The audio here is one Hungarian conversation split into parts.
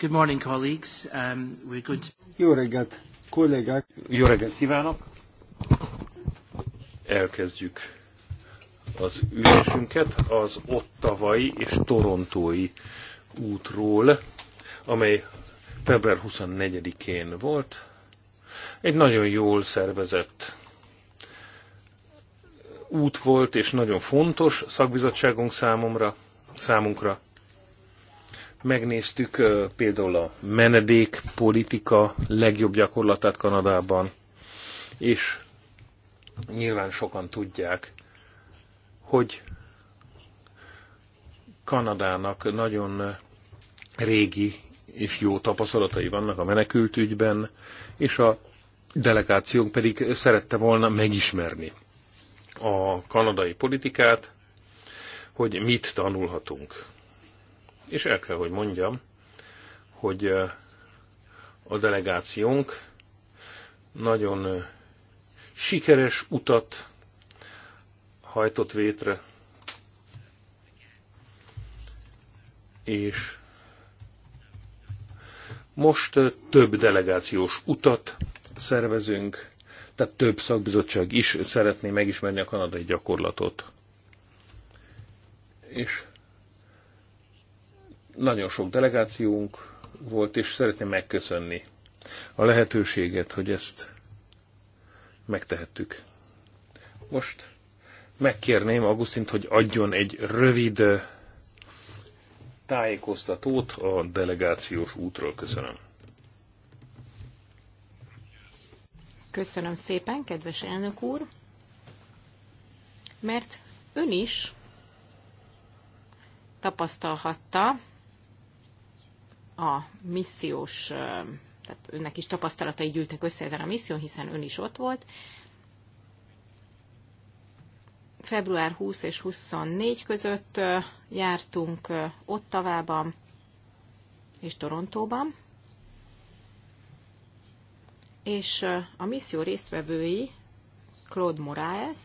Good morning, colleagues. Um, we're going to... Jó reggelt, kollégák! Jó reggelt kívánok! Elkezdjük az ülésünket az ottavai és torontói útról, amely február 24-én volt. Egy nagyon jól szervezett út volt, és nagyon fontos szakbizottságunk számomra, számunkra Megnéztük például a menedékpolitika legjobb gyakorlatát Kanadában, és nyilván sokan tudják, hogy Kanadának nagyon régi és jó tapasztalatai vannak a menekültügyben, és a delegációnk pedig szerette volna megismerni a kanadai politikát, hogy mit tanulhatunk és el kell, hogy mondjam, hogy a delegációnk nagyon sikeres utat hajtott vétre, és most több delegációs utat szervezünk, tehát több szakbizottság is szeretné megismerni a kanadai gyakorlatot. És nagyon sok delegációnk volt, és szeretném megköszönni a lehetőséget, hogy ezt megtehettük. Most megkérném Augustint, hogy adjon egy rövid tájékoztatót a delegációs útról. Köszönöm. Köszönöm szépen, kedves elnök úr, mert ön is tapasztalhatta a missziós, tehát önnek is tapasztalatai gyűltek össze ezen a misszión, hiszen ön is ott volt. Február 20 és 24 között jártunk Ottavában és Torontóban, és a misszió résztvevői Claude Moraes,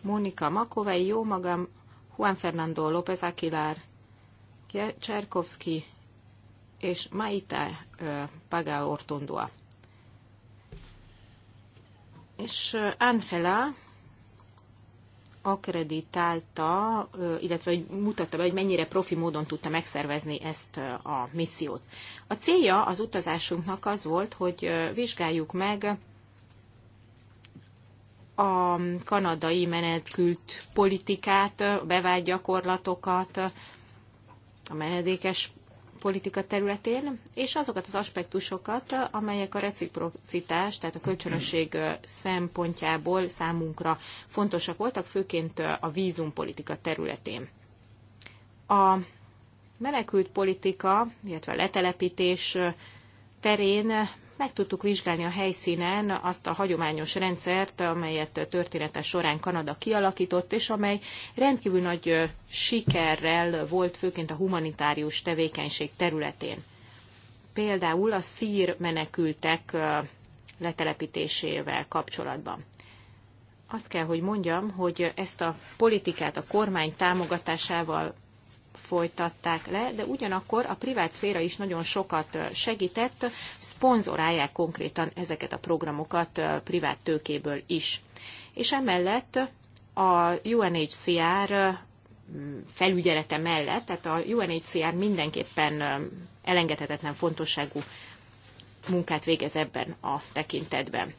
Monika Makovei, jó magam, Juan Fernando López Aquilar Cserkovszki és Maita Paga Ortondua. És Anfela akreditálta, illetve hogy mutatta be, hogy mennyire profi módon tudta megszervezni ezt a missziót. A célja az utazásunknak az volt, hogy vizsgáljuk meg a kanadai menetkült politikát, bevált gyakorlatokat, a menedékes politika területén, és azokat az aspektusokat, amelyek a reciprocitás, tehát a kölcsönösség szempontjából számunkra fontosak voltak, főként a vízumpolitika területén. A menekült politika, illetve a letelepítés terén meg tudtuk vizsgálni a helyszínen azt a hagyományos rendszert, amelyet története során Kanada kialakított, és amely rendkívül nagy sikerrel volt főként a humanitárius tevékenység területén. Például a szír menekültek letelepítésével kapcsolatban. Azt kell, hogy mondjam, hogy ezt a politikát a kormány támogatásával folytatták le, de ugyanakkor a privát szféra is nagyon sokat segített, szponzorálják konkrétan ezeket a programokat privát tőkéből is. És emellett a UNHCR felügyelete mellett, tehát a UNHCR mindenképpen elengedhetetlen fontosságú munkát végez ebben a tekintetben.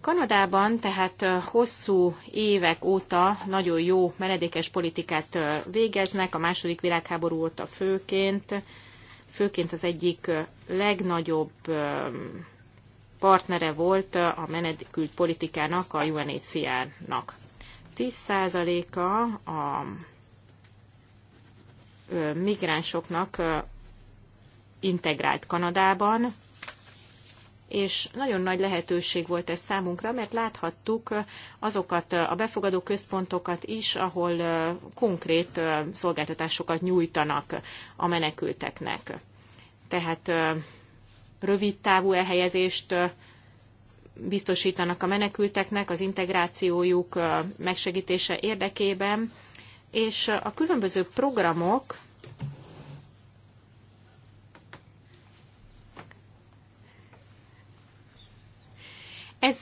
Kanadában tehát hosszú évek óta nagyon jó menedékes politikát végeznek, a második világháború óta főként, főként az egyik legnagyobb partnere volt a menedékült politikának, a UNHCR-nak. 10%-a a migránsoknak integrált Kanadában, és nagyon nagy lehetőség volt ez számunkra, mert láthattuk azokat a befogadó központokat is, ahol konkrét szolgáltatásokat nyújtanak a menekülteknek. Tehát rövid távú elhelyezést biztosítanak a menekülteknek az integrációjuk megsegítése érdekében, és a különböző programok Ez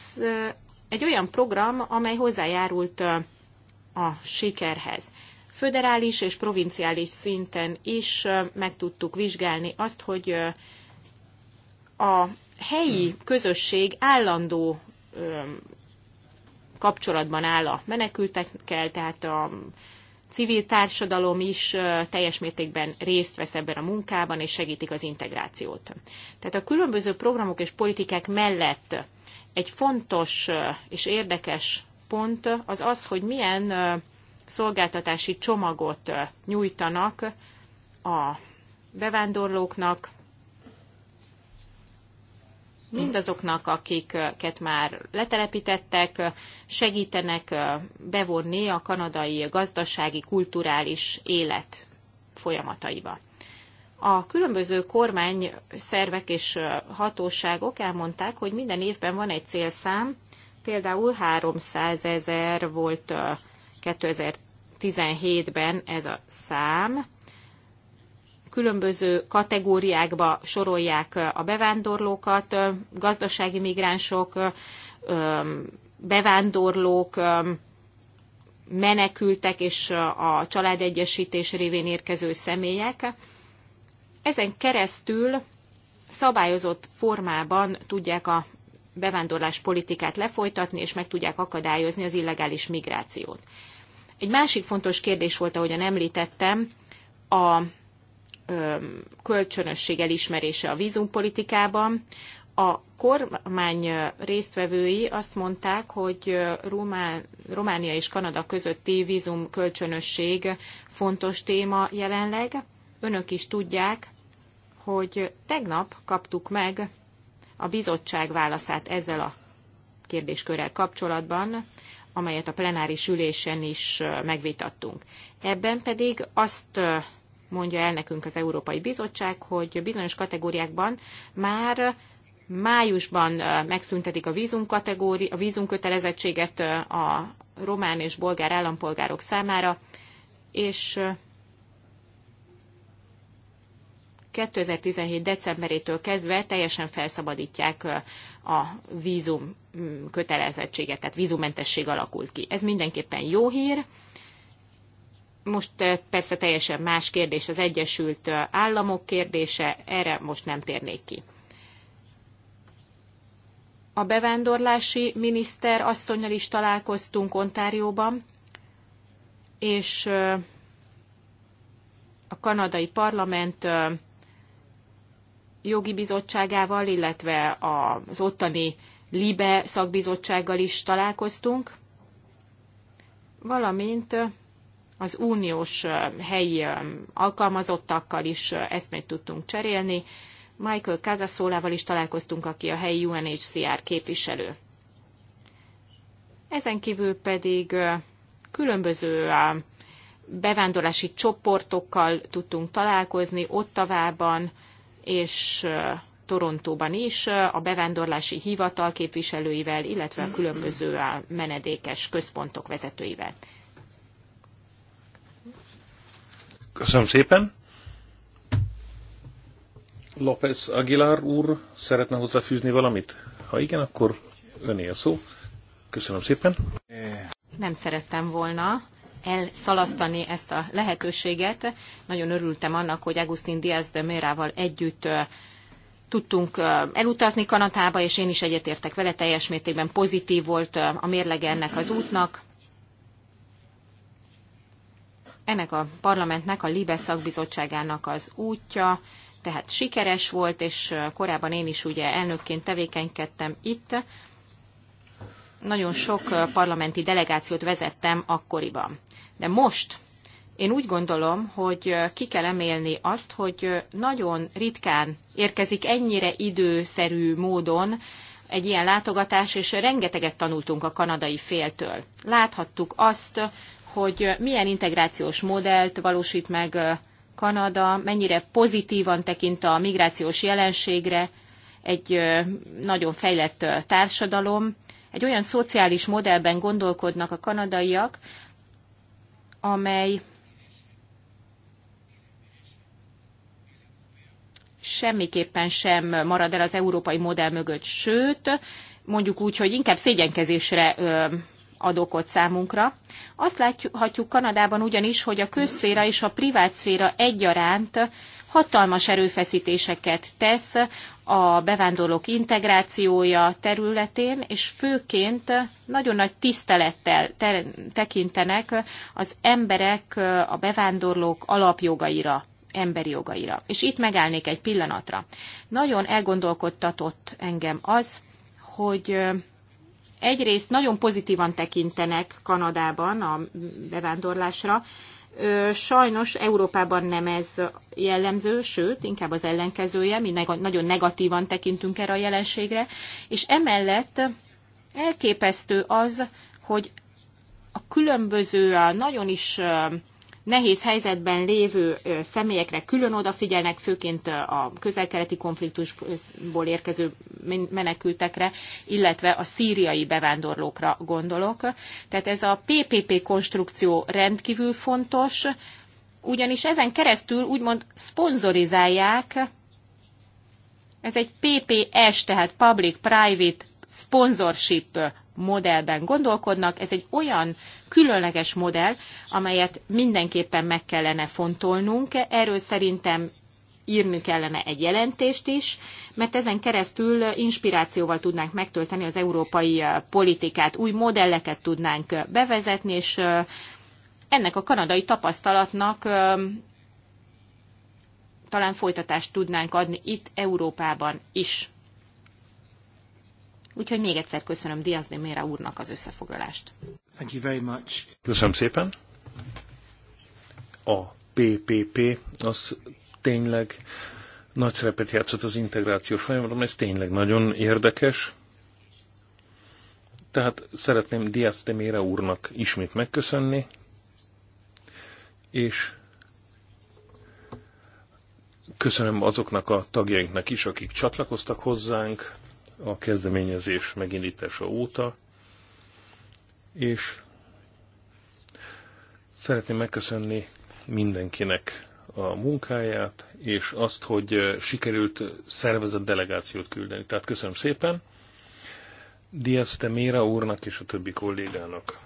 egy olyan program, amely hozzájárult a sikerhez. Föderális és provinciális szinten is meg tudtuk vizsgálni azt, hogy a helyi közösség állandó kapcsolatban áll a menekültekkel, tehát a civil társadalom is teljes mértékben részt vesz ebben a munkában, és segítik az integrációt. Tehát a különböző programok és politikák mellett egy fontos és érdekes pont az az, hogy milyen szolgáltatási csomagot nyújtanak a bevándorlóknak, mint azoknak, akiket már letelepítettek, segítenek bevonni a kanadai gazdasági, kulturális élet folyamataiba a különböző kormány szervek és hatóságok elmondták, hogy minden évben van egy célszám, például 300 ezer volt 2017-ben ez a szám, különböző kategóriákba sorolják a bevándorlókat, gazdasági migránsok, bevándorlók, menekültek és a családegyesítés révén érkező személyek. Ezen keresztül szabályozott formában tudják a bevándorlás politikát lefolytatni, és meg tudják akadályozni az illegális migrációt. Egy másik fontos kérdés volt, ahogyan említettem, a kölcsönösség elismerése a vízumpolitikában. A kormány résztvevői azt mondták, hogy Rumán, Románia és Kanada közötti vízumkölcsönösség fontos téma jelenleg. Önök is tudják, hogy tegnap kaptuk meg a bizottság válaszát ezzel a kérdéskörrel kapcsolatban, amelyet a plenáris ülésen is megvitattunk. Ebben pedig azt mondja el nekünk az Európai Bizottság, hogy bizonyos kategóriákban már májusban megszüntetik a, vízum a vízumkötelezettséget a román és bolgár állampolgárok számára, és 2017. decemberétől kezdve teljesen felszabadítják a vízum kötelezettséget, tehát vízummentesség alakult ki. Ez mindenképpen jó hír. Most persze teljesen más kérdés az Egyesült Államok kérdése, erre most nem térnék ki. A bevándorlási miniszter asszonynal is találkoztunk Ontárióban, és a kanadai parlament jogi bizottságával, illetve az ottani LIBE szakbizottsággal is találkoztunk, valamint az uniós helyi alkalmazottakkal is eszmét tudtunk cserélni. Michael Kazaszólával is találkoztunk, aki a helyi UNHCR képviselő. Ezen kívül pedig különböző bevándorlási csoportokkal tudtunk találkozni Ottavában, és Torontóban is a bevándorlási hivatal képviselőivel, illetve a különböző menedékes központok vezetőivel. Köszönöm szépen. López Aguilar úr szeretne hozzáfűzni valamit? Ha igen, akkor öné a szó. Köszönöm szépen. Nem szerettem volna elszalasztani ezt a lehetőséget. Nagyon örültem annak, hogy Agustin Diaz de Mérával együtt tudtunk elutazni Kanatába, és én is egyetértek vele, teljes mértékben pozitív volt a mérlege ennek az útnak. Ennek a parlamentnek, a Libe szakbizottságának az útja, tehát sikeres volt, és korábban én is ugye elnökként tevékenykedtem itt, nagyon sok parlamenti delegációt vezettem akkoriban. De most én úgy gondolom, hogy ki kell emélni azt, hogy nagyon ritkán érkezik ennyire időszerű módon egy ilyen látogatás, és rengeteget tanultunk a kanadai féltől. Láthattuk azt, hogy milyen integrációs modellt valósít meg Kanada, mennyire pozitívan tekint a migrációs jelenségre, egy nagyon fejlett társadalom, egy olyan szociális modellben gondolkodnak a kanadaiak, amely semmiképpen sem marad el az európai modell mögött, sőt, mondjuk úgy, hogy inkább szégyenkezésre adokot számunkra. Azt láthatjuk Kanadában ugyanis, hogy a közszféra és a privátszféra egyaránt hatalmas erőfeszítéseket tesz a bevándorlók integrációja területén, és főként nagyon nagy tisztelettel tekintenek az emberek, a bevándorlók alapjogaira emberi jogaira. És itt megállnék egy pillanatra. Nagyon elgondolkodtatott engem az, hogy egyrészt nagyon pozitívan tekintenek Kanadában a bevándorlásra, Sajnos Európában nem ez jellemző, sőt, inkább az ellenkezője, mi neg- nagyon negatívan tekintünk erre a jelenségre, és emellett elképesztő az, hogy a különböző, a nagyon is nehéz helyzetben lévő személyekre külön odafigyelnek, főként a közelkeleti konfliktusból érkező menekültekre, illetve a szíriai bevándorlókra gondolok. Tehát ez a PPP konstrukció rendkívül fontos, ugyanis ezen keresztül úgymond szponzorizálják, ez egy PPS, tehát Public Private Sponsorship modellben gondolkodnak. Ez egy olyan különleges modell, amelyet mindenképpen meg kellene fontolnunk. Erről szerintem írni kellene egy jelentést is, mert ezen keresztül inspirációval tudnánk megtölteni az európai politikát, új modelleket tudnánk bevezetni, és ennek a kanadai tapasztalatnak talán folytatást tudnánk adni itt Európában is. Úgyhogy még egyszer köszönöm Diaz de Mera úrnak az összefoglalást. Thank you very much. Köszönöm szépen. A PPP az tényleg nagy szerepet játszott az integrációs folyamatban, ez tényleg nagyon érdekes. Tehát szeretném Diaz de Mera úrnak ismét megköszönni, és köszönöm azoknak a tagjainknak is, akik csatlakoztak hozzánk a kezdeményezés megindítása óta, és szeretném megköszönni mindenkinek a munkáját, és azt, hogy sikerült szervezett delegációt küldeni. Tehát köszönöm szépen Diaz Temera úrnak és a többi kollégának.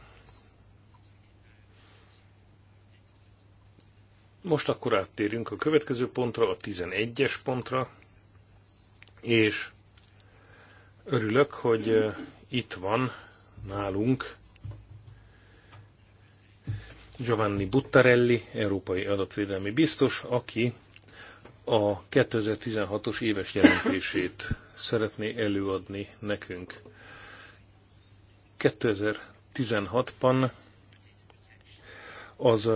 Most akkor áttérünk a következő pontra, a 11-es pontra, és Örülök, hogy itt van nálunk Giovanni Buttarelli, Európai Adatvédelmi Biztos, aki a 2016-os éves jelentését szeretné előadni nekünk. 2016-ban az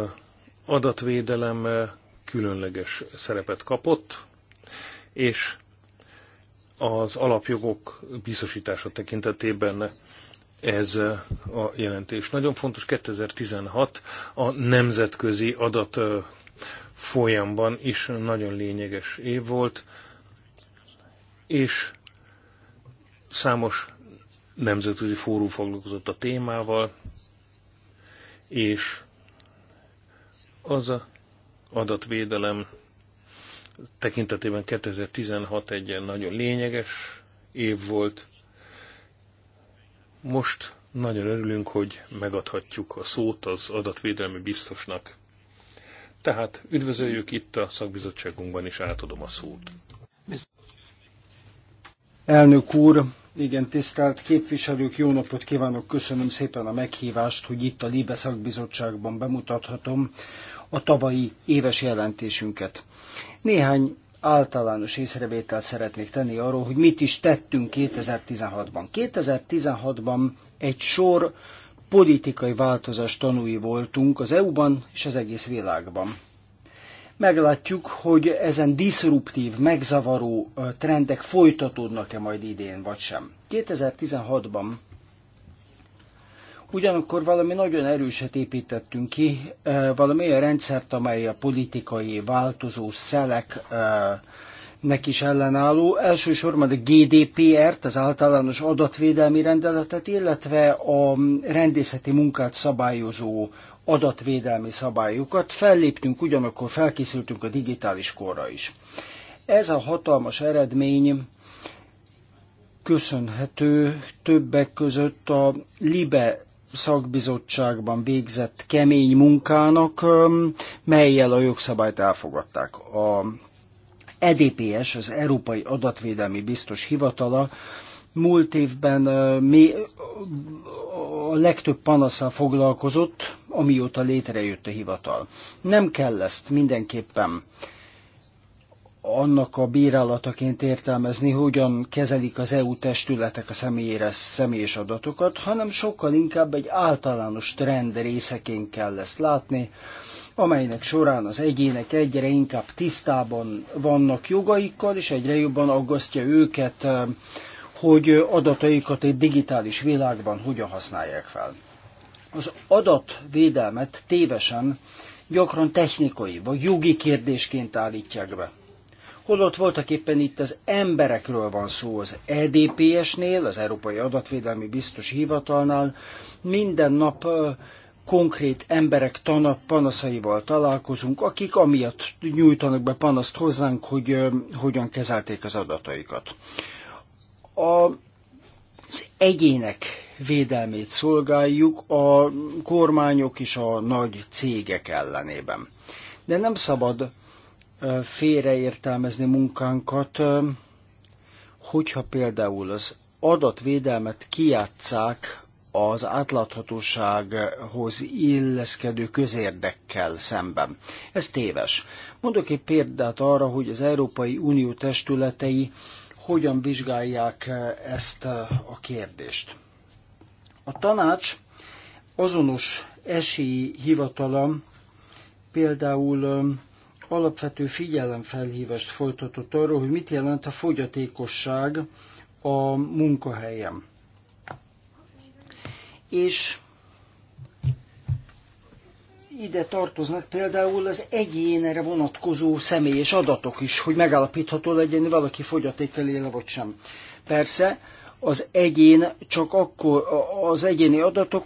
adatvédelem különleges szerepet kapott, és az alapjogok biztosítása tekintetében ez a jelentés. Nagyon fontos 2016 a nemzetközi adat folyamban is nagyon lényeges év volt, és számos nemzetközi fórum foglalkozott a témával, és az a adatvédelem tekintetében 2016 egy nagyon lényeges év volt. Most nagyon örülünk, hogy megadhatjuk a szót az adatvédelmi biztosnak. Tehát üdvözöljük itt a szakbizottságunkban, is átadom a szót. Elnök úr, igen, tisztelt képviselők, jó napot kívánok, köszönöm szépen a meghívást, hogy itt a Libe szakbizottságban bemutathatom a tavalyi éves jelentésünket. Néhány általános észrevétel szeretnék tenni arról, hogy mit is tettünk 2016-ban. 2016-ban egy sor politikai változás tanúi voltunk az EU-ban és az egész világban. Meglátjuk, hogy ezen diszruptív, megzavaró trendek folytatódnak-e majd idén, vagy sem. 2016-ban Ugyanakkor valami nagyon erőset építettünk ki, valami olyan rendszert, amely a politikai változó szelek nek is ellenálló, elsősorban a GDPR-t, az általános adatvédelmi rendeletet, illetve a rendészeti munkát szabályozó adatvédelmi szabályokat. Felléptünk, ugyanakkor felkészültünk a digitális korra is. Ez a hatalmas eredmény köszönhető többek között a LIBE szakbizottságban végzett kemény munkának, melyel a jogszabályt elfogadták. A EDPS, az Európai Adatvédelmi Biztos Hivatala múlt évben mi a legtöbb panaszsal foglalkozott, amióta létrejött a hivatal. Nem kell ezt mindenképpen annak a bírálataként értelmezni, hogyan kezelik az EU testületek a személyére személyes adatokat, hanem sokkal inkább egy általános trend részeként kell ezt látni, amelynek során az egyének egyre inkább tisztában vannak jogaikkal, és egyre jobban aggasztja őket, eh, hogy adataikat egy digitális világban hogyan használják fel. Az adatvédelmet tévesen gyakran technikai vagy jogi kérdésként állítják be holott voltak éppen itt az emberekről van szó az EDPS-nél, az Európai Adatvédelmi Biztos Hivatalnál, minden nap konkrét emberek tanap panaszaival találkozunk, akik amiatt nyújtanak be panaszt hozzánk, hogy hogyan kezelték az adataikat. A, az egyének védelmét szolgáljuk a kormányok és a nagy cégek ellenében. De nem szabad félreértelmezni munkánkat, hogyha például az adatvédelmet kiátszák az átláthatósághoz illeszkedő közérdekkel szemben. Ez téves. Mondok egy példát arra, hogy az Európai Unió testületei hogyan vizsgálják ezt a kérdést. A tanács azonos esélyi hivatala például alapvető figyelemfelhívást folytatott arról, hogy mit jelent a fogyatékosság a munkahelyen. És ide tartoznak például az egyénre vonatkozó személyes adatok is, hogy megállapítható legyen, valaki fogyatékkal éle vagy sem. Persze, az egyén csak akkor az egyéni adatok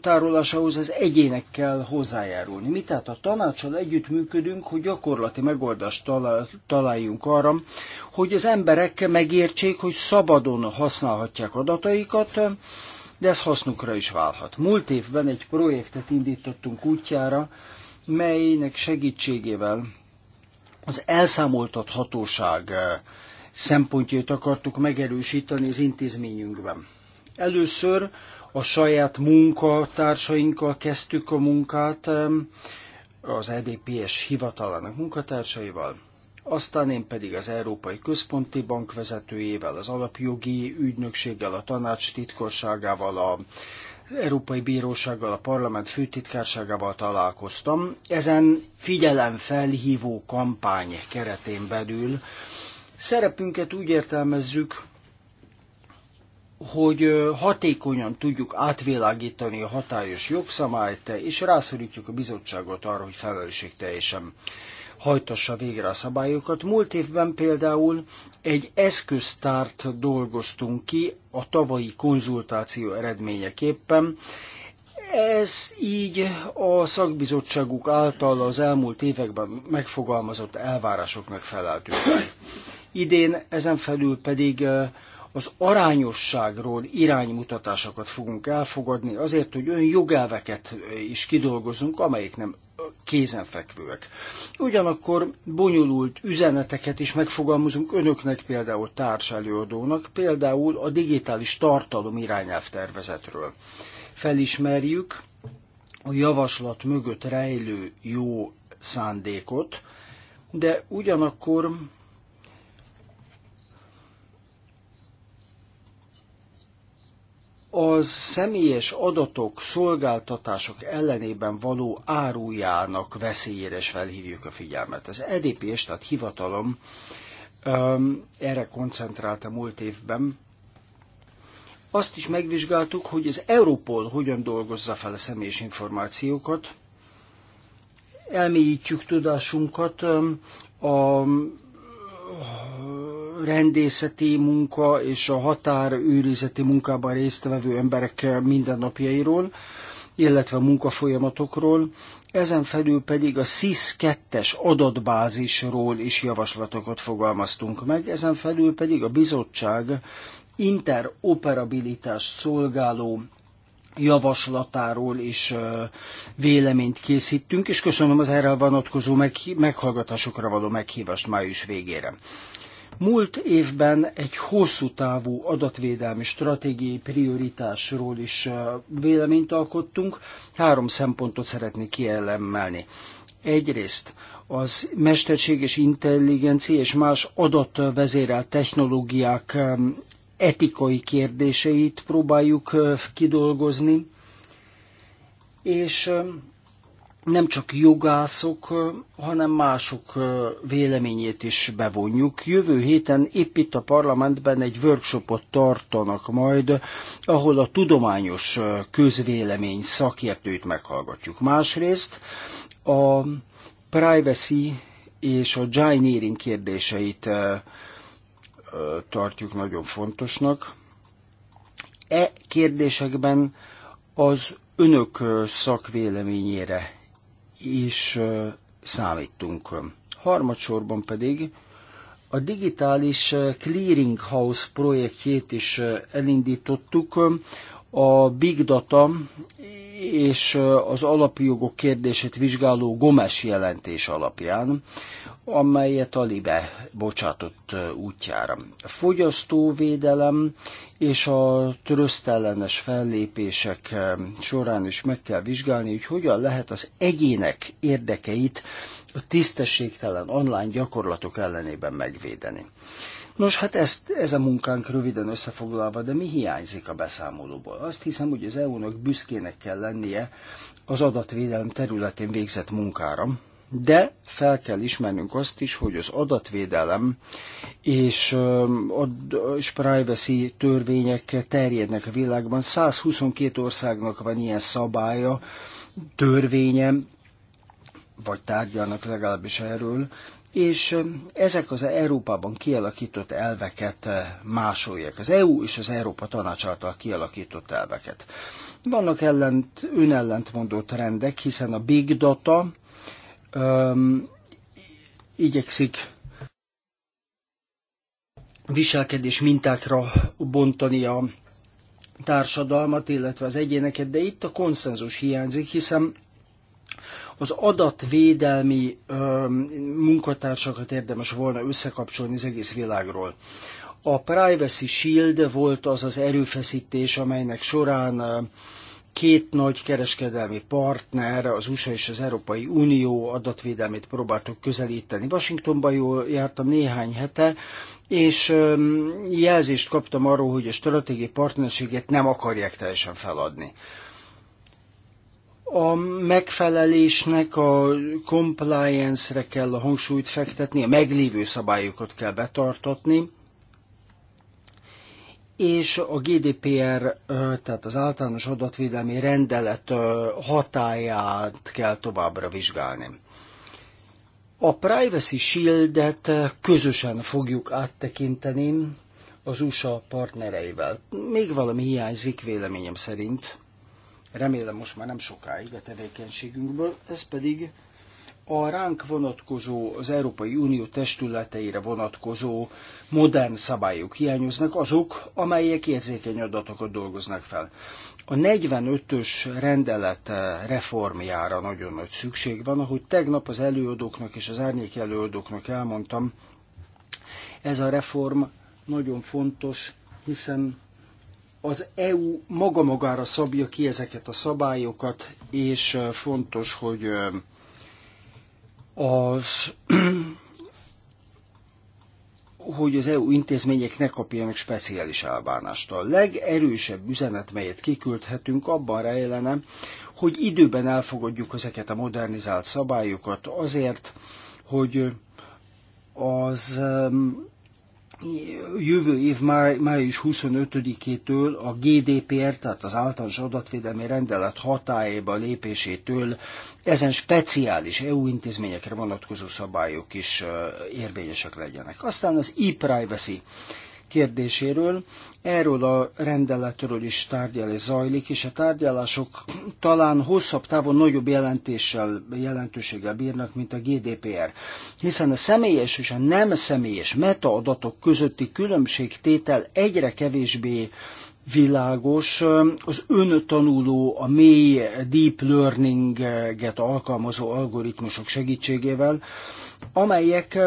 tárolásához az egyének kell hozzájárulni. Mi tehát a tanácsal együttműködünk, hogy gyakorlati megoldást találjunk arra, hogy az emberek megértsék, hogy szabadon használhatják adataikat, de ez hasznukra is válhat. Múlt évben egy projektet indítottunk útjára, melynek segítségével az elszámoltathatóság szempontjait akartuk megerősíteni az intézményünkben. Először a saját munkatársainkkal kezdtük a munkát, az EDPS hivatalának munkatársaival, aztán én pedig az Európai Központi Bank vezetőjével, az alapjogi ügynökséggel, a tanács titkosságával, a Európai Bírósággal, a Parlament főtitkárságával találkoztam. Ezen figyelemfelhívó kampány keretén belül Szerepünket úgy értelmezzük, hogy hatékonyan tudjuk átvilágítani a hatályos jogszabályt, és rászorítjuk a bizottságot arra, hogy felelősségteljesen hajtassa végre a szabályokat. Múlt évben például egy eszköztárt dolgoztunk ki a tavalyi konzultáció eredményeképpen. Ez így a szakbizottságuk által az elmúlt években megfogalmazott elvárások megfeleltünk. Idén ezen felül pedig az arányosságról iránymutatásokat fogunk elfogadni, azért, hogy olyan jogelveket is kidolgozunk, amelyek nem kézenfekvőek. Ugyanakkor bonyolult üzeneteket is megfogalmazunk önöknek, például társelőadónak, például a digitális tartalom irányelv tervezetről. Felismerjük a javaslat mögött rejlő jó szándékot, de ugyanakkor az személyes adatok, szolgáltatások ellenében való árujának veszélyére is felhívjuk a figyelmet. Az EDP, tehát hivatalom, erre koncentrált a múlt évben, azt is megvizsgáltuk, hogy az Europol hogyan dolgozza fel a személyes információkat. Elmélyítjük tudásunkat a rendészeti munka és a határőrizeti munkában résztvevő emberek mindennapjairól, illetve munkafolyamatokról, ezen felül pedig a SIS-2-es adatbázisról is javaslatokat fogalmaztunk meg, ezen felül pedig a bizottság interoperabilitás szolgáló javaslatáról is véleményt készítünk, és köszönöm az erre vonatkozó meghallgatásokra való meghívást május végére. Múlt évben egy hosszú távú adatvédelmi stratégiai prioritásról is véleményt alkottunk. Három szempontot szeretnék kiemelni. Egyrészt az mesterséges intelligencia és más adatvezérelt technológiák etikai kérdéseit próbáljuk kidolgozni, és nem csak jogászok, hanem mások véleményét is bevonjuk. Jövő héten épp itt a parlamentben egy workshopot tartanak majd, ahol a tudományos közvélemény szakértőit meghallgatjuk. Másrészt a privacy és a gyneering kérdéseit tartjuk nagyon fontosnak. E kérdésekben az önök szakvéleményére is számítunk. Harmadsorban pedig a digitális Clearing House projektjét is elindítottuk. A Big Data és az alapjogok kérdését vizsgáló Gomes jelentés alapján amelyet a Libe bocsátott útjára. A fogyasztóvédelem és a trösztellenes fellépések során is meg kell vizsgálni, hogy hogyan lehet az egyének érdekeit a tisztességtelen online gyakorlatok ellenében megvédeni. Nos, hát ezt, ez a munkánk röviden összefoglalva, de mi hiányzik a beszámolóból? Azt hiszem, hogy az EU-nak büszkének kell lennie az adatvédelem területén végzett munkára, de fel kell ismernünk azt is, hogy az adatvédelem és, ad, és privacy törvények terjednek a világban. 122 országnak van ilyen szabálya, törvénye, vagy tárgyalnak legalábbis erről, és ezek az Európában kialakított elveket másolják, az EU és az Európa Tanács által kialakított elveket. Vannak ellent, önellentmondó trendek, hiszen a big data um, igyekszik viselkedés mintákra bontani a társadalmat, illetve az egyéneket, de itt a konszenzus hiányzik, hiszen az adatvédelmi munkatársakat érdemes volna összekapcsolni az egész világról. A Privacy Shield volt az az erőfeszítés, amelynek során két nagy kereskedelmi partner, az USA és az Európai Unió adatvédelmét próbáltuk közelíteni. Washingtonban jól jártam néhány hete, és jelzést kaptam arról, hogy a stratégiai partnerséget nem akarják teljesen feladni. A megfelelésnek a compliance-re kell a hangsúlyt fektetni, a meglévő szabályokat kell betartatni, és a GDPR, tehát az általános adatvédelmi rendelet hatáját kell továbbra vizsgálni. A Privacy Shield-et közösen fogjuk áttekinteni az USA partnereivel. Még valami hiányzik véleményem szerint. Remélem most már nem sokáig a tevékenységünkből, ez pedig a ránk vonatkozó, az Európai Unió testületeire vonatkozó modern szabályok hiányoznak, azok, amelyek érzékeny adatokat dolgoznak fel. A 45-ös rendelet reformjára nagyon nagy szükség van, ahogy tegnap az előadóknak és az árnyék előadóknak elmondtam, ez a reform nagyon fontos, hiszen az EU maga magára szabja ki ezeket a szabályokat, és fontos, hogy az, hogy az EU intézmények ne kapjanak speciális elbánást. A legerősebb üzenet, melyet kiküldhetünk, abban rejlene, hogy időben elfogadjuk ezeket a modernizált szabályokat azért, hogy az jövő év máj, május 25-től a GDPR, tehát az általános adatvédelmi rendelet hatályba lépésétől ezen speciális EU intézményekre vonatkozó szabályok is érvényesek legyenek. Aztán az e-privacy kérdéséről. Erről a rendeletről is tárgyalás zajlik, és a tárgyalások talán hosszabb távon nagyobb jelentéssel, jelentőséggel bírnak, mint a GDPR. Hiszen a személyes és a nem személyes metaadatok közötti különbségtétel egyre kevésbé világos. Az öntanuló, a mély deep learning-et alkalmazó algoritmusok segítségével, amelyek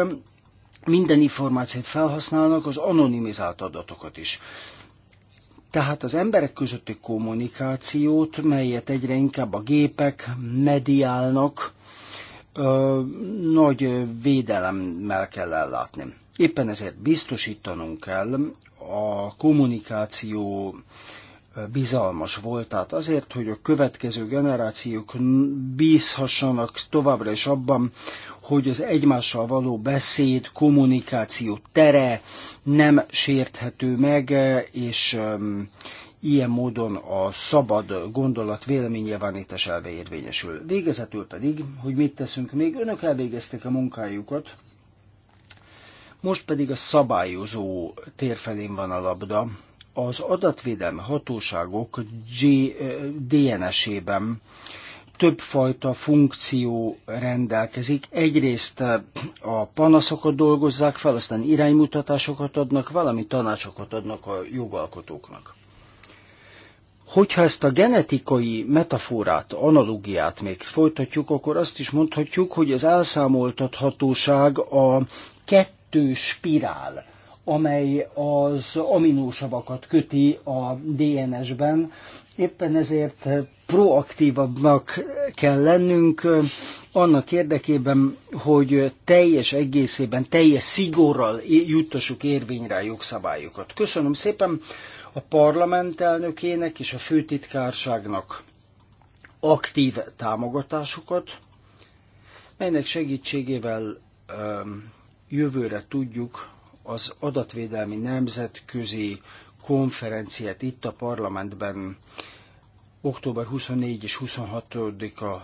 minden információt felhasználnak, az anonimizált adatokat is. Tehát az emberek közötti kommunikációt, melyet egyre inkább a gépek mediálnak, ö, nagy védelemmel kell ellátni. Éppen ezért biztosítanunk kell a kommunikáció bizalmas volt, tehát azért, hogy a következő generációk bízhassanak továbbra is abban, hogy az egymással való beszéd, kommunikáció tere nem sérthető meg, és um, ilyen módon a szabad gondolat véleménynyilvánítás elve érvényesül. Végezetül pedig, hogy mit teszünk még, önök elvégezték a munkájukat, most pedig a szabályozó térfelén van a labda, az adatvédelmi hatóságok eh, DNS-ében többfajta funkció rendelkezik. Egyrészt eh, a panaszokat dolgozzák fel, aztán iránymutatásokat adnak, valami tanácsokat adnak a jogalkotóknak. Hogyha ezt a genetikai metaforát, analógiát még folytatjuk, akkor azt is mondhatjuk, hogy az elszámoltathatóság a kettő spirál amely az aminósavakat köti a DNS-ben. Éppen ezért proaktívabbnak kell lennünk annak érdekében, hogy teljes egészében, teljes szigorral juttassuk érvényre a jogszabályokat. Köszönöm szépen a parlament elnökének és a főtitkárságnak aktív támogatásukat, melynek segítségével jövőre tudjuk az adatvédelmi nemzetközi konferenciát itt a parlamentben október 24 és 26-a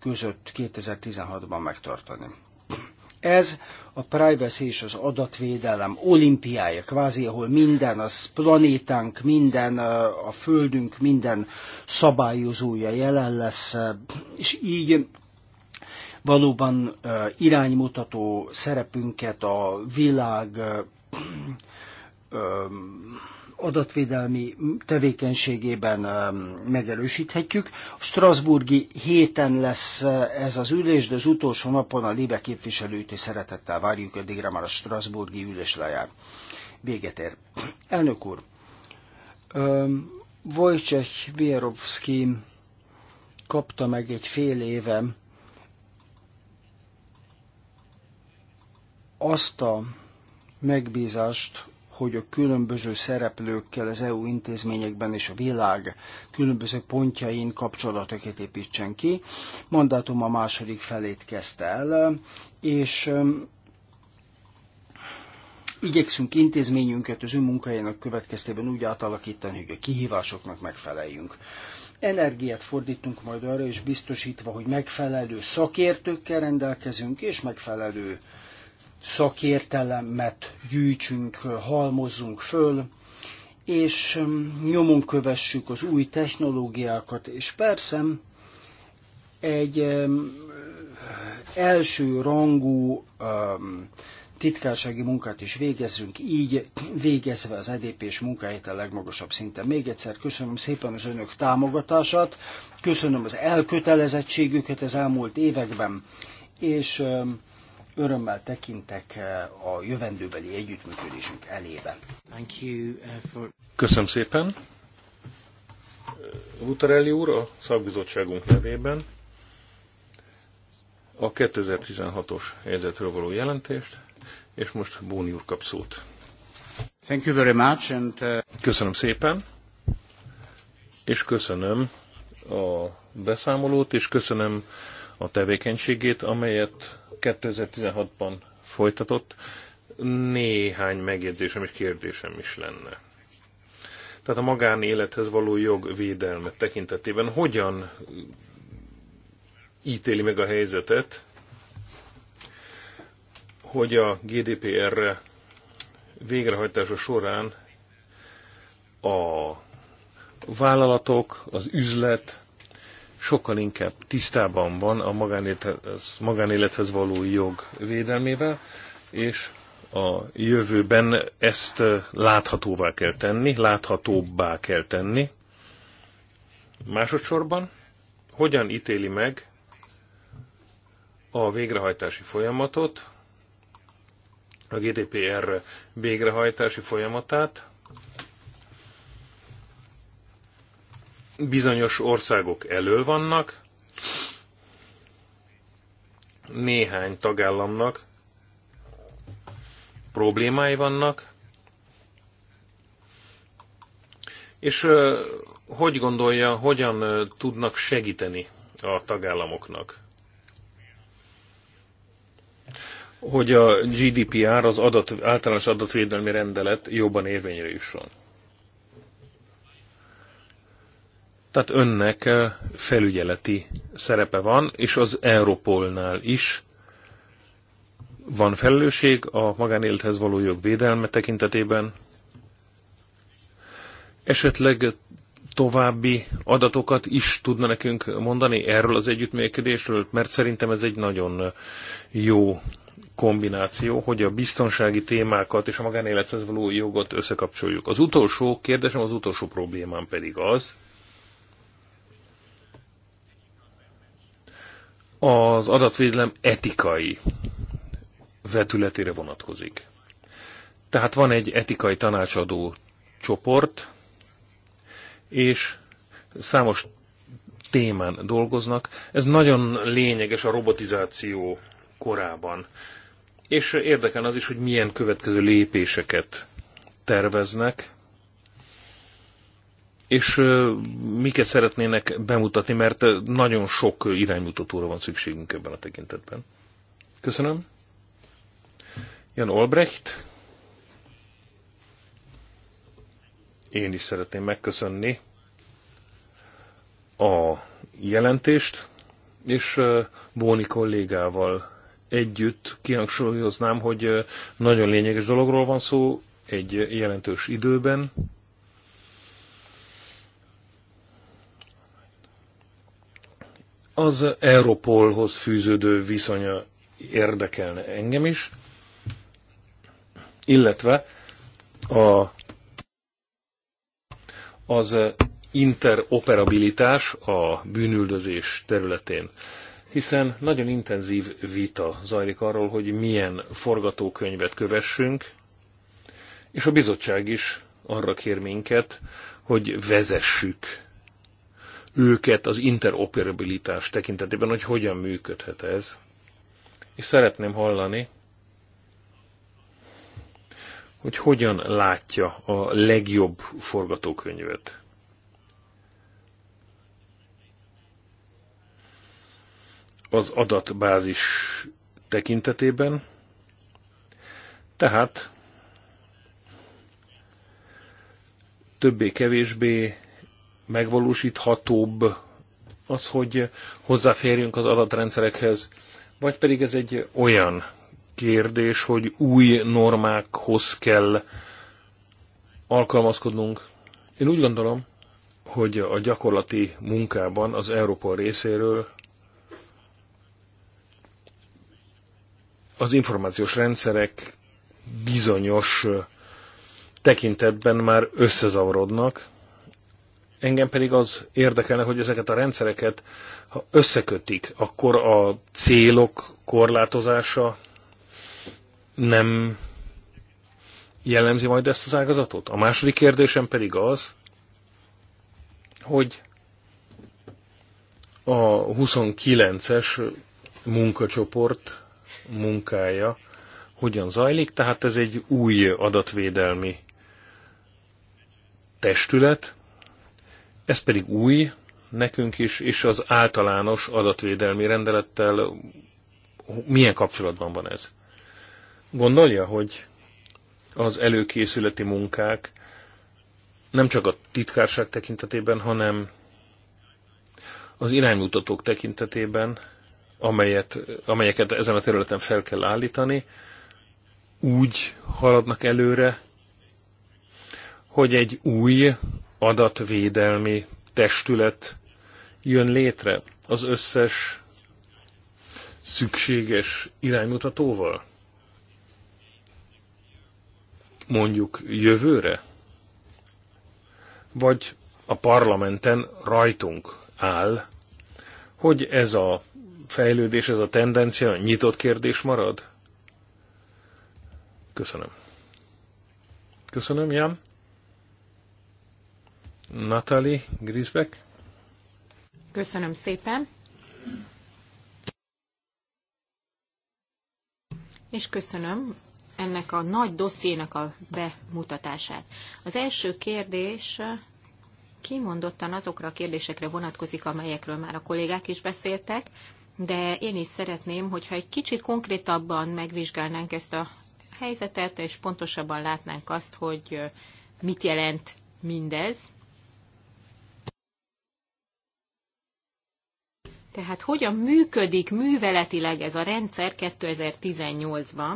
között 2016-ban megtartani. Ez a privacy és az adatvédelem olimpiája, kvázi, ahol minden, a planétánk, minden, a földünk, minden szabályozója jelen lesz, és így valóban iránymutató szerepünket a világ adatvédelmi tevékenységében megerősíthetjük. A Strasburgi héten lesz ez az ülés, de az utolsó napon a Libe képviselőt is szeretettel várjuk, addigra már a Strasburgi ülés lejár. Véget ér. Elnök úr, Wojciech Vierovszki kapta meg egy fél éve azt a megbízást, hogy a különböző szereplőkkel az EU intézményekben és a világ különböző pontjain kapcsolatokat építsen ki. Mandátum a második felét kezdte el, és um, igyekszünk intézményünket az ő munkájának következtében úgy átalakítani, hogy a kihívásoknak megfeleljünk. Energiát fordítunk majd arra, és biztosítva, hogy megfelelő szakértőkkel rendelkezünk, és megfelelő szakértelemet gyűjtsünk, halmozzunk föl, és mm, nyomon kövessük az új technológiákat, és persze mm, egy mm, első rangú titkársági munkát is végezzünk, így végezve az e és munkáját a legmagasabb szinten. Még egyszer köszönöm szépen az önök támogatását, köszönöm az elkötelezettségüket az elmúlt években, és örömmel tekintek eh, a jövendőbeli együttműködésünk elébe. Thank you eh, for... Köszönöm szépen. Vutarelli úr a szakbizottságunk nevében a 2016-os helyzetről való jelentést, és most Bóni úr kap szót. Thank you very much and, uh... Köszönöm szépen, és köszönöm a beszámolót, és köszönöm a tevékenységét, amelyet 2016-ban folytatott, néhány megjegyzésem és kérdésem is lenne. Tehát a magánélethez való jogvédelme tekintetében hogyan ítéli meg a helyzetet, hogy a GDPR végrehajtása során a vállalatok, az üzlet, sokkal inkább tisztában van a magánélethez, magánélethez való jog védelmével, és a jövőben ezt láthatóvá kell tenni, láthatóbbá kell tenni. Másodszorban, hogyan ítéli meg a végrehajtási folyamatot, a GDPR végrehajtási folyamatát, bizonyos országok elől vannak, néhány tagállamnak problémái vannak, és hogy gondolja, hogyan tudnak segíteni a tagállamoknak? Hogy a GDPR, az adat, általános adatvédelmi rendelet jobban érvényre jusson. Tehát önnek eh, felügyeleti szerepe van, és az Európolnál is van felelősség a magánélethez való jog védelme tekintetében. Esetleg további adatokat is tudna nekünk mondani erről az együttműködésről, mert szerintem ez egy nagyon jó kombináció, hogy a biztonsági témákat és a magánélethez való jogot összekapcsoljuk. Az utolsó kérdésem, az utolsó problémám pedig az, az adatvédelem etikai vetületére vonatkozik. Tehát van egy etikai tanácsadó csoport, és számos témán dolgoznak. Ez nagyon lényeges a robotizáció korában. És érdekel az is, hogy milyen következő lépéseket terveznek, és miket szeretnének bemutatni, mert nagyon sok iránymutatóra van szükségünk ebben a tekintetben. Köszönöm. Jan Olbrecht. Én is szeretném megköszönni a jelentést, és Bóni kollégával együtt kihangsúlyoznám, hogy nagyon lényeges dologról van szó egy jelentős időben, az Europolhoz fűződő viszonya érdekelne engem is, illetve a, az interoperabilitás a bűnüldözés területén hiszen nagyon intenzív vita zajlik arról, hogy milyen forgatókönyvet kövessünk, és a bizottság is arra kér minket, hogy vezessük őket az interoperabilitás tekintetében, hogy hogyan működhet ez. És szeretném hallani, hogy hogyan látja a legjobb forgatókönyvet. Az adatbázis tekintetében, tehát többé-kevésbé megvalósíthatóbb az, hogy hozzáférjünk az adatrendszerekhez, vagy pedig ez egy olyan kérdés, hogy új normákhoz kell alkalmazkodnunk. Én úgy gondolom, hogy a gyakorlati munkában az Európa részéről az információs rendszerek bizonyos tekintetben már összezavarodnak, Engem pedig az érdekelne, hogy ezeket a rendszereket, ha összekötik, akkor a célok korlátozása nem jellemzi majd ezt az ágazatot? A második kérdésem pedig az, hogy a 29-es munkacsoport munkája hogyan zajlik, tehát ez egy új adatvédelmi testület, ez pedig új nekünk is, és az általános adatvédelmi rendelettel milyen kapcsolatban van ez? Gondolja, hogy az előkészületi munkák nem csak a titkárság tekintetében, hanem az iránymutatók tekintetében, amelyet, amelyeket ezen a területen fel kell állítani, úgy haladnak előre, hogy egy új adatvédelmi testület jön létre az összes szükséges iránymutatóval? Mondjuk jövőre? Vagy a parlamenten rajtunk áll, hogy ez a fejlődés, ez a tendencia nyitott kérdés marad? Köszönöm. Köszönöm, Jan. Natali Grisbeck. Köszönöm szépen. És köszönöm ennek a nagy dossziénak a bemutatását. Az első kérdés kimondottan azokra a kérdésekre vonatkozik, amelyekről már a kollégák is beszéltek, de én is szeretném, hogyha egy kicsit konkrétabban megvizsgálnánk ezt a helyzetet, és pontosabban látnánk azt, hogy mit jelent mindez, Tehát hogyan működik műveletileg ez a rendszer 2018-ban?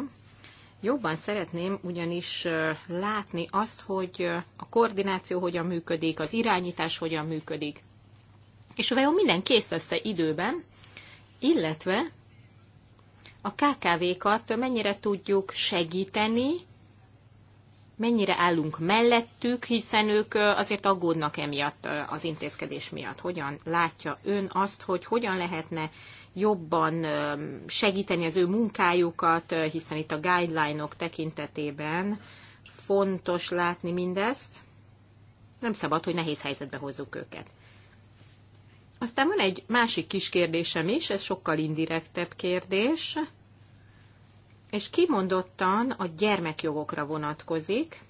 Jobban szeretném ugyanis látni azt, hogy a koordináció hogyan működik, az irányítás hogyan működik. És vajon minden kész lesz -e időben, illetve a KKV-kat mennyire tudjuk segíteni mennyire állunk mellettük, hiszen ők azért aggódnak emiatt az intézkedés miatt. Hogyan látja ön azt, hogy hogyan lehetne jobban segíteni az ő munkájukat, hiszen itt a guideline-ok tekintetében fontos látni mindezt. Nem szabad, hogy nehéz helyzetbe hozzuk őket. Aztán van egy másik kis kérdésem is, ez sokkal indirektebb kérdés és kimondottan a gyermekjogokra vonatkozik,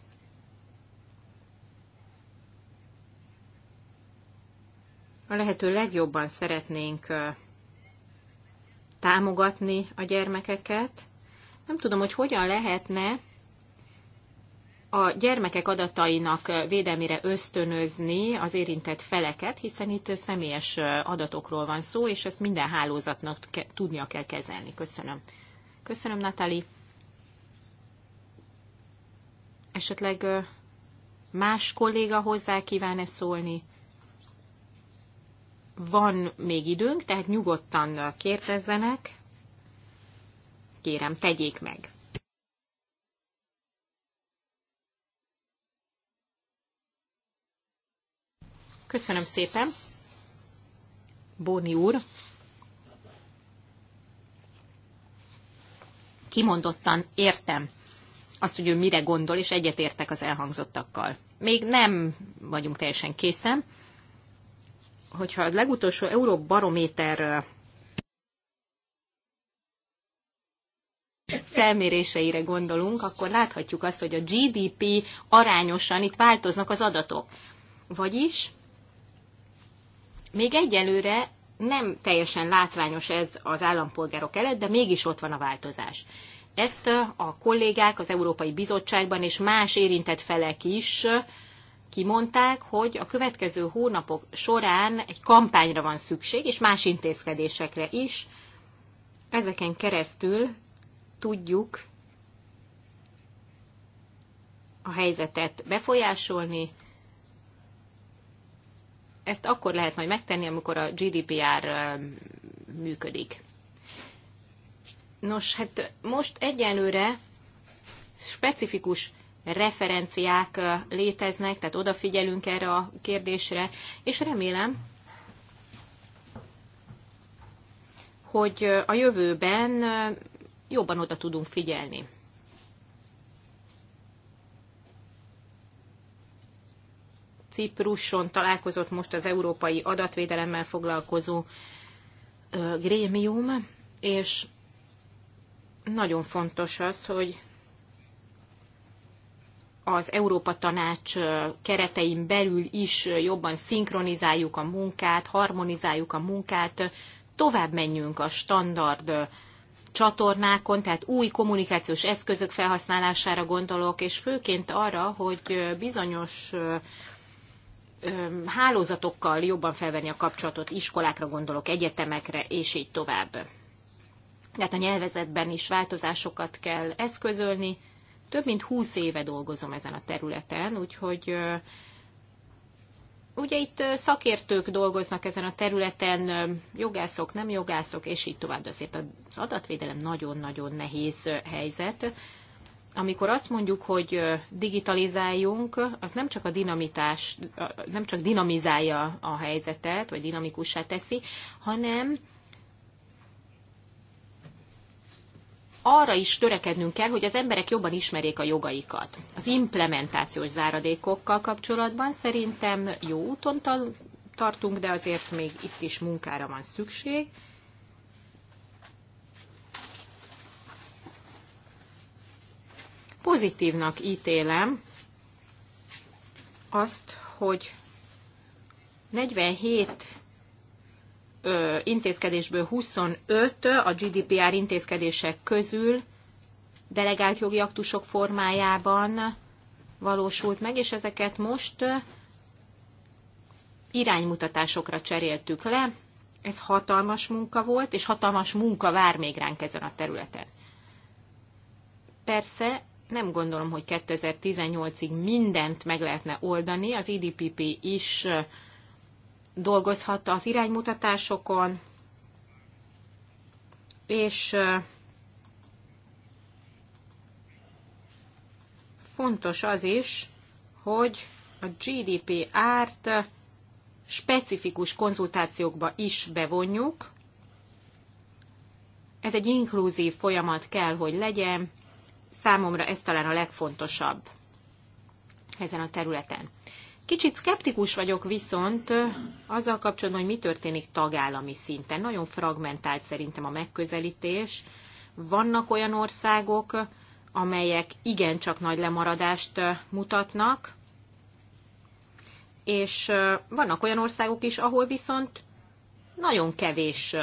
a lehető legjobban szeretnénk támogatni a gyermekeket. Nem tudom, hogy hogyan lehetne a gyermekek adatainak védelmére ösztönözni az érintett feleket, hiszen itt személyes adatokról van szó, és ezt minden hálózatnak tudnia kell kezelni. Köszönöm. Köszönöm, Natali. Esetleg más kolléga hozzá kíván-e szólni? Van még időnk, tehát nyugodtan kérdezzenek. Kérem, tegyék meg. Köszönöm szépen. Bóni úr. kimondottan értem azt, hogy ő mire gondol, és egyetértek az elhangzottakkal. Még nem vagyunk teljesen készen. Hogyha a legutolsó Euróbarométer felméréseire gondolunk, akkor láthatjuk azt, hogy a GDP arányosan itt változnak az adatok. Vagyis még egyelőre nem teljesen látványos ez az állampolgárok előtt, de mégis ott van a változás. Ezt a kollégák az Európai Bizottságban és más érintett felek is kimondták, hogy a következő hónapok során egy kampányra van szükség, és más intézkedésekre is. Ezeken keresztül tudjuk a helyzetet befolyásolni, ezt akkor lehet majd megtenni, amikor a GDPR működik. Nos, hát most egyenlőre specifikus referenciák léteznek, tehát odafigyelünk erre a kérdésre, és remélem, hogy a jövőben jobban oda tudunk figyelni. Cipruson találkozott most az Európai Adatvédelemmel foglalkozó grémium, és nagyon fontos az, hogy az Európa Tanács keretein belül is jobban szinkronizáljuk a munkát, harmonizáljuk a munkát, tovább menjünk a standard csatornákon, tehát új kommunikációs eszközök felhasználására gondolok, és főként arra, hogy bizonyos hálózatokkal jobban felvenni a kapcsolatot, iskolákra gondolok, egyetemekre, és így tovább. Tehát a nyelvezetben is változásokat kell eszközölni. Több mint húsz éve dolgozom ezen a területen, úgyhogy ugye itt szakértők dolgoznak ezen a területen, jogászok, nem jogászok, és így tovább. De azért az adatvédelem nagyon-nagyon nehéz helyzet amikor azt mondjuk, hogy digitalizáljunk, az nem csak a dinamitás, nem csak dinamizálja a helyzetet, vagy dinamikussá teszi, hanem arra is törekednünk kell, hogy az emberek jobban ismerjék a jogaikat. Az implementációs záradékokkal kapcsolatban szerintem jó úton tartunk, de azért még itt is munkára van szükség. pozitívnak ítélem azt, hogy 47 ö, intézkedésből 25 a GDPR intézkedések közül delegált jogi aktusok formájában valósult meg, és ezeket most iránymutatásokra cseréltük le. Ez hatalmas munka volt, és hatalmas munka vár még ránk ezen a területen. Persze nem gondolom, hogy 2018-ig mindent meg lehetne oldani. Az IDPP e is dolgozhat az iránymutatásokon, és fontos az is, hogy a GDP árt specifikus konzultációkba is bevonjuk. Ez egy inkluzív folyamat kell, hogy legyen, Számomra ez talán a legfontosabb ezen a területen. Kicsit szkeptikus vagyok viszont azzal kapcsolatban, hogy mi történik tagállami szinten. Nagyon fragmentált szerintem a megközelítés. Vannak olyan országok, amelyek igencsak nagy lemaradást mutatnak, és vannak olyan országok is, ahol viszont nagyon kevés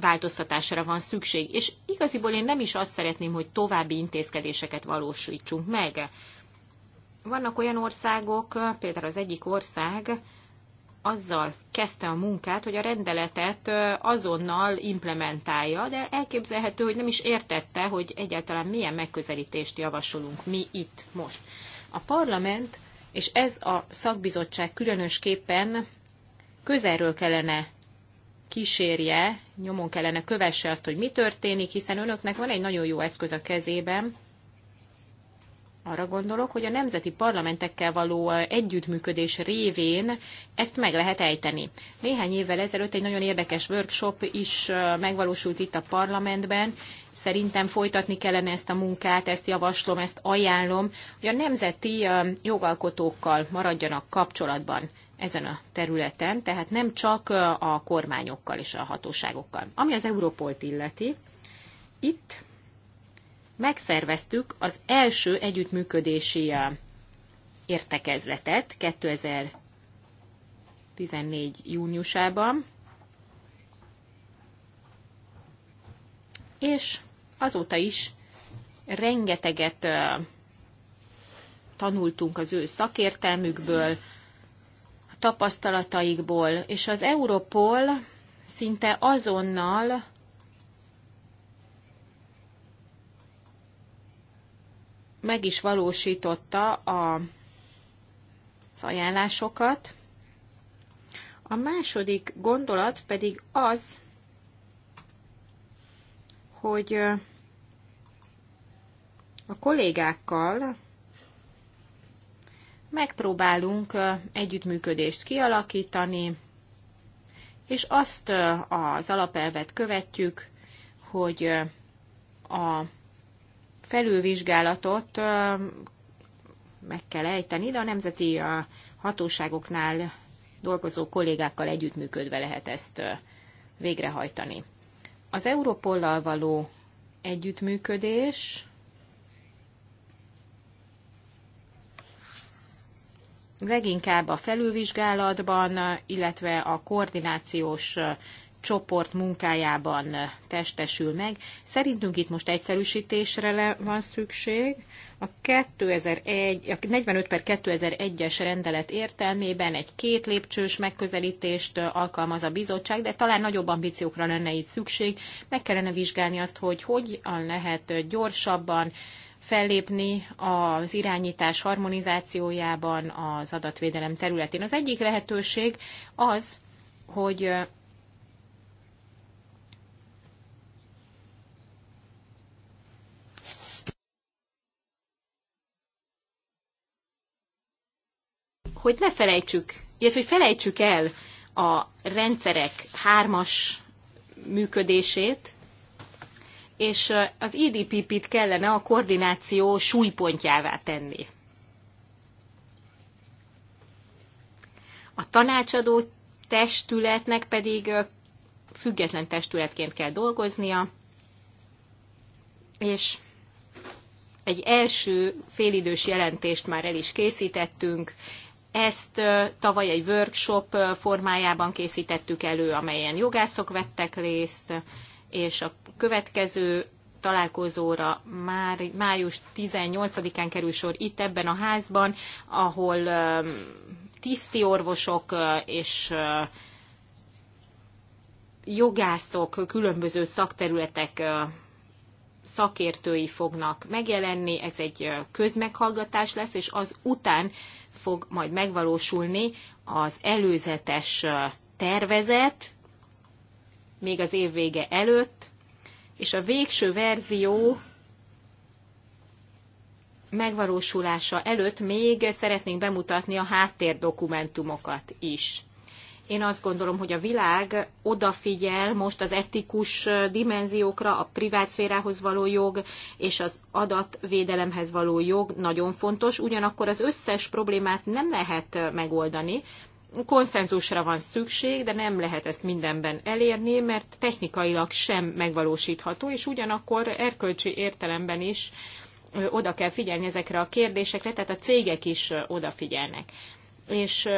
változtatásra van szükség. És igaziból én nem is azt szeretném, hogy további intézkedéseket valósítsunk meg. Vannak olyan országok, például az egyik ország azzal kezdte a munkát, hogy a rendeletet azonnal implementálja, de elképzelhető, hogy nem is értette, hogy egyáltalán milyen megközelítést javasolunk mi itt most. A parlament és ez a szakbizottság különösképpen közelről kellene kísérje, nyomon kellene kövesse azt, hogy mi történik, hiszen önöknek van egy nagyon jó eszköz a kezében. Arra gondolok, hogy a nemzeti parlamentekkel való együttműködés révén ezt meg lehet ejteni. Néhány évvel ezelőtt egy nagyon érdekes workshop is megvalósult itt a parlamentben. Szerintem folytatni kellene ezt a munkát, ezt javaslom, ezt ajánlom, hogy a nemzeti jogalkotókkal maradjanak kapcsolatban ezen a területen, tehát nem csak a kormányokkal és a hatóságokkal. Ami az Európolt illeti, itt megszerveztük az első együttműködési értekezletet 2014. júniusában, és azóta is rengeteget tanultunk az ő szakértelmükből, tapasztalataikból, és az Europol szinte azonnal meg is valósította a, az ajánlásokat. A második gondolat pedig az, hogy a kollégákkal megpróbálunk együttműködést kialakítani, és azt az alapelvet követjük, hogy a felülvizsgálatot meg kell ejteni, de a nemzeti hatóságoknál dolgozó kollégákkal együttműködve lehet ezt végrehajtani. Az Európollal való együttműködés leginkább a felülvizsgálatban, illetve a koordinációs csoport munkájában testesül meg. Szerintünk itt most egyszerűsítésre van szükség. A, 2001, a 45 per 2001-es rendelet értelmében egy két lépcsős megközelítést alkalmaz a bizottság, de talán nagyobb ambíciókra lenne itt szükség. Meg kellene vizsgálni azt, hogy hogyan lehet gyorsabban, fellépni az irányítás harmonizációjában az adatvédelem területén. Az egyik lehetőség az, hogy hogy ne felejtsük, illetve hogy felejtsük el a rendszerek hármas működését, és az edpp t kellene a koordináció súlypontjává tenni. A tanácsadó testületnek pedig független testületként kell dolgoznia, és egy első félidős jelentést már el is készítettünk. Ezt tavaly egy workshop formájában készítettük elő, amelyen jogászok vettek részt, és a következő találkozóra már május 18-án kerül sor itt ebben a házban, ahol um, tiszti orvosok uh, és uh, jogászok, különböző szakterületek uh, szakértői fognak megjelenni, ez egy közmeghallgatás lesz, és az után fog majd megvalósulni az előzetes tervezet, még az év vége előtt, és a végső verzió megvalósulása előtt még szeretnénk bemutatni a háttérdokumentumokat is. Én azt gondolom, hogy a világ odafigyel most az etikus dimenziókra, a privátszférához való jog és az adatvédelemhez való jog nagyon fontos, ugyanakkor az összes problémát nem lehet megoldani, konszenzusra van szükség, de nem lehet ezt mindenben elérni, mert technikailag sem megvalósítható, és ugyanakkor erkölcsi értelemben is oda kell figyelni ezekre a kérdésekre, tehát a cégek is odafigyelnek. És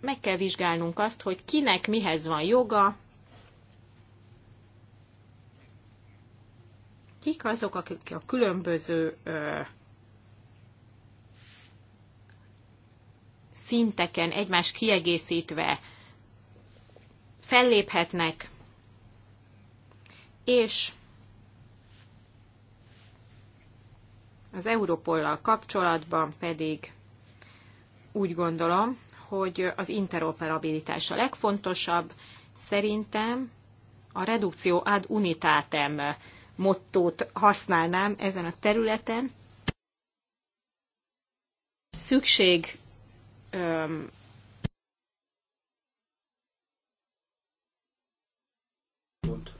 meg kell vizsgálnunk azt, hogy kinek mihez van joga, kik azok, akik a különböző szinteken egymás kiegészítve felléphetnek, és az Európollal kapcsolatban pedig úgy gondolom, hogy az interoperabilitás a legfontosabb. Szerintem a redukció ad unitátem mottót használnám ezen a területen. Szükség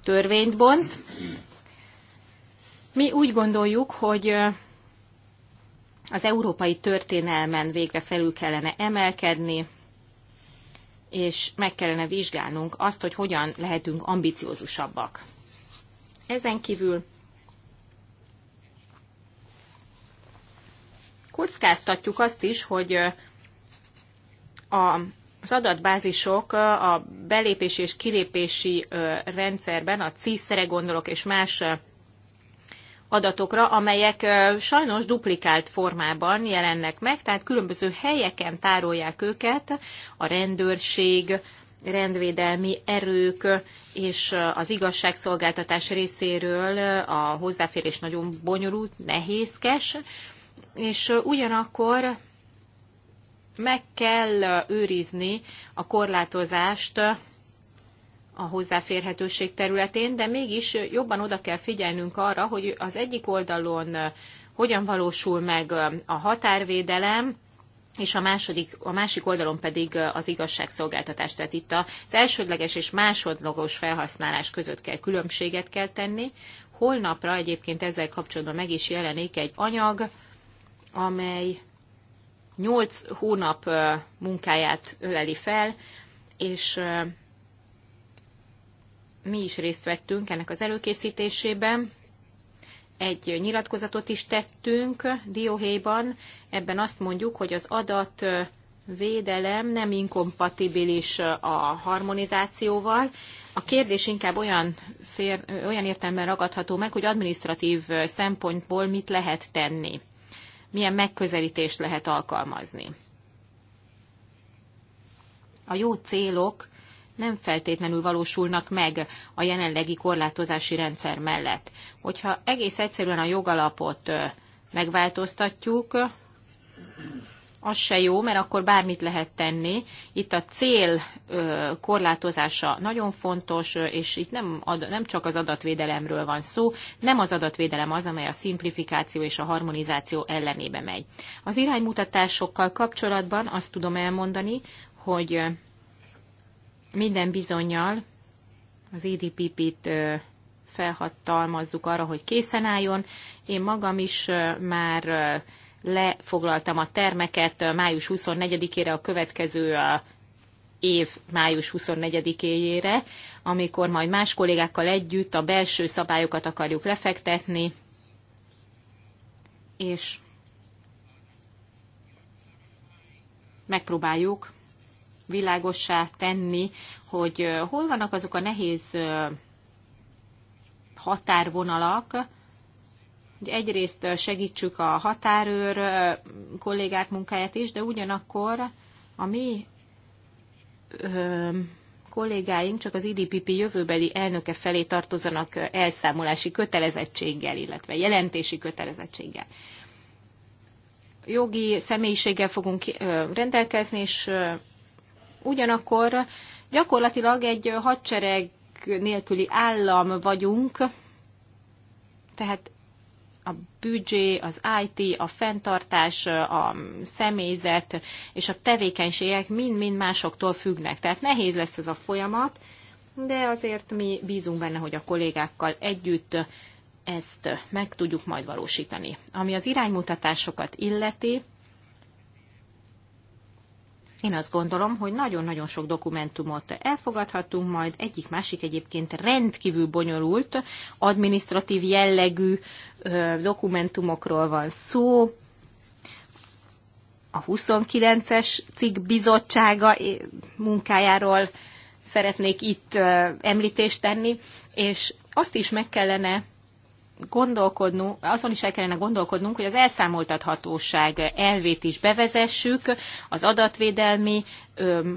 törvényt bont. Mi úgy gondoljuk, hogy az európai történelmen végre felül kellene emelkedni, és meg kellene vizsgálnunk azt, hogy hogyan lehetünk ambiciózusabbak. Ezen kívül kockáztatjuk azt is, hogy a az adatbázisok a belépési és kilépési rendszerben, a CISZ-re gondolok, és más adatokra, amelyek sajnos duplikált formában jelennek meg, tehát különböző helyeken tárolják őket, a rendőrség, rendvédelmi erők és az igazságszolgáltatás részéről a hozzáférés nagyon bonyolult, nehézkes, és ugyanakkor meg kell őrizni a korlátozást a hozzáférhetőség területén, de mégis jobban oda kell figyelnünk arra, hogy az egyik oldalon hogyan valósul meg a határvédelem, és a, második, a másik oldalon pedig az igazságszolgáltatás. Tehát itt az elsődleges és másodlagos felhasználás között kell különbséget kell tenni. Holnapra egyébként ezzel kapcsolatban meg is jelenik egy anyag, amely 8 hónap munkáját öleli fel, és mi is részt vettünk ennek az előkészítésében. Egy nyilatkozatot is tettünk Dióhéjban, ebben azt mondjuk, hogy az adat védelem nem inkompatibilis a harmonizációval. A kérdés inkább olyan, fér, olyan értelemben ragadható meg, hogy administratív szempontból mit lehet tenni milyen megközelítést lehet alkalmazni. A jó célok nem feltétlenül valósulnak meg a jelenlegi korlátozási rendszer mellett. Hogyha egész egyszerűen a jogalapot megváltoztatjuk, az se jó, mert akkor bármit lehet tenni. Itt a cél korlátozása nagyon fontos, és itt nem, ad, nem csak az adatvédelemről van szó, nem az adatvédelem az, amely a szimplifikáció és a harmonizáció ellenébe megy. Az iránymutatásokkal kapcsolatban azt tudom elmondani, hogy minden bizonyal az EDPP-t felhatalmazzuk arra, hogy készen álljon. Én magam is már lefoglaltam a termeket május 24-ére a következő év május 24 éjére amikor majd más kollégákkal együtt a belső szabályokat akarjuk lefektetni, és megpróbáljuk világossá tenni, hogy hol vannak azok a nehéz határvonalak, hogy egyrészt segítsük a határőr kollégák munkáját is, de ugyanakkor a mi ö, kollégáink csak az IDPP jövőbeli elnöke felé tartozanak elszámolási kötelezettséggel, illetve jelentési kötelezettséggel. Jogi személyiséggel fogunk rendelkezni, és ugyanakkor gyakorlatilag egy hadsereg nélküli állam vagyunk, tehát a büdzsé, az IT, a fenntartás, a személyzet és a tevékenységek mind-mind másoktól függnek. Tehát nehéz lesz ez a folyamat, de azért mi bízunk benne, hogy a kollégákkal együtt ezt meg tudjuk majd valósítani. Ami az iránymutatásokat illeti, én azt gondolom, hogy nagyon-nagyon sok dokumentumot elfogadhatunk, majd egyik-másik egyébként rendkívül bonyolult, administratív jellegű dokumentumokról van szó. A 29-es cikk bizottsága munkájáról szeretnék itt említést tenni, és azt is meg kellene gondolkodnunk, azon is el kellene gondolkodnunk, hogy az elszámoltathatóság elvét is bevezessük az adatvédelmi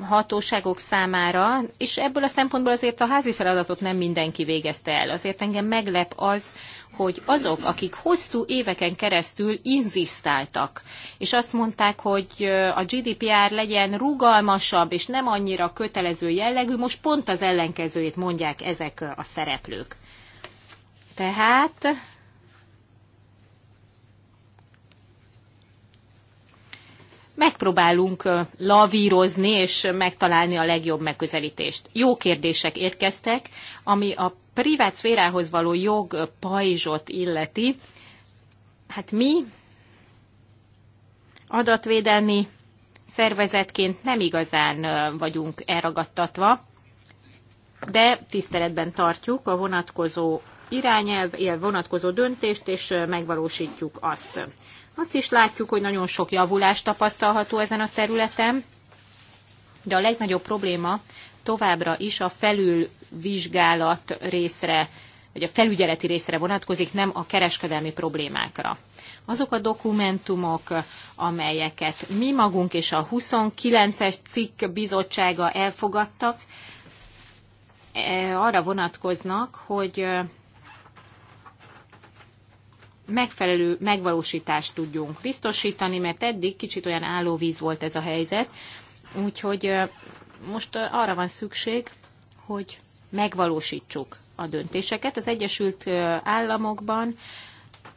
hatóságok számára, és ebből a szempontból azért a házi feladatot nem mindenki végezte el. Azért engem meglep az, hogy azok, akik hosszú éveken keresztül inzisztáltak, és azt mondták, hogy a GDPR legyen rugalmasabb és nem annyira kötelező jellegű, most pont az ellenkezőjét mondják ezek a szereplők. Tehát megpróbálunk lavírozni és megtalálni a legjobb megközelítést. Jó kérdések érkeztek, ami a privát szférához való jog pajzsot illeti. Hát mi adatvédelmi szervezetként nem igazán vagyunk elragadtatva, de tiszteletben tartjuk a vonatkozó irányelv vonatkozó döntést, és megvalósítjuk azt. Azt is látjuk, hogy nagyon sok javulás tapasztalható ezen a területen, de a legnagyobb probléma továbbra is a felülvizsgálat részre, vagy a felügyeleti részre vonatkozik, nem a kereskedelmi problémákra. Azok a dokumentumok, amelyeket mi magunk és a 29-es cikk bizottsága elfogadtak, e, arra vonatkoznak, hogy megfelelő megvalósítást tudjunk biztosítani, mert eddig kicsit olyan állóvíz volt ez a helyzet, úgyhogy most arra van szükség, hogy megvalósítsuk a döntéseket. Az Egyesült Államokban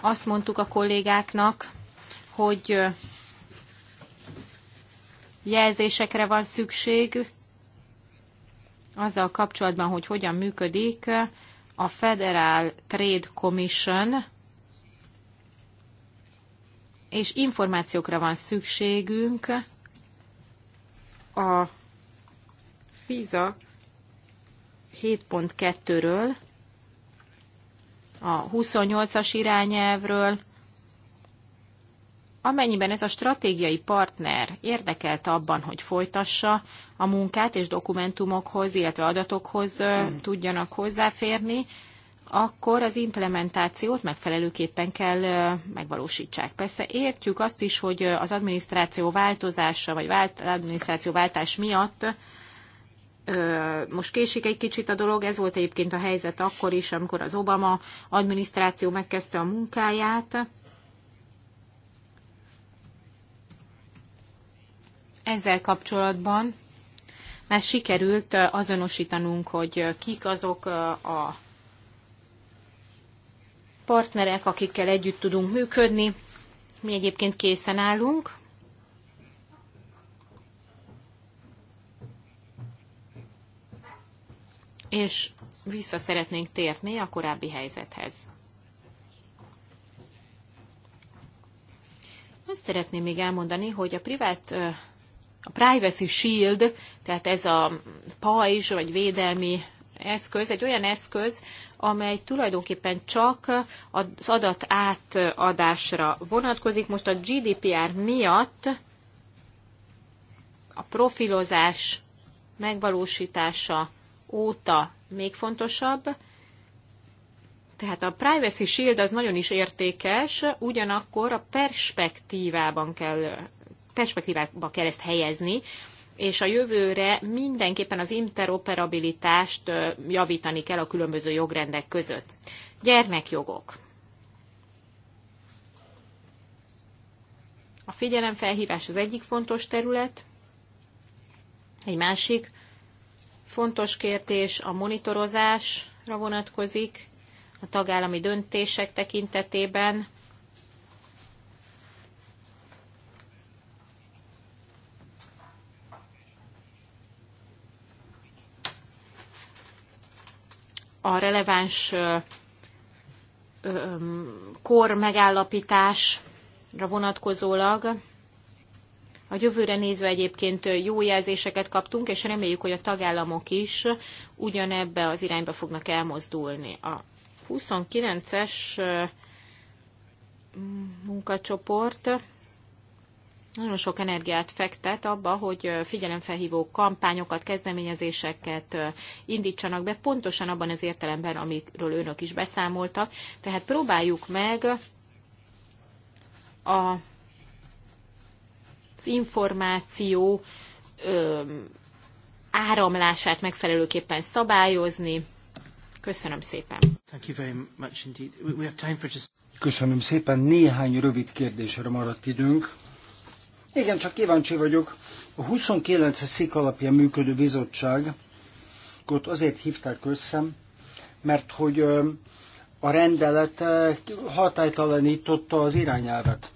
azt mondtuk a kollégáknak, hogy jelzésekre van szükség azzal kapcsolatban, hogy hogyan működik a Federal Trade Commission, és információkra van szükségünk a FISA 7.2-ről, a 28-as irányelvről, Amennyiben ez a stratégiai partner érdekelt abban, hogy folytassa a munkát és dokumentumokhoz, illetve adatokhoz tudjanak hozzáférni, akkor az implementációt megfelelőképpen kell megvalósítsák. Persze értjük azt is, hogy az adminisztráció változása, vagy vált, adminisztráció váltás miatt most késik egy kicsit a dolog, ez volt egyébként a helyzet akkor is, amikor az Obama adminisztráció megkezdte a munkáját. Ezzel kapcsolatban már sikerült azonosítanunk, hogy kik azok a partnerek, akikkel együtt tudunk működni. Mi egyébként készen állunk. És vissza szeretnénk térni a korábbi helyzethez. Azt szeretném még elmondani, hogy a privát a Privacy Shield, tehát ez a pajzs vagy védelmi eszköz egy olyan eszköz, amely tulajdonképpen csak az adat átadásra vonatkozik. Most a GDPR miatt a profilozás megvalósítása óta még fontosabb. Tehát a Privacy Shield az nagyon is értékes, ugyanakkor a perspektívában kell, perspektívába kell ezt helyezni, és a jövőre mindenképpen az interoperabilitást javítani kell a különböző jogrendek között. Gyermekjogok. A figyelemfelhívás az egyik fontos terület, egy másik fontos kérdés a monitorozásra vonatkozik, a tagállami döntések tekintetében a releváns kor megállapításra vonatkozólag. A jövőre nézve egyébként jó jelzéseket kaptunk, és reméljük, hogy a tagállamok is ugyanebbe az irányba fognak elmozdulni. A 29-es munkacsoport nagyon sok energiát fektet abba, hogy figyelemfelhívó kampányokat, kezdeményezéseket indítsanak be, pontosan abban az értelemben, amiről önök is beszámoltak. Tehát próbáljuk meg a, az információ ö, áramlását megfelelőképpen szabályozni. Köszönöm szépen. Thank you very much indeed. We have time for just. Köszönöm szépen. Néhány rövid kérdésre maradt időnk. Igen, csak kíváncsi vagyok. A 29 szik alapján működő bizottságot azért hívták össze, mert hogy a rendelet hatálytalanította az irányelvet.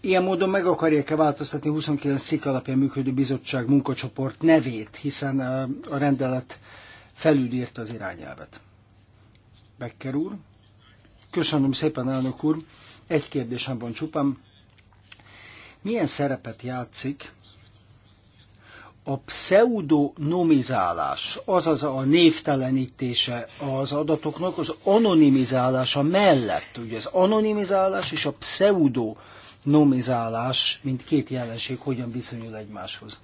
Ilyen módon meg akarják-e változtatni 29 szik alapján működő bizottság munkacsoport nevét, hiszen a rendelet felülírta az irányelvet. Becker úr. Köszönöm szépen, elnök úr. Egy kérdésem van csupán. Milyen szerepet játszik a pseudonomizálás, azaz a névtelenítése az adatoknak az anonimizálása mellett, ugye az anonimizálás és a pseudonomizálás, mint két jelenség, hogyan viszonyul egymáshoz.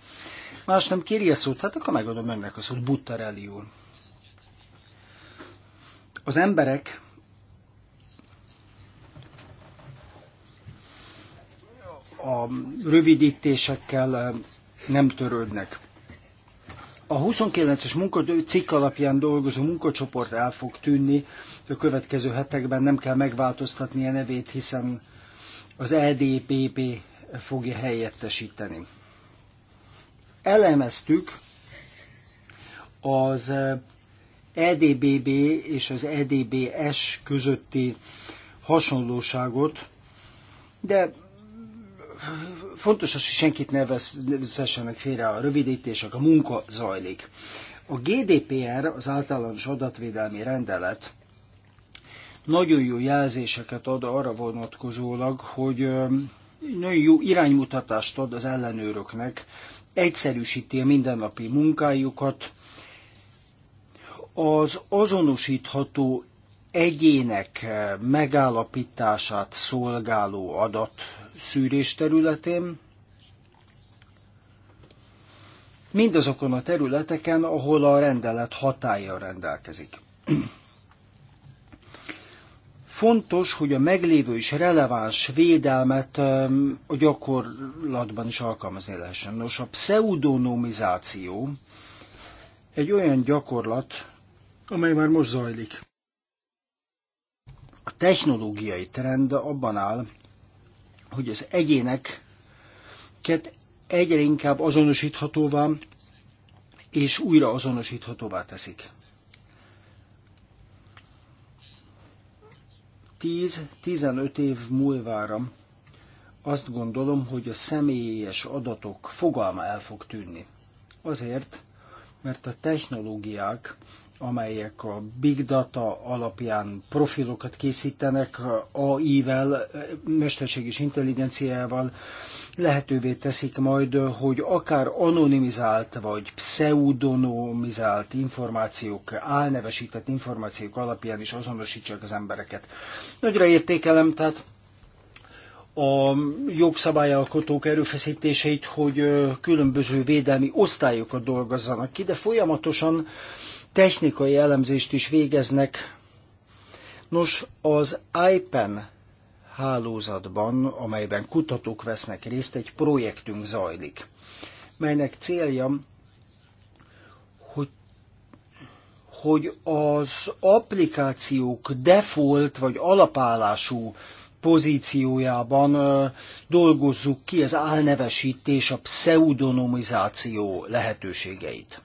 Más nem kéri a szót, hát akkor megadom ennek a szót, Buttarelli úr. Az emberek a rövidítésekkel nem törődnek. A 29-es cikk alapján dolgozó munkacsoport el fog tűnni, a következő hetekben nem kell megváltoztatni a nevét, hiszen az EDPP fogja helyettesíteni. Elemeztük az EDBB és az EDBS közötti hasonlóságot, de fontos az, hogy senkit ne veszessenek félre a rövidítések, a munka zajlik. A GDPR, az általános adatvédelmi rendelet, nagyon jó jelzéseket ad arra vonatkozólag, hogy nagyon jó iránymutatást ad az ellenőröknek, egyszerűsíti a mindennapi munkájukat, az azonosítható egyének eh, megállapítását szolgáló adat szűrés területén, mindazokon a területeken, ahol a rendelet hatája rendelkezik. Fontos, hogy a meglévő és releváns védelmet eh, a gyakorlatban is alkalmazni lehessen. Nos, a pseudonomizáció egy olyan gyakorlat, amely már most zajlik. A technológiai trend abban áll, hogy az egyéneket egyre inkább azonosíthatóvá és újra azonosíthatóvá teszik. 10-15 év múlvára azt gondolom, hogy a személyes adatok fogalma el fog tűnni. Azért, mert a technológiák amelyek a big data alapján profilokat készítenek AI-vel, mesterséges intelligenciával, lehetővé teszik majd, hogy akár anonimizált vagy pseudonomizált információk, álnevesített információk alapján is azonosítsák az embereket. Nagyra értékelem, tehát a jogszabályalkotók erőfeszítéseit, hogy különböző védelmi osztályokat dolgozzanak ki, de folyamatosan technikai elemzést is végeznek. Nos, az IPEN hálózatban, amelyben kutatók vesznek részt, egy projektünk zajlik, melynek célja, hogy, hogy az applikációk default vagy alapállású pozíciójában ö, dolgozzuk ki az álnevesítés, a pseudonomizáció lehetőségeit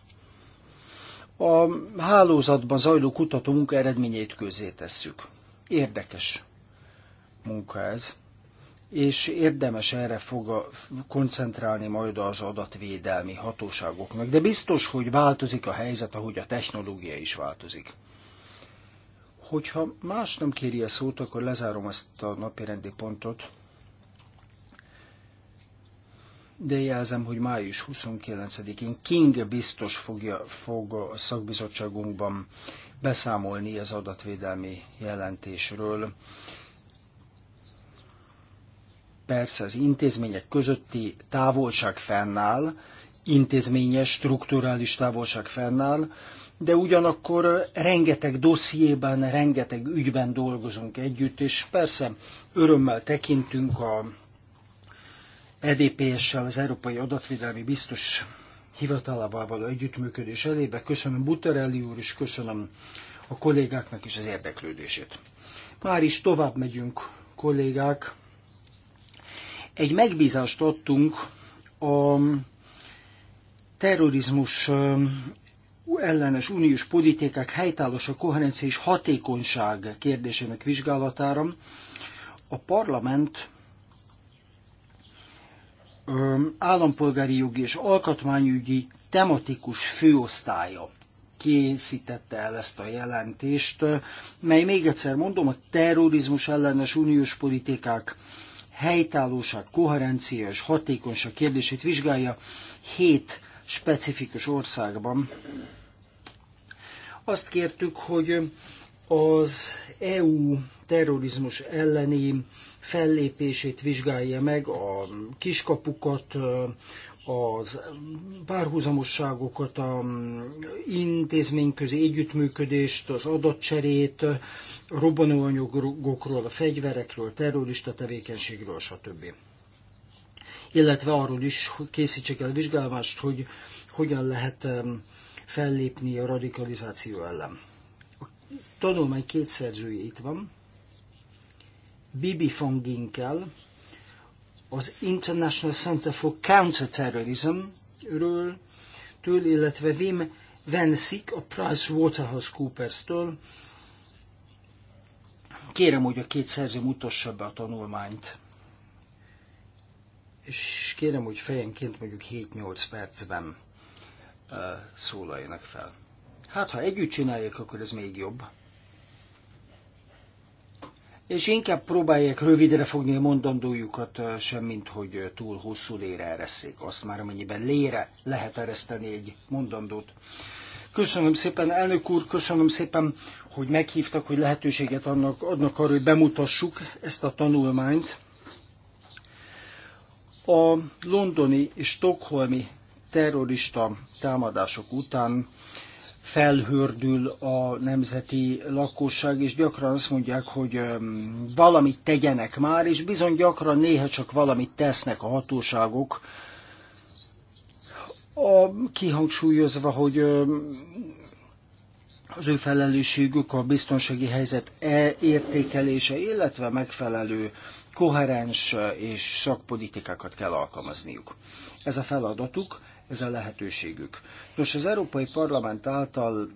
a hálózatban zajló kutató munka eredményeit közé tesszük. Érdekes munka ez, és érdemes erre fog koncentrálni majd az adatvédelmi hatóságoknak. De biztos, hogy változik a helyzet, ahogy a technológia is változik. Hogyha más nem kéri a szót, akkor lezárom ezt a napirendi pontot de jelzem, hogy május 29-én King biztos fogja, fog a szakbizottságunkban beszámolni az adatvédelmi jelentésről. Persze az intézmények közötti távolság fennáll, intézményes, strukturális távolság fennáll, de ugyanakkor rengeteg dossziében, rengeteg ügyben dolgozunk együtt, és persze örömmel tekintünk a EDPS-sel, az Európai Adatvédelmi Biztos hivatalával való együttműködés elébe. Köszönöm Buterelli úr, és köszönöm a kollégáknak is az érdeklődését. Már is tovább megyünk, kollégák. Egy megbízást adtunk a terrorizmus ellenes uniós politikák helytállása, koherencia és hatékonyság kérdésének vizsgálatára. A parlament állampolgári jogi és alkotmányügyi tematikus főosztálya készítette el ezt a jelentést, mely még egyszer mondom, a terrorizmus ellenes uniós politikák helytállóság, koherencia és hatékonyság kérdését vizsgálja hét specifikus országban. Azt kértük, hogy az EU terrorizmus elleni fellépését vizsgálja meg, a kiskapukat, az párhuzamosságokat, a intézményközi együttműködést, az adatcserét, a robbanóanyagokról, a fegyverekről, terrorista tevékenységről, stb. Illetve arról is készítsék el vizsgálást, hogy hogyan lehet fellépni a radikalizáció ellen. A tanulmány két szerzője itt van, Bibi von Ginkel, az International Center for Counterterrorism ről, től, illetve Wim Vensik a Price Waterhouse Coopers-től. Kérem, hogy a két szerző mutassa be a tanulmányt. És kérem, hogy fejenként mondjuk 7-8 percben uh, szólaljanak fel. Hát, ha együtt csinálják, akkor ez még jobb és inkább próbálják rövidre fogni a mondandójukat, semmint hogy túl hosszú lére eresszék azt már, amennyiben lére lehet ereszteni egy mondandót. Köszönöm szépen, elnök úr, köszönöm szépen, hogy meghívtak, hogy lehetőséget annak, adnak arra, hogy bemutassuk ezt a tanulmányt. A londoni és stokholmi terrorista támadások után felhördül a nemzeti lakosság, és gyakran azt mondják, hogy valamit tegyenek már, és bizony gyakran néha csak valamit tesznek a hatóságok, a, kihangsúlyozva, hogy az ő felelősségük a biztonsági helyzet e értékelése, illetve megfelelő koherens és szakpolitikákat kell alkalmazniuk. Ez a feladatuk, ez a lehetőségük. Nos, az Európai Parlament által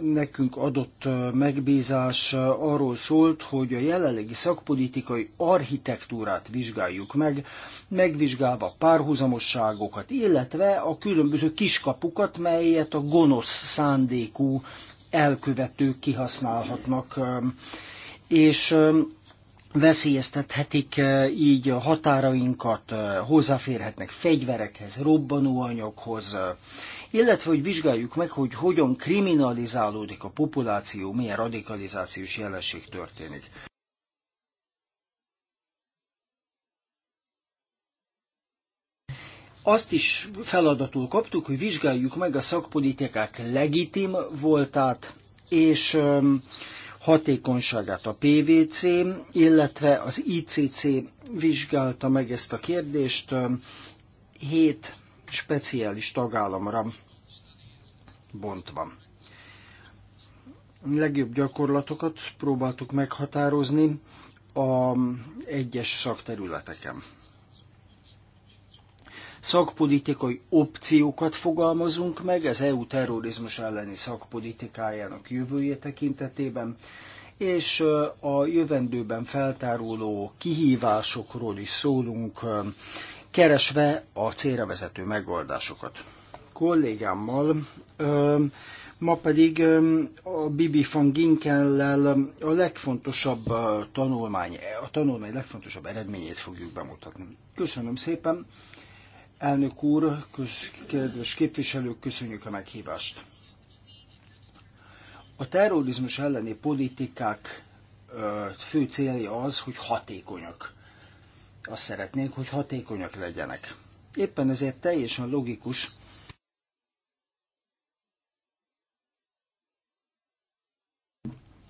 nekünk adott megbízás arról szólt, hogy a jelenlegi szakpolitikai architektúrát vizsgáljuk meg, megvizsgálva párhuzamosságokat, illetve a különböző kiskapukat, melyet a gonosz szándékú elkövetők kihasználhatnak. És veszélyeztethetik eh, így a határainkat, eh, hozzáférhetnek fegyverekhez, robbanóanyaghoz, eh, illetve hogy vizsgáljuk meg, hogy hogyan kriminalizálódik a populáció, milyen radikalizációs jelenség történik. Azt is feladatul kaptuk, hogy vizsgáljuk meg a szakpolitikák legitim voltát, és hatékonyságát a PVC, illetve az ICC vizsgálta meg ezt a kérdést. Hét speciális tagállamra bontva. Legjobb gyakorlatokat próbáltuk meghatározni a egyes szakterületeken szakpolitikai opciókat fogalmazunk meg az EU terrorizmus elleni szakpolitikájának jövője tekintetében, és a jövendőben feltáruló kihívásokról is szólunk, keresve a célra vezető megoldásokat. Kollégámmal Ma pedig a Bibi von Ginkellel a legfontosabb tanulmány, a tanulmány legfontosabb eredményét fogjuk bemutatni. Köszönöm szépen, Elnök úr, köz, kedves képviselők, köszönjük a meghívást. A terrorizmus elleni politikák fő célja az, hogy hatékonyak. Azt szeretnénk, hogy hatékonyak legyenek. Éppen ezért teljesen logikus,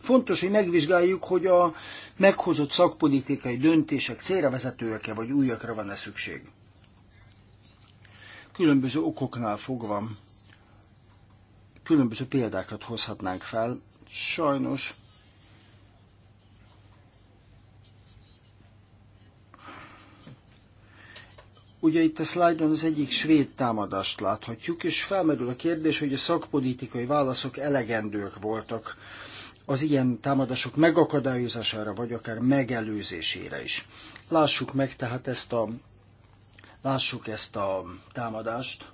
Fontos, hogy megvizsgáljuk, hogy a meghozott szakpolitikai döntések célra vezetőek-e vagy újakra van-e szükség. Különböző okoknál fogva különböző példákat hozhatnánk fel. Sajnos Ugye itt a szlájdon az egyik svéd támadást láthatjuk, és felmerül a kérdés, hogy a szakpolitikai válaszok elegendők voltak az ilyen támadások megakadályozására, vagy akár megelőzésére is. Lássuk meg tehát ezt a Lássuk ezt a támadást.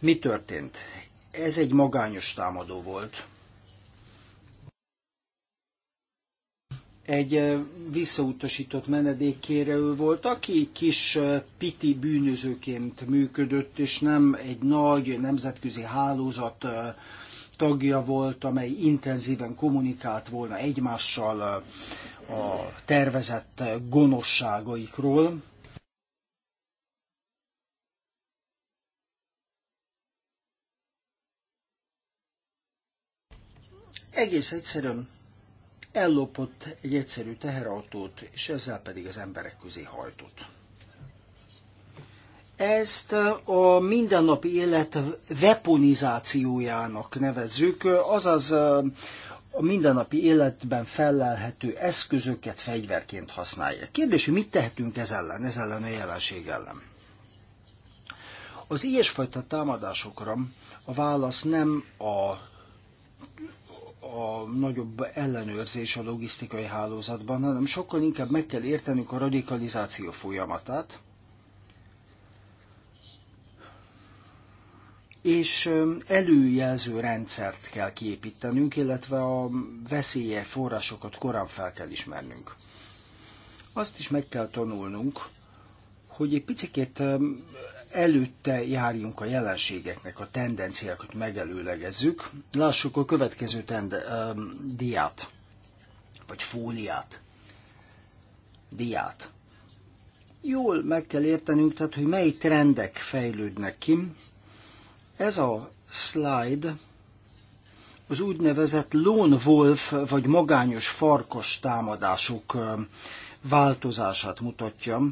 Mi történt? Ez egy magányos támadó volt. Egy visszautasított menedékkérő volt, aki kis piti bűnözőként működött, és nem egy nagy nemzetközi hálózat tagja volt, amely intenzíven kommunikált volna egymással a tervezett gonoszságaikról. egész egyszerűen ellopott egy egyszerű teherautót, és ezzel pedig az emberek közé hajtott. Ezt a mindennapi élet veponizációjának nevezzük, azaz a mindennapi életben fellelhető eszközöket fegyverként használja. Kérdés, hogy mit tehetünk ez ellen, ez ellen a jelenség ellen? Az ilyesfajta támadásokra a válasz nem a a nagyobb ellenőrzés a logisztikai hálózatban, hanem sokkal inkább meg kell értenünk a radikalizáció folyamatát, és előjelző rendszert kell kiépítenünk, illetve a veszélye forrásokat korán fel kell ismernünk. Azt is meg kell tanulnunk, hogy egy picit előtte járjunk a jelenségeknek, a tendenciákat megelőlegezzük. Lássuk a következő tende- um, diát, vagy fóliát. Diát. Jól meg kell értenünk, tehát, hogy mely trendek fejlődnek ki. Ez a slide az úgynevezett lone wolf, vagy magányos farkas támadások um, változását mutatja